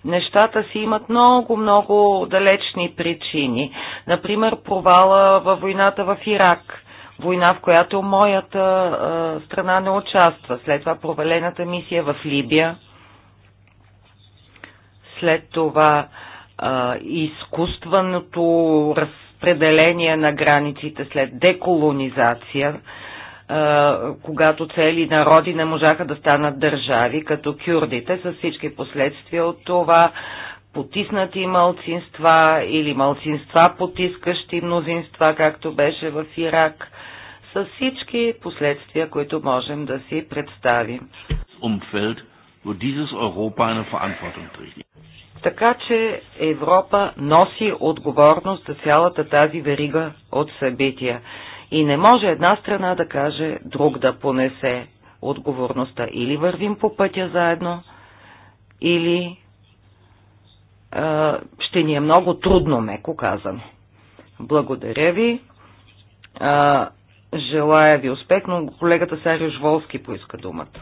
Нещата си имат много-много далечни причини. Например, провала във войната в Ирак – война, в която моята а, страна не участва. След това провалената мисия в Либия. След това а, изкуственото разпределение на границите след деколонизация, а, когато цели народи не можаха да станат държави, като кюрдите, с всички последствия от това потиснати малцинства или малцинства потискащи мнозинства, както беше в Ирак, с всички последствия, които можем да си представим. Така че Европа носи отговорност за цялата тази верига от събития. И не може една страна да каже друг да понесе отговорността. Или вървим по пътя заедно, или ще ни е много трудно, меко казано. Благодаря ви. Желая ви успех, но колегата Сариош Волски поиска думата.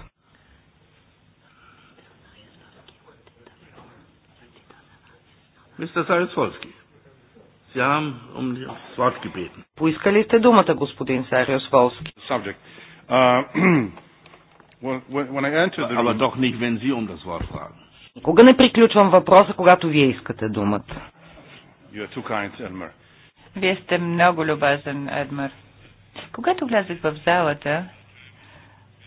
Мистер Сариош Волски. Поиска Поискали сте думата, господин Сариош Волски? Ама doch nicht, wenn Sie um das Wort fragen. Никога не приключвам въпроса, когато вие искате думата. вие сте много любезен, Едмар. Когато влязах в залата,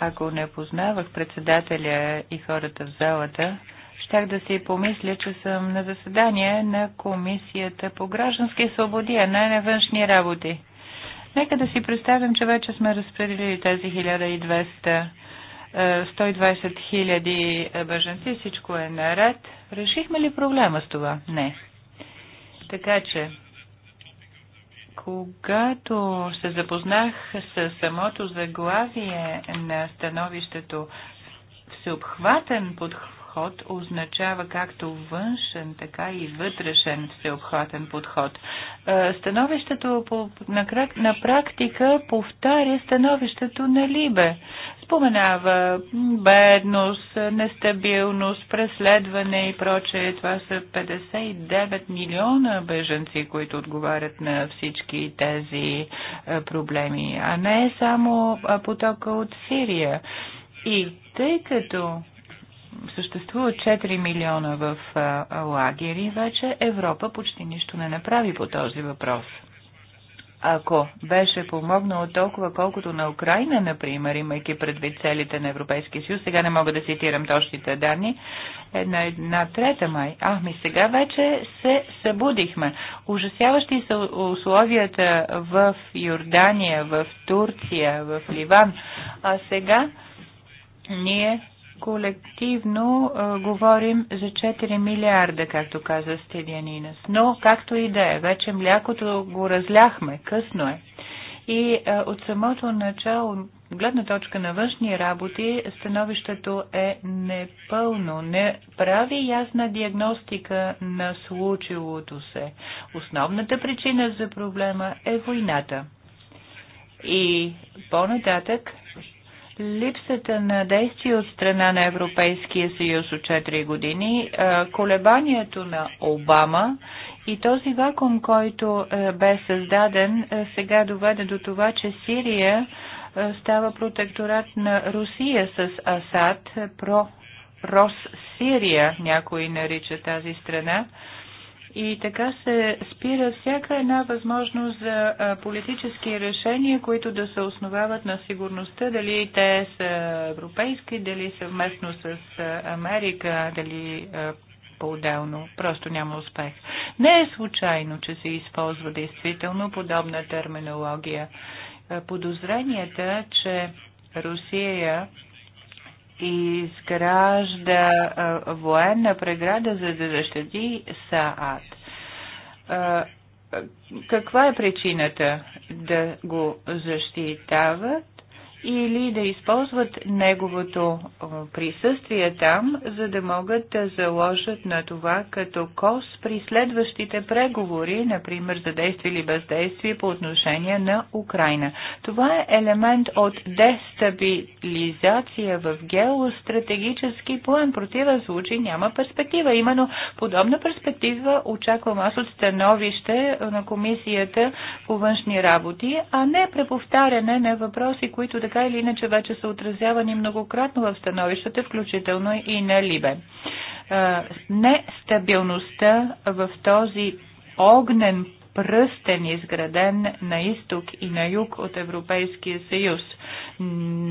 ако не познавах председателя и хората в залата, щях да си помисля, че съм на заседание на Комисията по граждански свободи, а не на външни работи. Нека да си представим, че вече сме разпределили тези 1200 120 е, хиляди бъженци, всичко е наред. Решихме ли проблема с това? Не. Така че, когато се запознах с самото заглавие на становището всеобхватен подход означава както външен, така и вътрешен всеобхватен подход. Е, становището по, на практика повтаря становището на Либе споменава бедност, нестабилност, преследване и прочее. Това са 59 милиона беженци, които отговарят на всички тези е, проблеми, а не само потока от Сирия. И тъй като съществуват 4 милиона в лагери вече, Европа почти нищо не направи по този въпрос ако беше помогнал толкова колкото на Украина, например, имайки предвид целите на Европейския съюз, сега не мога да цитирам точните данни, една, една трета май. А, ми сега вече се събудихме. Ужасяващи са условията в Йордания, в Турция, в Ливан. А сега ние колективно а, говорим за 4 милиарда, както каза Стедянинес. Но, както и да е, вече млякото го разляхме, късно е. И а, от самото начало, гледна точка на външни работи, становището е непълно, не прави ясна диагностика на случилото се. Основната причина за проблема е войната. И по-нататък Липсата на действие от страна на Европейския съюз от 4 години, колебанието на Обама и този вакуум, който бе създаден, сега доведе до това, че Сирия става протекторат на Русия с Асад, про Рос Сирия, някои нарича тази страна и така се спира всяка една възможност за политически решения, които да се основават на сигурността, дали те са европейски, дали съвместно с Америка, дали по-отделно. Просто няма успех. Не е случайно, че се използва действително подобна терминология. Подозренията, че Русия изгражда военна преграда, за да защити Саад. Каква е причината да го защитава? или да използват неговото присъствие там, за да могат да заложат на това като кос при следващите преговори, например за действие или бездействие по отношение на Украина. Това е елемент от дестабилизация в геостратегически план. Противен случай няма перспектива. Именно подобна перспектива очаквам аз от становище на Комисията по външни работи, а не преповтаряне на въпроси, които да така или иначе вече са отразявани многократно в становищата, включително и на Либе. Нестабилността в този огнен пръстен изграден на изток и на юг от Европейския съюз.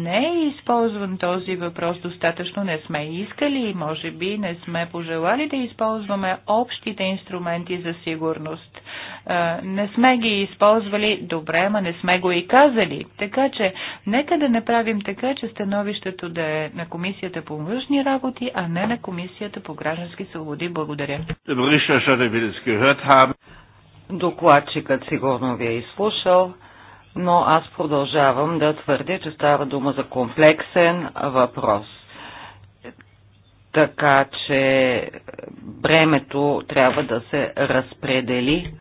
Не е използван този въпрос достатъчно, не сме искали и може би не сме пожелали да използваме общите инструменти за сигурност. Не сме ги използвали добре, ма не сме го и казали. Така че, нека да направим така, че становището да е на Комисията по външни работи, а не на Комисията по граждански свободи. Благодаря. Докладчикът сигурно ви е изслушал, но аз продължавам да твърдя, че става дума за комплексен въпрос. Така че бремето трябва да се разпредели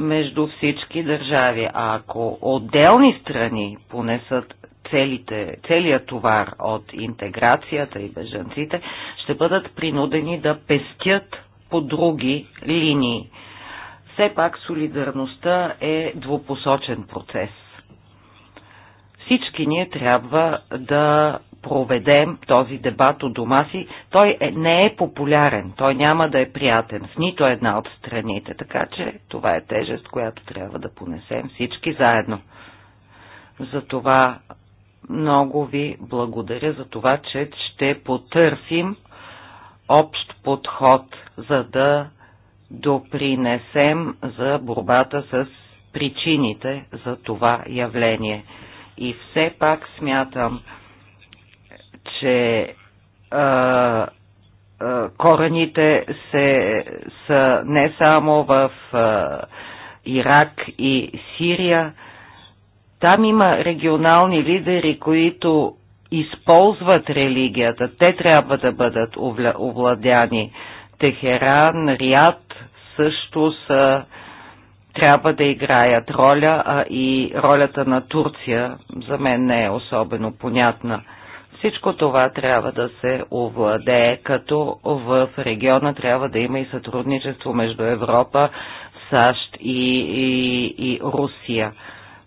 между всички държави. А ако отделни страни понесат целите, целият товар от интеграцията и бежанците, ще бъдат принудени да пестят по други линии. Все пак солидарността е двупосочен процес. Всички ние трябва да проведем този дебат от дома си. Той е, не е популярен, той няма да е приятен в нито една от страните, така че това е тежест, която трябва да понесем всички заедно. Затова много ви благодаря за това, че ще потърсим общ подход, за да допринесем за борбата с причините за това явление. И все пак смятам, че а, а, корените се, са не само в а, Ирак и Сирия. Там има регионални лидери, които използват религията. Те трябва да бъдат овладяни. Техеран, Риад също са, трябва да играят роля, а и ролята на Турция за мен не е особено понятна. Всичко това трябва да се овладее, като в региона трябва да има и сътрудничество между Европа, САЩ и, и, и Русия.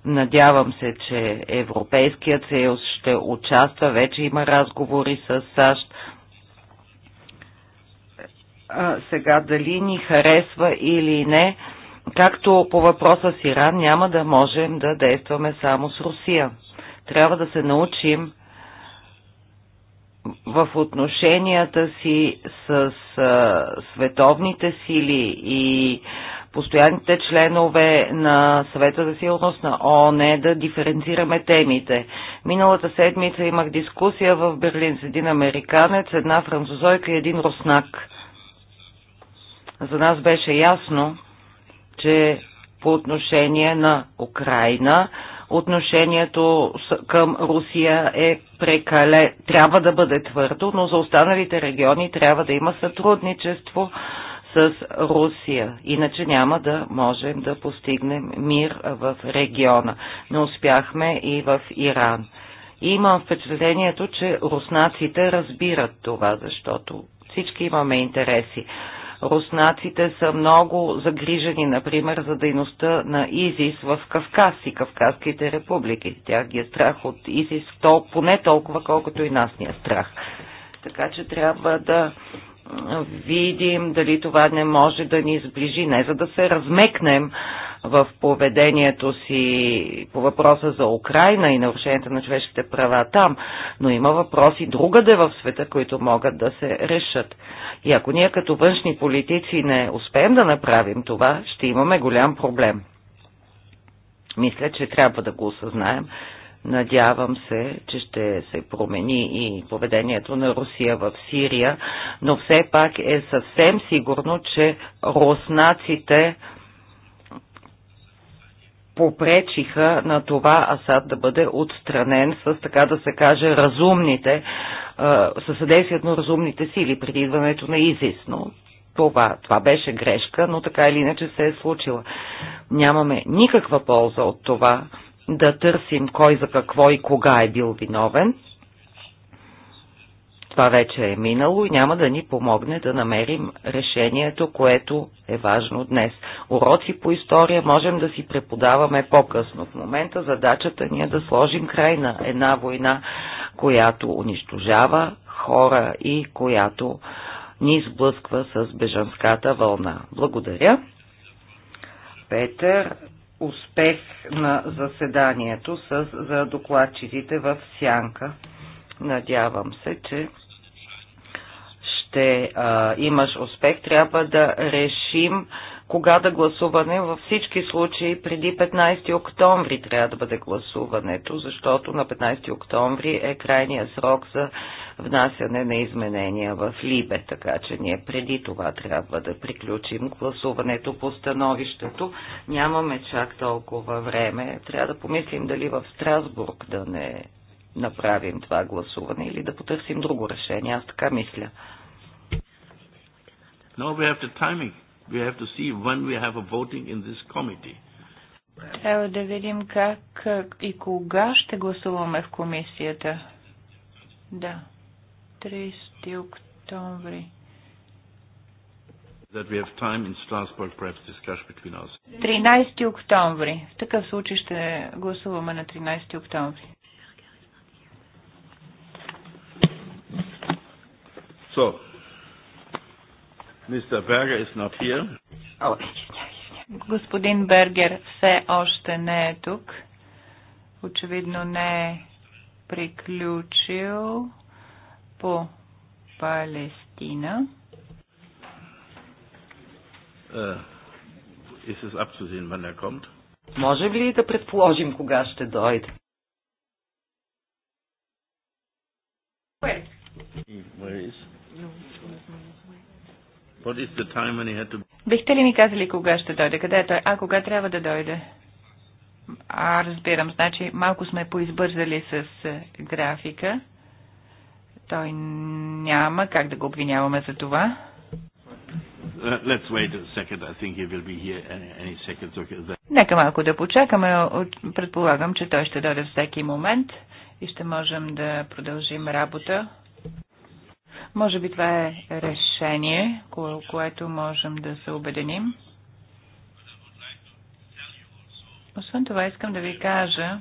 Надявам се, че Европейският съюз ще участва. Вече има разговори с САЩ. А, сега дали ни харесва или не, както по въпроса с Иран, няма да можем да действаме само с Русия. Трябва да се научим в отношенията си с а, световните сили и постоянните членове на съвета за сигурност на ООН да диференцираме темите. Миналата седмица имах дискусия в Берлин с един американец, една французойка и един руснак. За нас беше ясно, че по отношение на Украина, отношението към Русия е прекале, трябва да бъде твърдо, но за останалите региони трябва да има сътрудничество с Русия. Иначе няма да можем да постигнем мир в региона. Не успяхме и в Иран. И имам впечатлението, че руснаците разбират това, защото всички имаме интереси. Руснаците са много загрижени, например, за дейността на ИЗИС в Кавказ и Кавказските републики. Тях ги е страх от ИЗИС, то, поне толкова, колкото и нас ни е страх. Така че трябва да видим дали това не може да ни сближи, не за да се размекнем в поведението си по въпроса за Украина и нарушенията на човешките права там, но има въпроси другаде в света, които могат да се решат. И ако ние като външни политици не успеем да направим това, ще имаме голям проблем. Мисля, че трябва да го осъзнаем Надявам се, че ще се промени и поведението на Русия в Сирия, но все пак е съвсем сигурно, че руснаците попречиха на това Асад да бъде отстранен с, така да се каже, разумните, със съдействието на разумните сили преди идването на ИЗИС. Но това, това беше грешка, но така или иначе се е случила. Нямаме никаква полза от това да търсим кой за какво и кога е бил виновен. Това вече е минало и няма да ни помогне да намерим решението, което е важно днес. Уроци по история можем да си преподаваме по-късно. В момента задачата ни е да сложим край на една война, която унищожава хора и която ни сблъсква с бежанската вълна. Благодаря. Петър успех на заседанието с, за докладчиците в Сянка. Надявам се, че ще а, имаш успех. Трябва да решим кога да гласуваме. Във всички случаи преди 15 октомври трябва да бъде гласуването, защото на 15 октомври е крайния срок за внасяне на изменения в Либе, така че ние преди това трябва да приключим гласуването по становището. Нямаме чак толкова време. Трябва да помислим дали в Страсбург да не направим това гласуване или да потърсим друго решение. Аз така мисля. No, we have the timing. We have to see when we have a voting in this committee. Трябва да видим как и кога ще гласуваме в комисията. Да. 30 октомври. 13 октомври. В такъв случай ще гласуваме на 13 октомври. So, Mr. Berger is not here. Е, е Господин Бергер все още не е тук. Очевидно не е приключил по Палестина. Е, е е Може ли да предположим кога ще дойде? Бихте ли ми казали кога ще дойде? Къде е той? А, кога трябва да дойде? А, разбирам. Значи малко сме поизбързали с графика. Той няма как да го обвиняваме за това. Uh, Нека малко да почакаме. Предполагам, че той ще дойде всеки момент и ще можем да продължим работа. Може би това е решение, което можем да се обединим. Освен това искам да ви кажа,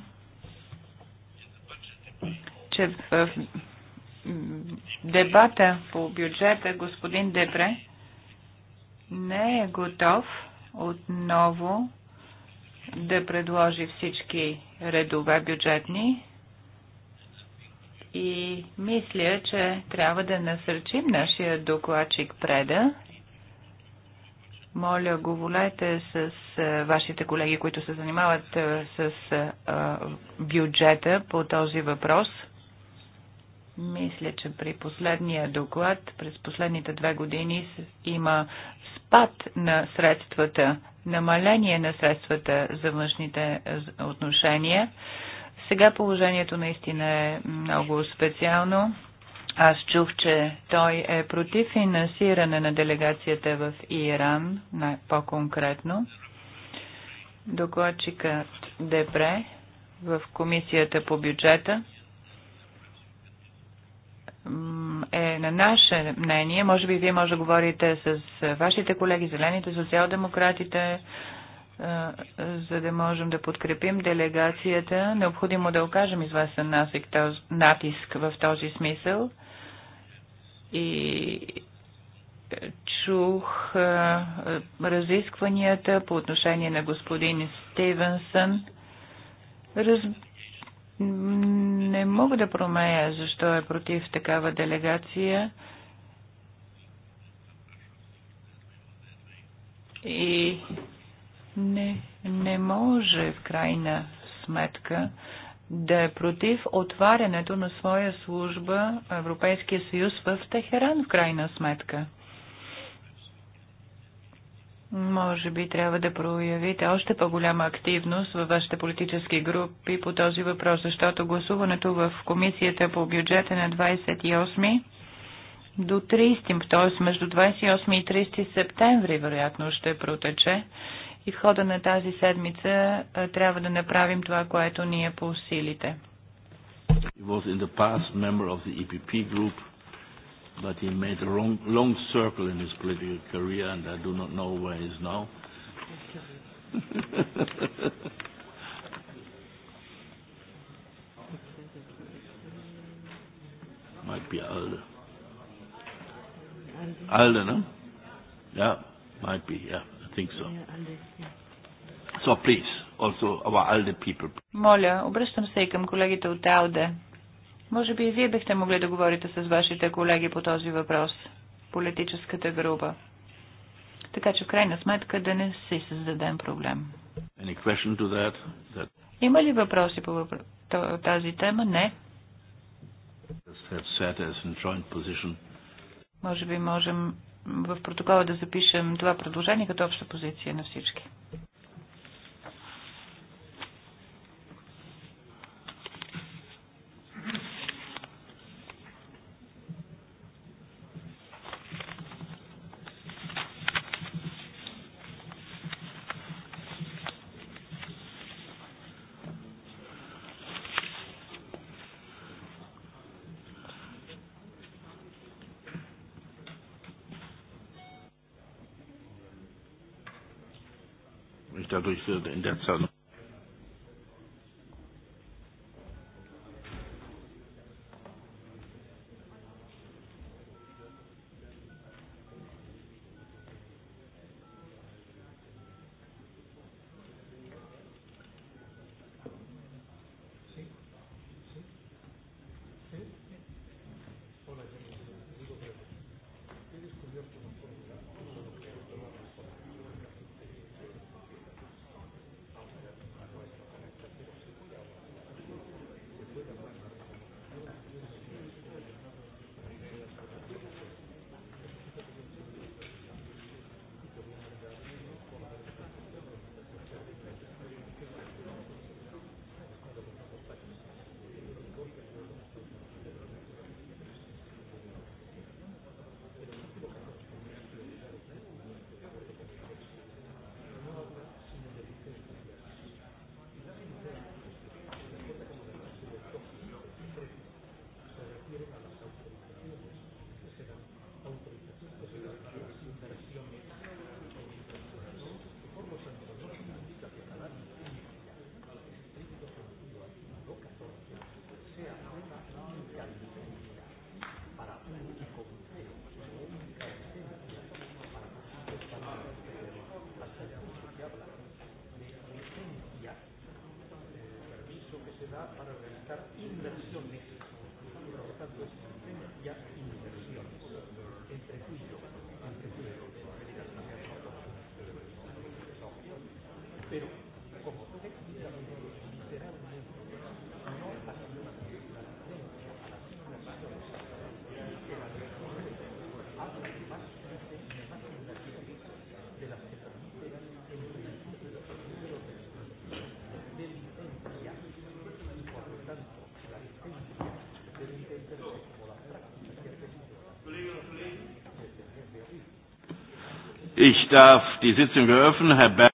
че в дебата по бюджета, господин Дебре не е готов отново да предложи всички редове бюджетни и мисля, че трябва да насърчим нашия докладчик Преда. Моля, говорете с вашите колеги, които се занимават с бюджета по този въпрос – мисля, че при последния доклад, през последните две години има спад на средствата, намаление на средствата за външните е, отношения. Сега положението наистина е много специално. Аз чух, че той е против финансиране на делегацията в Иран, по-конкретно. Докладчикът Депре в Комисията по бюджета е на наше мнение. Може би вие може да говорите с вашите колеги, зелените, социал-демократите, е, за да можем да подкрепим делегацията. Необходимо да окажем известен натиск в този смисъл. И чух е, разискванията по отношение на господин Стивенсън. Разбира не мога да промея защо е против такава делегация. И не, не може в крайна сметка да е против отварянето на своя служба Европейския съюз в Техеран в крайна сметка. Може би трябва да проявите още по-голяма активност във вашите политически групи по този въпрос, защото гласуването в комисията по бюджета на 28 до 30, т.е. между 28 и 30 септември вероятно ще протече. И в хода на тази седмица трябва да направим това, което ние по силите. It was in the past member of the EPP group but he made a long, long circle in his political career, and I do not know where he is now. Might be Alde. Alde, no? Yeah, might be, yeah, I think so. So please, also our Alde people. Моля, обръщам се и към колегите от Алде. Може би и вие бихте могли да говорите с вашите колеги по този въпрос, политическата група. Така че в крайна сметка да не си създадем проблем. That? That... Има ли въпроси по въпро... тази тема? Не. Може би можем в протокола да запишем това предложение като обща позиция на всички. dadurch in der Zahl.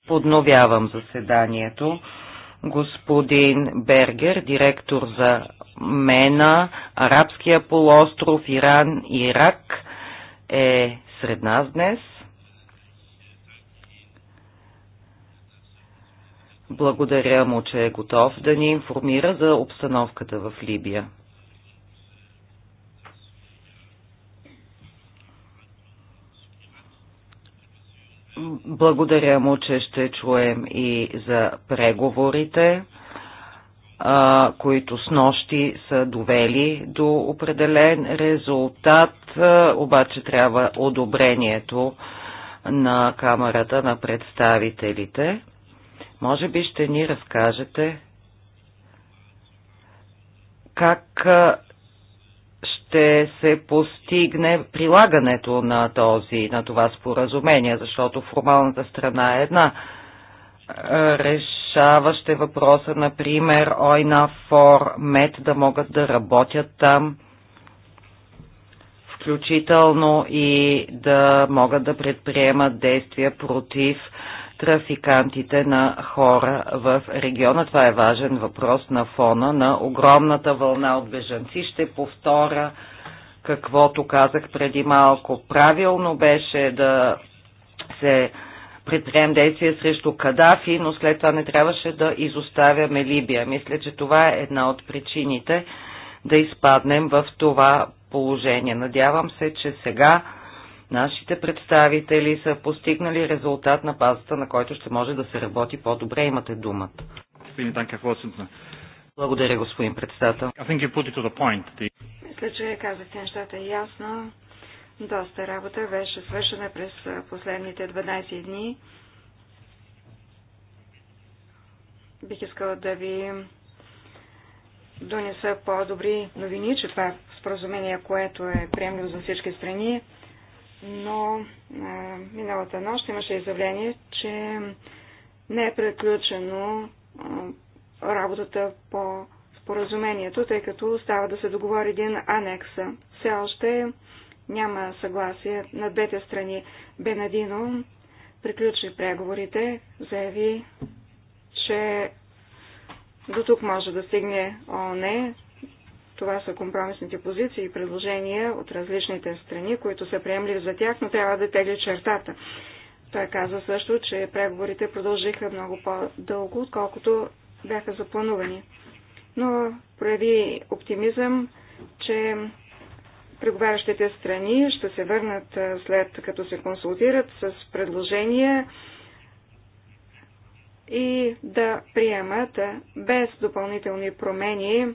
Подновявам заседанието. Господин Бергер, директор за МЕНА, Арабския полуостров, Иран, Ирак е сред нас днес. Благодаря му, че е готов да ни информира за обстановката в Либия. Благодаря му, че ще чуем и за преговорите, а, които с нощи са довели до определен резултат, а, обаче трябва одобрението на Камерата на представителите. Може би ще ни разкажете как ще се постигне прилагането на, този, на това споразумение, защото формалната страна е една. Решаващ е въпроса, например, Ойна Фор Мед да могат да работят там, включително и да могат да предприемат действия против трафикантите на хора в региона. Това е важен въпрос на фона на огромната вълна от бежанци. Ще повторя каквото казах преди малко. Правилно беше да се предприем действия срещу Кадафи, но след това не трябваше да изоставяме Либия. Мисля, че това е една от причините да изпаднем в това положение. Надявам се, че сега Нашите представители са постигнали резултат на базата, на който ще може да се работи по-добре. Имате думата. Благодаря, господин председател. Мисля, че казахте нещата ясно. Доста работа беше свършена през последните 12 дни. Бих искала да ви донеса по-добри новини, че това е споразумение, което е приемливо за всички страни но а, миналата нощ имаше изявление, че не е преключено а, работата по споразумението, тъй като става да се договори един анекса. Все още няма съгласие на двете страни. Бенадино приключи преговорите, заяви, че до тук може да стигне ОНЕ. Това са компромисните позиции и предложения от различните страни, които са приемли за тях, но трябва да тегли чертата. Той каза също, че преговорите продължиха много по-дълго, отколкото бяха запланувани. Но прояви оптимизъм, че преговарящите страни ще се върнат след като се консултират с предложения и да приемат без допълнителни промени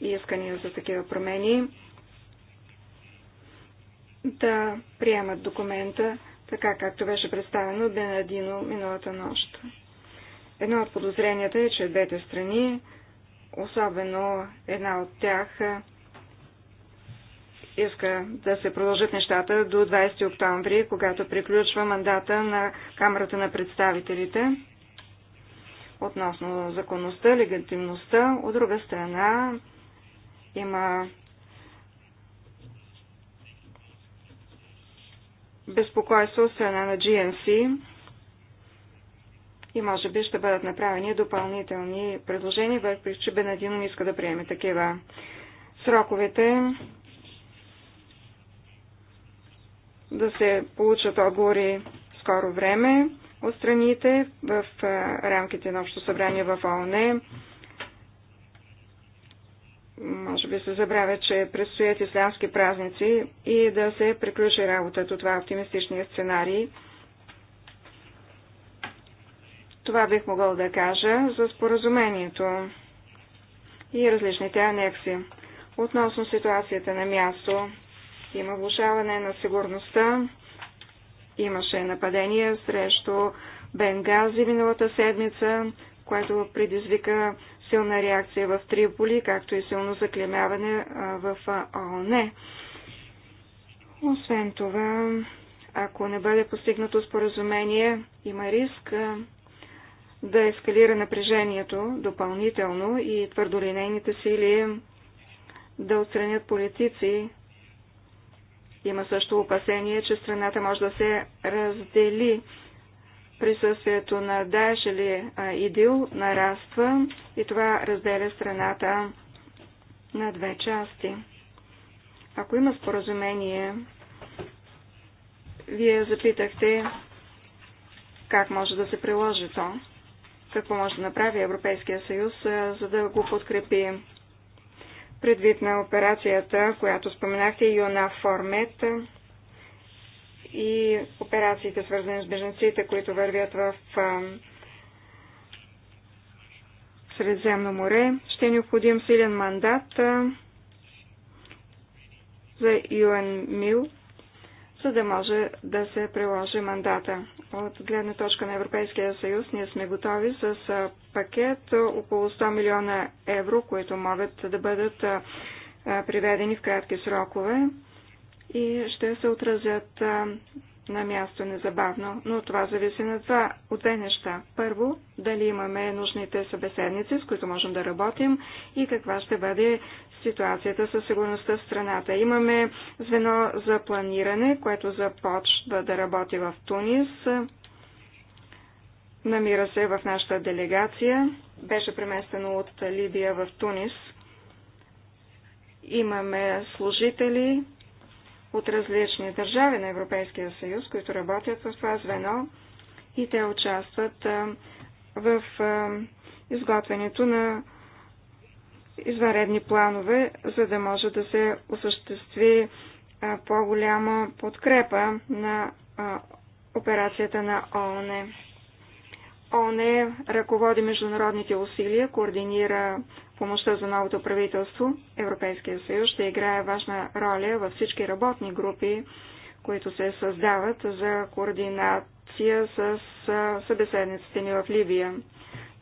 и искания за такива промени, да приемат документа така, както беше представено от Бенадино миналата нощ. Едно от подозренията е, че двете страни, особено една от тях, иска да се продължат нещата до 20 октомври, когато приключва мандата на Камерата на представителите относно законността, легитимността. От друга страна, има безпокойство от страна на GNC и може би ще бъдат направени допълнителни предложения, въпреки че Бенадино иска да приеме такива. Сроковете да се получат отговори скоро време от страните в рамките на Общо събрание в ООН може би се забравя, че предстоят ислямски празници и да се приключи работата. Това е оптимистичният сценарий. Това бих могъл да кажа за споразумението и различните анекси. Относно ситуацията на място, има влушаване на сигурността, имаше нападение срещу Бенгази миналата седмица, което предизвика силна реакция в Триполи, както и силно заклемяване в ООН. Освен това, ако не бъде постигнато споразумение, има риск да ескалира напрежението допълнително и твърдолинейните сили да отстранят политици. Има също опасение, че страната може да се раздели присъствието на Даеш или ИДИЛ нараства и това разделя страната на две части. Ако има споразумение, вие запитахте как може да се приложи то, какво може да направи Европейския съюз, за да го подкрепи. Предвид на операцията, която споменахте, Юна Формет, и операциите, свързани с беженците, които вървят в Средиземно море. Ще е необходим силен мандат за UNMIL, за да може да се приложи мандата. От гледна точка на Европейския съюз ние сме готови с пакет около 100 милиона евро, които могат да бъдат приведени в кратки срокове и ще се отразят на място незабавно, но това зависи на два, от две неща. Първо, дали имаме нужните събеседници, с които можем да работим и каква ще бъде ситуацията със сигурността в страната. Имаме звено за планиране, което започва да работи в Тунис. Намира се в нашата делегация. Беше преместено от Либия в Тунис. Имаме служители, от различни държави на Европейския съюз, които работят в това звено и те участват в изготвянето на изваредни планове, за да може да се осъществи по-голяма подкрепа на операцията на ООН. ООН ръководи международните усилия, координира помощта за новото правителство, Европейския съюз ще играе важна роля във всички работни групи, които се създават за координация с събеседниците ни в Ливия,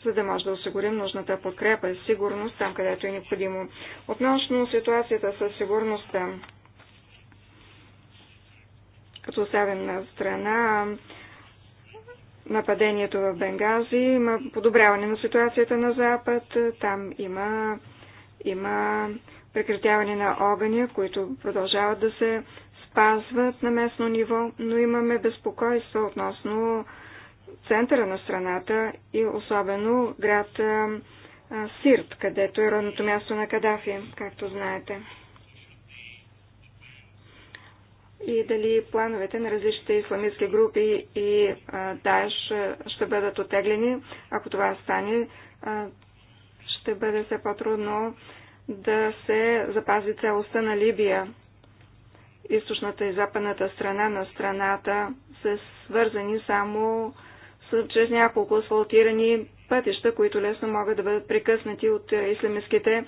за да може да осигурим нужната подкрепа и сигурност там, където е необходимо. Относно ситуацията със сигурността, като оставим на страна нападението в Бенгази, има подобряване на ситуацията на Запад, там има, има прекратяване на огъня, които продължават да се спазват на местно ниво, но имаме безпокойство относно центъра на страната и особено град Сирт, където е родното място на Кадафи, както знаете и дали плановете на различните исламистски групи и Даеш ще бъдат отеглени. Ако това стане, ще бъде все по-трудно да се запази целостта на Либия. Източната и западната страна на страната са свързани само с, чрез няколко асфалтирани пътища, които лесно могат да бъдат прекъснати от исламистските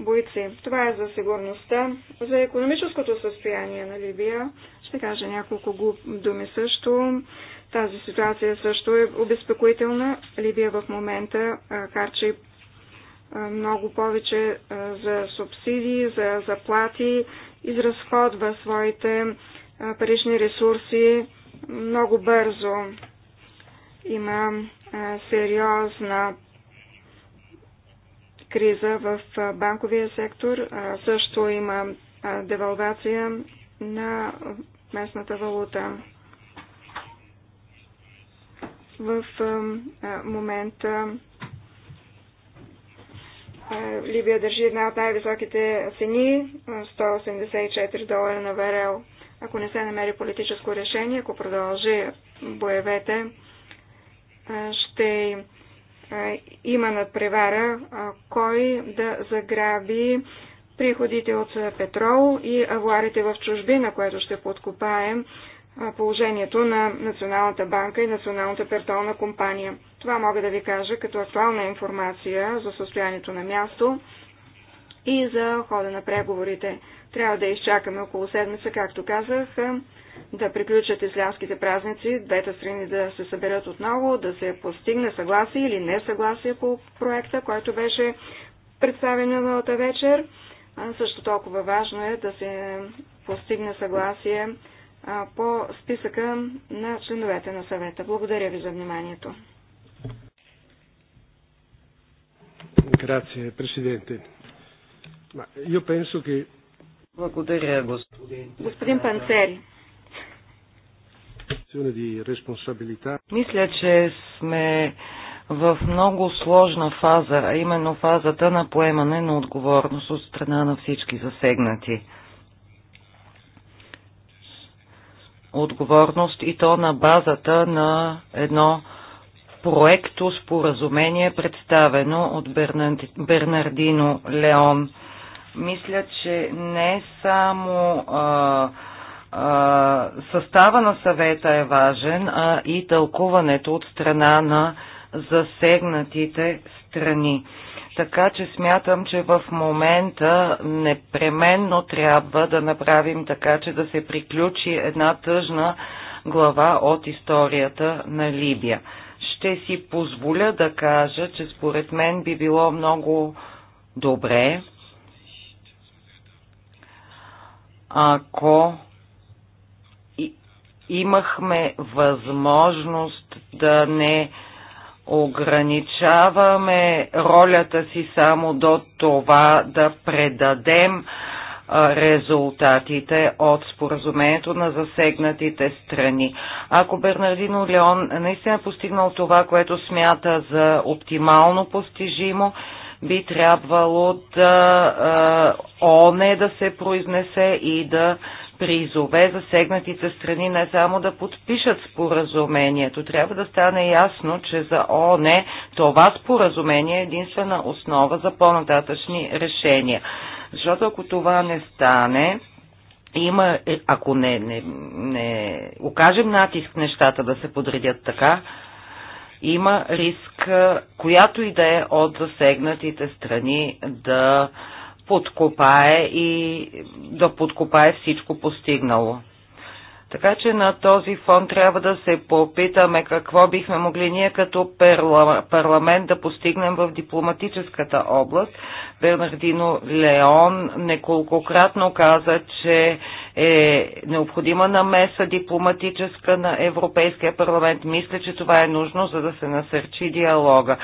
бойци. Това е за сигурността. За економическото състояние на Либия ще кажа няколко думи също. Тази ситуация също е обезпекоителна. Либия в момента харчи много повече за субсидии, за заплати, изразходва своите парични ресурси много бързо. Има сериозна криза в банковия сектор. Също има девалвация на местната валута. В момента Либия държи една от най-високите цени 184 долара на ВАРЕЛ, Ако не се намери политическо решение, ако продължи боевете, ще има превара, кой да заграби приходите от петрол и авуарите в чужбина, което ще подкопаем положението на Националната банка и Националната пертолна компания. Това мога да ви кажа като актуална информация за състоянието на място и за хода на преговорите. Трябва да изчакаме около седмица, както казах, да приключат ислямските празници, двете страни да се съберат отново, да се постигне съгласие или не съгласие по проекта, който беше представен миналата вечер. Също толкова важно е да се постигне съгласие по списъка на членовете на съвета. Благодаря ви за вниманието. Grazie, Presidente. Ma io penso che... Благодаря, господин. Господин Панцери. Мисля, че сме в много сложна фаза, а именно фазата на поемане на отговорност от страна на всички засегнати. Отговорност и то на базата на едно проекто споразумение, представено от Бернардино Леон. Мисля, че не само а, състава на съвета е важен, а и тълкуването от страна на засегнатите страни. Така че смятам, че в момента непременно трябва да направим така, че да се приключи една тъжна глава от историята на Либия. Ще си позволя да кажа, че според мен би било много добре, ако имахме възможност да не ограничаваме ролята си само до това да предадем резултатите от споразумението на засегнатите страни. Ако Бернардино Леон наистина е постигнал това, което смята за оптимално постижимо, би трябвало да ОНЕ да се произнесе и да призове засегнатите страни не само да подпишат споразумението. Трябва да стане ясно, че за ООН това споразумение е единствена основа за по-нататъчни решения. Защото ако това не стане, има, е, ако не, не, не окажем натиск нещата да се подредят така, има риск, която и да е от засегнатите страни да подкопае и да подкопае всичко постигнало. Така че на този фон трябва да се попитаме какво бихме могли ние като парламент да постигнем в дипломатическата област. Бернардино Леон неколкократно каза, че е необходима намеса дипломатическа на Европейския парламент. Мисля, че това е нужно, за да се насърчи диалога.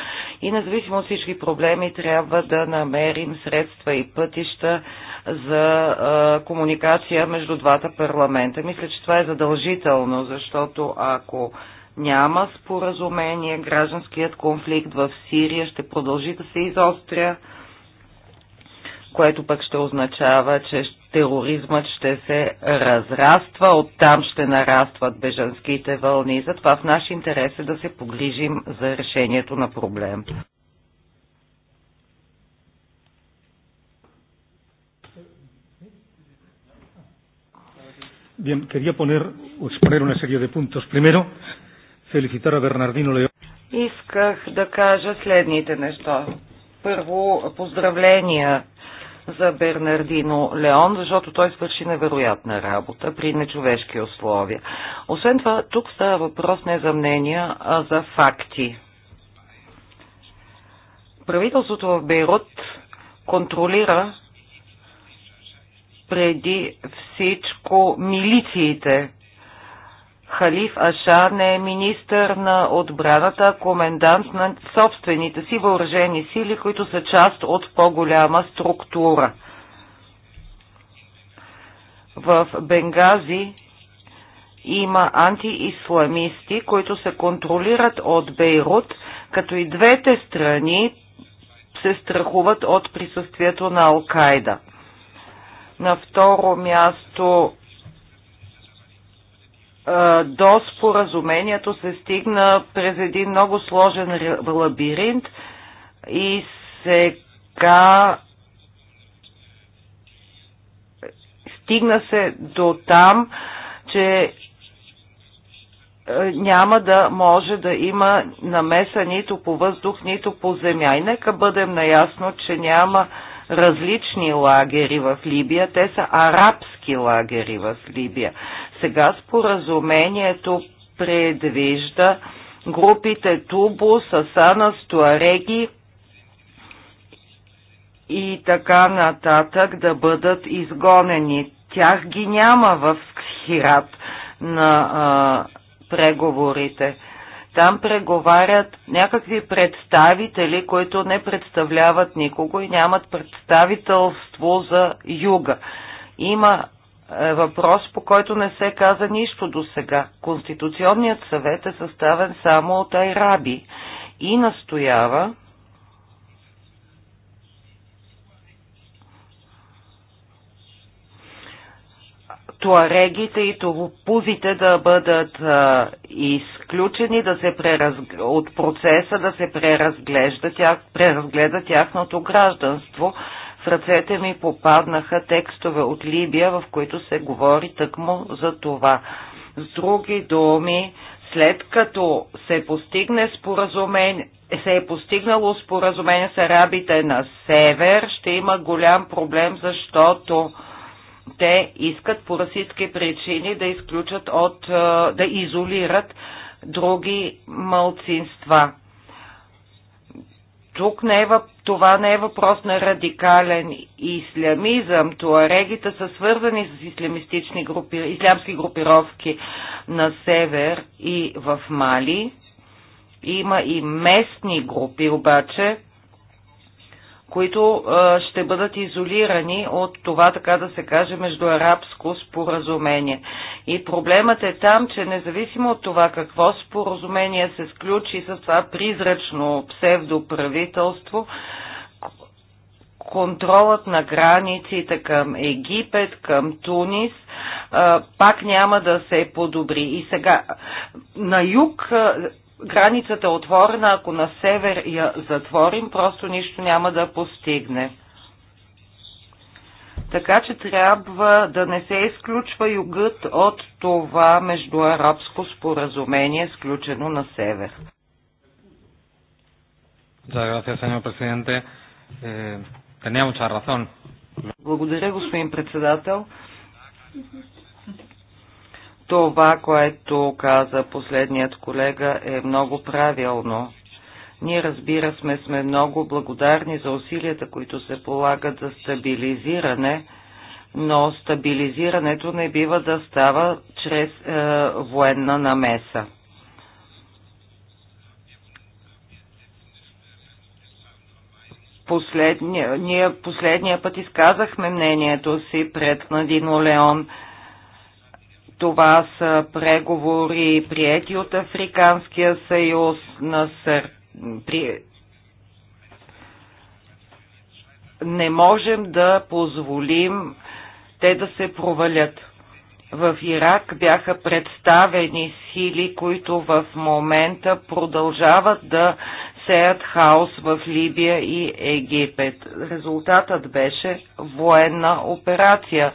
И независимо от всички проблеми, трябва да намерим средства и пътища за комуникация между двата парламента. Мисля, че това е задължително, защото ако няма споразумение, гражданският конфликт в Сирия ще продължи да се изостря, което пък ще означава, че тероризмът ще се разраства, оттам ще нарастват бежанските вълни. Затова в наш интерес е да се погрижим за решението на проблем. Bien, quería poner o exponer una serie de puntos. Primero, felicitar a Bernardino León. Исках да кажа следните неща. Първо, поздравления за Бернардино Леон, защото той свърши невероятна работа при нечовешки условия. Освен това, тук става въпрос не за мнения, а за факти. Правителството в Бейрут контролира преди всичко милициите. Халиф Ашан е министър на отбраната, комендант на собствените си въоръжени сили, които са част от по-голяма структура. В Бенгази има антиисламисти, които се контролират от Бейрут, като и двете страни се страхуват от присъствието на Алкайда. На второ място до споразумението се стигна през един много сложен лабиринт и сега стигна се до там, че няма да може да има намеса нито по въздух, нито по земя. И нека бъдем наясно, че няма различни лагери в Либия. Те са арабски лагери в Либия. Сега споразумението предвижда групите Тубо, Сасана, Стуареги и така нататък да бъдат изгонени. Тях ги няма в Хират на а, преговорите. Там преговарят някакви представители, които не представляват никого и нямат представителство за юга. Има е, въпрос, по който не се каза нищо до сега. Конституционният съвет е съставен само от айраби и настоява туарегите и турупузите да бъдат а, изключени да се преразг... от процеса, да се преразглежда, тях... преразгледа тяхното гражданство. В ръцете ми попаднаха текстове от Либия, в които се говори тъкмо за това. С други думи, след като се постигне споразумение, се е постигнало споразумение с арабите на север, ще има голям проблем, защото те искат по расистски причини да изключат от, да изолират други малцинства. Тук не е, това не е въпрос на радикален ислямизъм. Туарегите са свързани с ислямистични групи, ислямски групировки на север и в Мали. Има и местни групи, обаче, които ще бъдат изолирани от това, така да се каже, междуарабско споразумение. И проблемът е там, че независимо от това какво споразумение се сключи с това призрачно псевдоправителство, контролът на границите към Египет, към Тунис, пак няма да се подобри. И сега на юг границата е отворена, ако на север я затворим, просто нищо няма да постигне. Така че трябва да не се изключва югът от това междуарабско споразумение, сключено на север. Eh, Благодаря, господин председател. Това, което каза последният колега, е много правилно. Ние, разбира сме, сме много благодарни за усилията, които се полагат за стабилизиране, но стабилизирането не бива да става чрез е, военна намеса. Последния, ние последния път изказахме мнението си пред Надино Леон – това са преговори, приети от Африканския съюз, на сър... при... не можем да позволим те да се провалят. В Ирак бяха представени сили, които в момента продължават да сеят хаос в Либия и Египет. Резултатът беше военна операция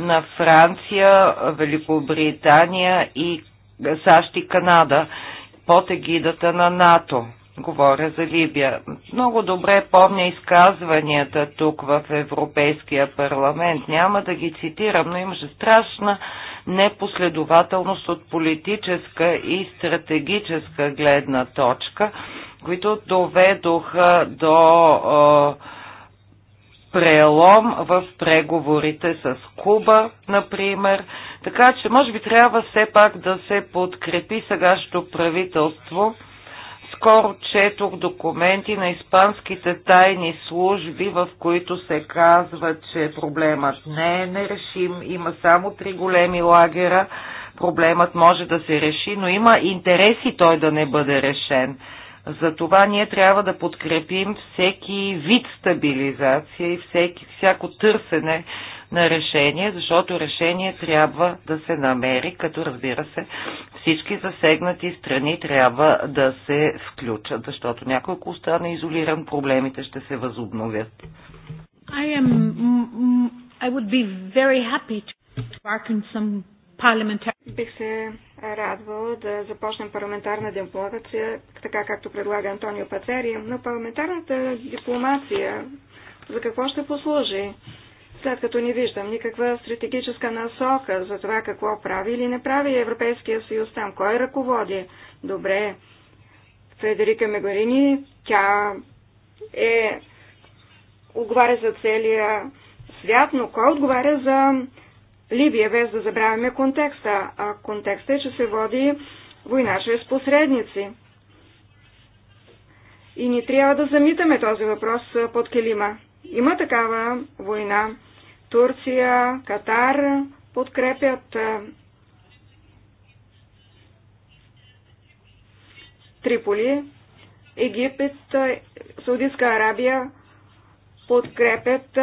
на Франция, Великобритания и САЩ и Канада под егидата на НАТО. Говоря за Либия. Много добре помня изказванията тук в Европейския парламент. Няма да ги цитирам, но имаше страшна непоследователност от политическа и стратегическа гледна точка, които доведоха до е, прелом в преговорите с Куба, например. Така че, може би трябва все пак да се подкрепи сегашното правителство. Скоро четох документи на испанските тайни служби, в които се казва, че проблемът не е нерешим, има само три големи лагера, проблемът може да се реши, но има интереси той да не бъде решен. Затова ние трябва да подкрепим всеки вид стабилизация и всеки, всяко търсене на решение, защото решение трябва да се намери, като разбира се всички засегнати страни трябва да се включат, защото някой, остана изолиран, проблемите ще се възобновят. I am, I would be very happy to Бих се радвал да започнем парламентарна дипломация, така както предлага Антонио Пацери, но парламентарната дипломация за какво ще послужи? след като не виждам никаква стратегическа насока за това какво прави или не прави Европейския съюз там, кой ръководи. Добре, Федерика Мегарини, тя е отговаря за целия свят, но кой отговаря за Либия, без да забравяме контекста. А контекста е, че се води война чрез посредници. И ни трябва да замитаме този въпрос под келима. Има такава война. Турция, Катар подкрепят Триполи, Египет, Саудитска Арабия подкрепят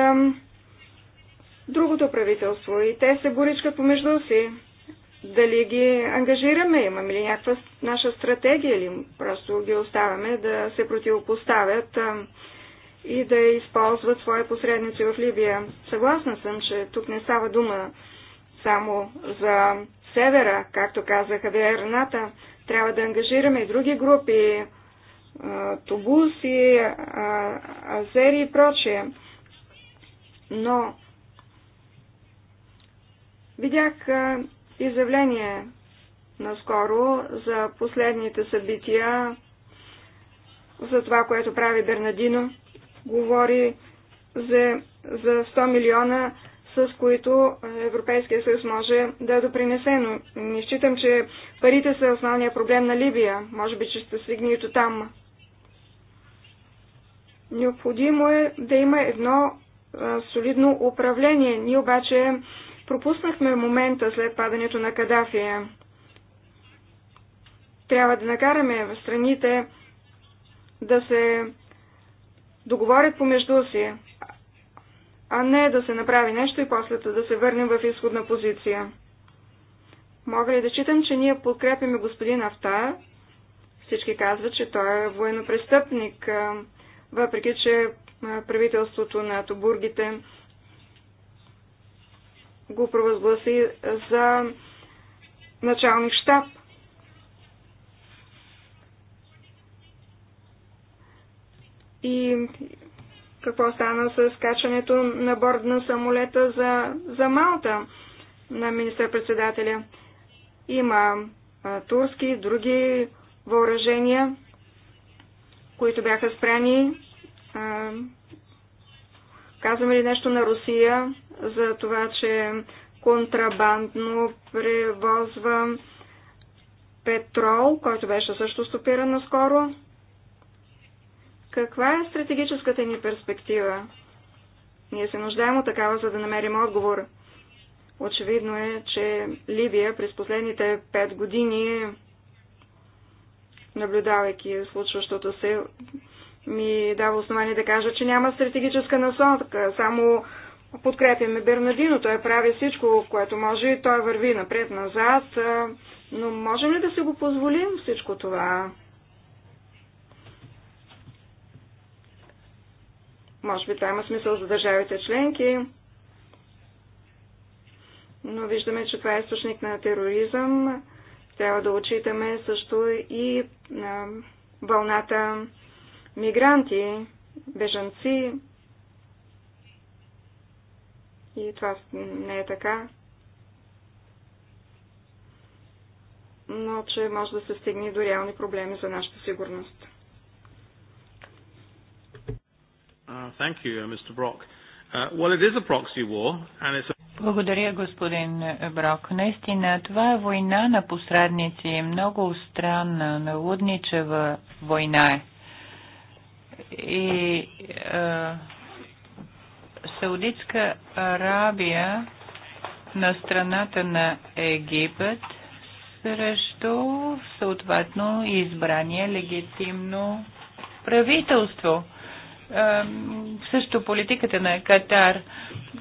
другото правителство и те се боричкат помежду си. Дали ги ангажираме, имаме ли някаква наша стратегия или просто ги оставяме да се противопоставят и да използват свои посредници в Либия. Съгласна съм, че тук не става дума само за севера, както каза Хавиер Ната. Трябва да ангажираме и други групи, тубуси, азери и прочие, Но Видях изявление наскоро за последните събития, за това, което прави Бернадино. Говори за, за 100 милиона, с които Европейския съюз може да е допринесе, но не считам, че парите са основният проблем на Либия. Може би, че ще стигне и там. Необходимо е да има едно а, солидно управление. Ние обаче Пропуснахме момента след падането на Кадафия. Трябва да накараме в страните да се договорят помежду си, а не да се направи нещо и после да се върнем в изходна позиция. Мога ли да читам, че ние подкрепяме господин Авта? Всички казват, че той е военнопрестъпник, въпреки че правителството на Тобургите го провъзгласи за началник штаб. И какво стана с качането на борд на самолета за, за Малта на министър-председателя? Има а, турски други въоръжения, които бяха спряни а, Казваме ли нещо на Русия за това, че контрабандно превозва петрол, който беше също стопиран наскоро? Каква е стратегическата ни перспектива? Ние се нуждаем от такава, за да намерим отговор. Очевидно е, че Либия през последните пет години, наблюдавайки случващото се, ми дава основание да кажа, че няма стратегическа насока, само подкрепяме Бернадино, той прави всичко, което може и той върви напред-назад, но можем ли да си го позволим всичко това? Може би това има смисъл за държавите членки, но виждаме, че това е източник на тероризъм. Трябва да отчитаме също и вълната мигранти, бежанци. И това не е така. Но че може да се стигне до реални проблеми за нашата сигурност. Uh, uh, uh, благодаря, господин Брок. Наистина, това е война на посредници, много странна, налудничева война е и а, е, Саудитска Арабия на страната на Египет срещу съответно избрание легитимно правителство. А, е, също политиката на Катар,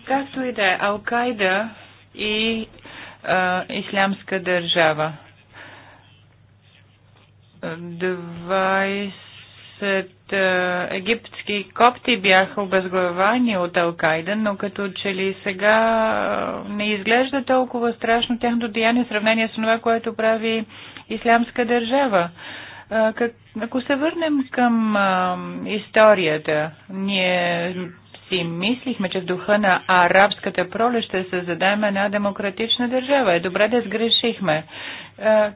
както и да е Алкайда и а, е, Ислямска държава. 20 15 е, египетски копти бяха обезглавани от Алкайда, но като че ли сега е, не изглежда толкова страшно тяхното деяние в сравнение с това, което прави Ислямска държава. Е, как, ако се върнем към а, историята, ние си мислихме, че в духа на арабската проле ще създадем една демократична държава. Е добре да сгрешихме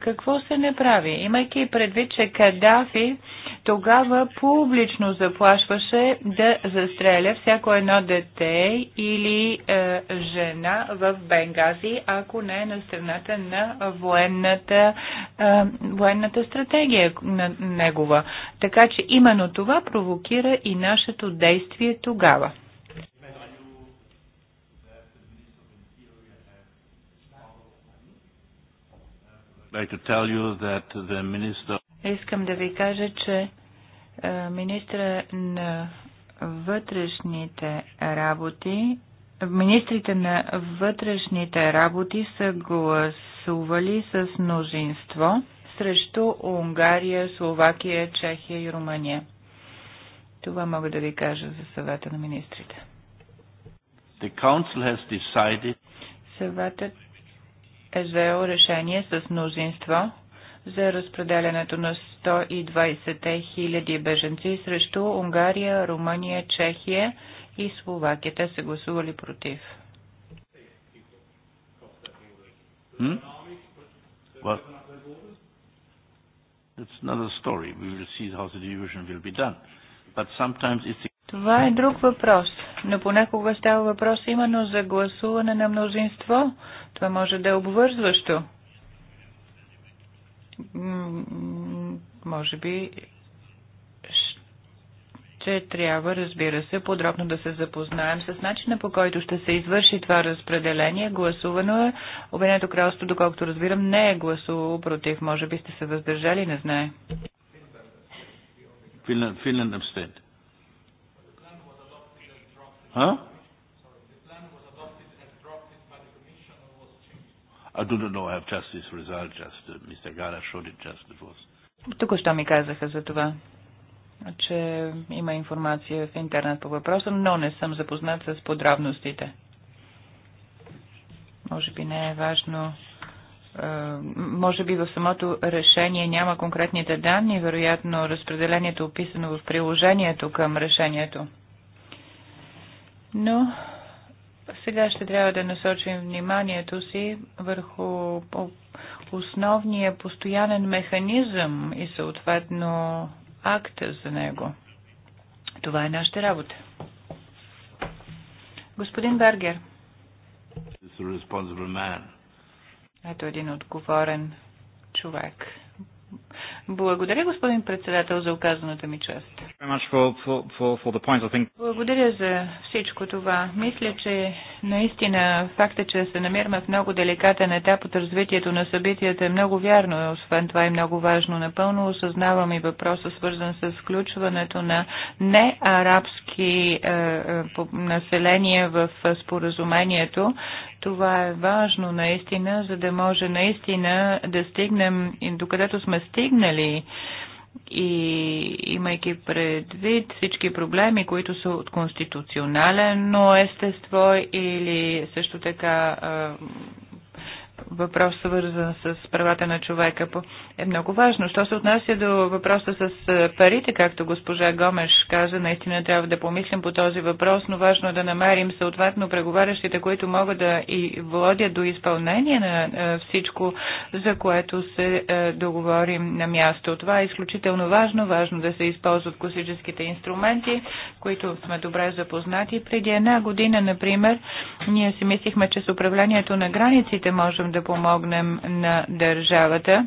какво се не прави? Имайки предвид, че Кадафи тогава публично заплашваше да застреля всяко едно дете или е, жена в Бенгази, ако не е на страната на военната, е, военната стратегия на негова. Така че именно това провокира и нашето действие тогава. Искам да ви кажа, че е, министра на вътрешните работи, министрите на вътрешните работи са гласували с мнозинство срещу Унгария, Словакия, Чехия и Румъния. Това мога да ви кажа за съвета на министрите. The council has decided... Съветът е взел решение с мнозинство за разпределянето на 120 хиляди беженци срещу Унгария, Румъния, Чехия и Словакия. Те са гласували против. Hmm? Well, that's another story. We will see how the division will be done. But sometimes it's... Това е друг въпрос но понякога става въпрос именно за гласуване на мнозинство. Това може да е обвързващо. Може би че трябва, разбира се, подробно да се запознаем с начина по който ще се извърши това разпределение. Гласувано е. Обединето кралство, доколкото разбирам, не е гласувало против. Може би сте се въздържали, не знае. Финланд, Финланд абстент. Huh? I do not know, I have just this result, just uh, Mr. Gala showed it just before. Току-що ми казаха за това, че има информация в интернет по въпроса, но не съм запознат с подробностите. Може би не е важно. Може би в самото решение няма конкретните данни, вероятно разпределението е описано в приложението към решението. Но сега ще трябва да насочим вниманието си върху основния постоянен механизъм и съответно акта за него. Това е нашата работа. Господин Бергер. Ето един отговорен човек. Благодаря, господин председател, за оказаната ми част. Благодаря за всичко това. Мисля, че наистина факта, че се намираме в много деликатен етап от развитието на събитията е много вярно. Освен това е много важно. Напълно осъзнавам и въпроса, свързан с включването на неарабски е, е, население в споразумението. Това е важно наистина, за да може наистина да стигнем докъдето сме стигнали и имайки предвид всички проблеми, които са от конституционален естество или също така въпрос, свързан с правата на човека, е много важно. Що се отнася до въпроса с е, парите, както госпожа Гомеш каза, наистина трябва да помислим по този въпрос, но важно е да намерим съответно преговарящите, които могат да и водят до изпълнение на е, всичко, за което се е, договорим на място. Това е изключително важно. Важно да се използват класическите инструменти, които сме добре запознати. Преди една година, например, ние си мислихме, че с управлението на границите можем да да помогнем на държавата.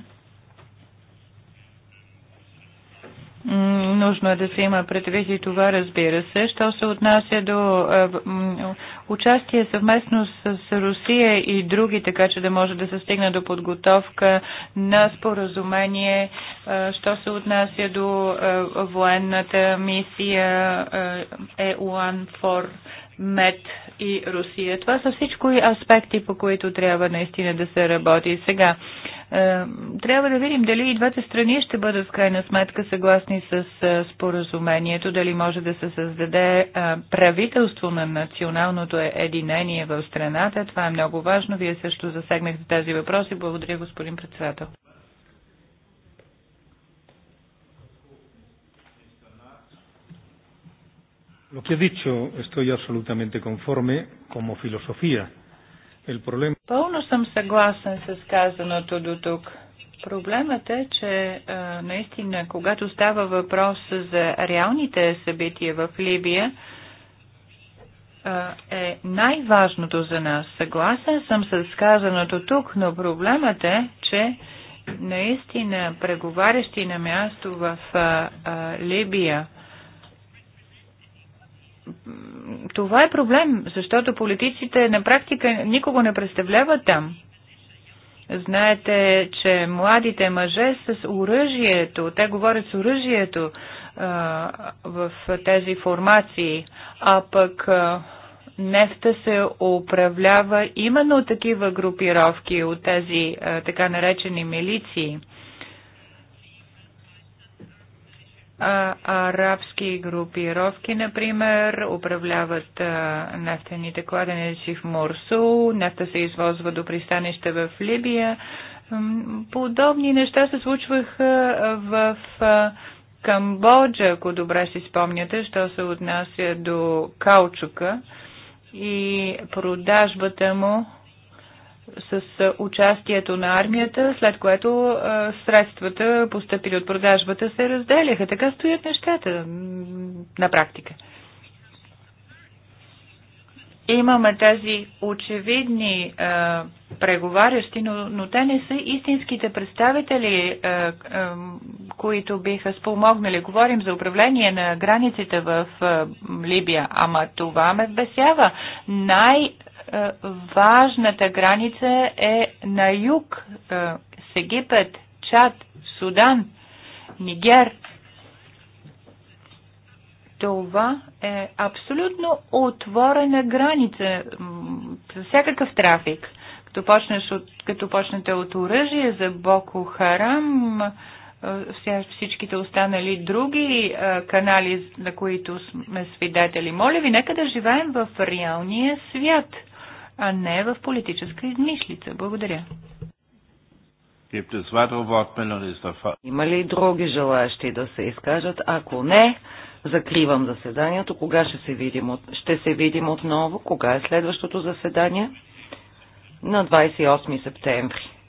Нужно е да се има предвид и това, разбира се. Що се отнася до е, участие съвместно с Русия и други, така че да може да се стигне до подготовка на споразумение, е, що се отнася до е, военната мисия EUAN-FOR МЕД и Русия. Това са всичко и аспекти, по които трябва наистина да се работи. Сега, е, трябва да видим дали и двете страни ще бъдат в крайна сметка съгласни с е, споразумението, дали може да се създаде е, правителство на националното единение в страната. Това е много важно. Вие също засегнахте тези въпроси. Благодаря, господин председател. Lo que ha dicho estoy absolutamente conforme como filosofía. El problema... Пълно съм съгласен с казаното до тук. Проблемът е, че наистина, когато става въпрос за реалните събития в Либия, е най-важното за нас. Съгласен съм с казаното тук, но проблемът е, че наистина преговарящи на място в Либия това е проблем, защото политиците на практика никого не представляват там. Знаете, че младите мъже с оръжието, те говорят с оръжието в тези формации, а пък нефта се управлява именно от такива групировки, от тези така наречени милиции. арабски групировки, например, управляват нефтените кладенеци в Морсул, нефта се извозва до пристанище в Либия. Подобни неща се случваха в Камбоджа, ако добре си спомняте, що се отнася до каучука и продажбата му с участието на армията, след което средствата, поступили от продажбата, се разделяха. Така стоят нещата на практика. Имаме тези очевидни е, преговарящи, но, но те не са истинските представители, е, е, които биха спомогнали. Говорим за управление на границите в е, Либия, ама това ме вбесява. Най- важната граница е на юг е, с Египет, Чад, Судан, Нигер. Това е абсолютно отворена граница за всякакъв трафик. Като, почнеш от, като почнете от оръжие за Боко Харам, е, всичките останали други е, канали, на които сме свидетели. Моля ви, нека да живеем в реалния свят – а не в политическа измислица. Благодаря. Има ли други желаящи да се изкажат? Ако не, закривам заседанието. Кога ще се видим? Ще се видим отново. Кога е следващото заседание? На 28 септември.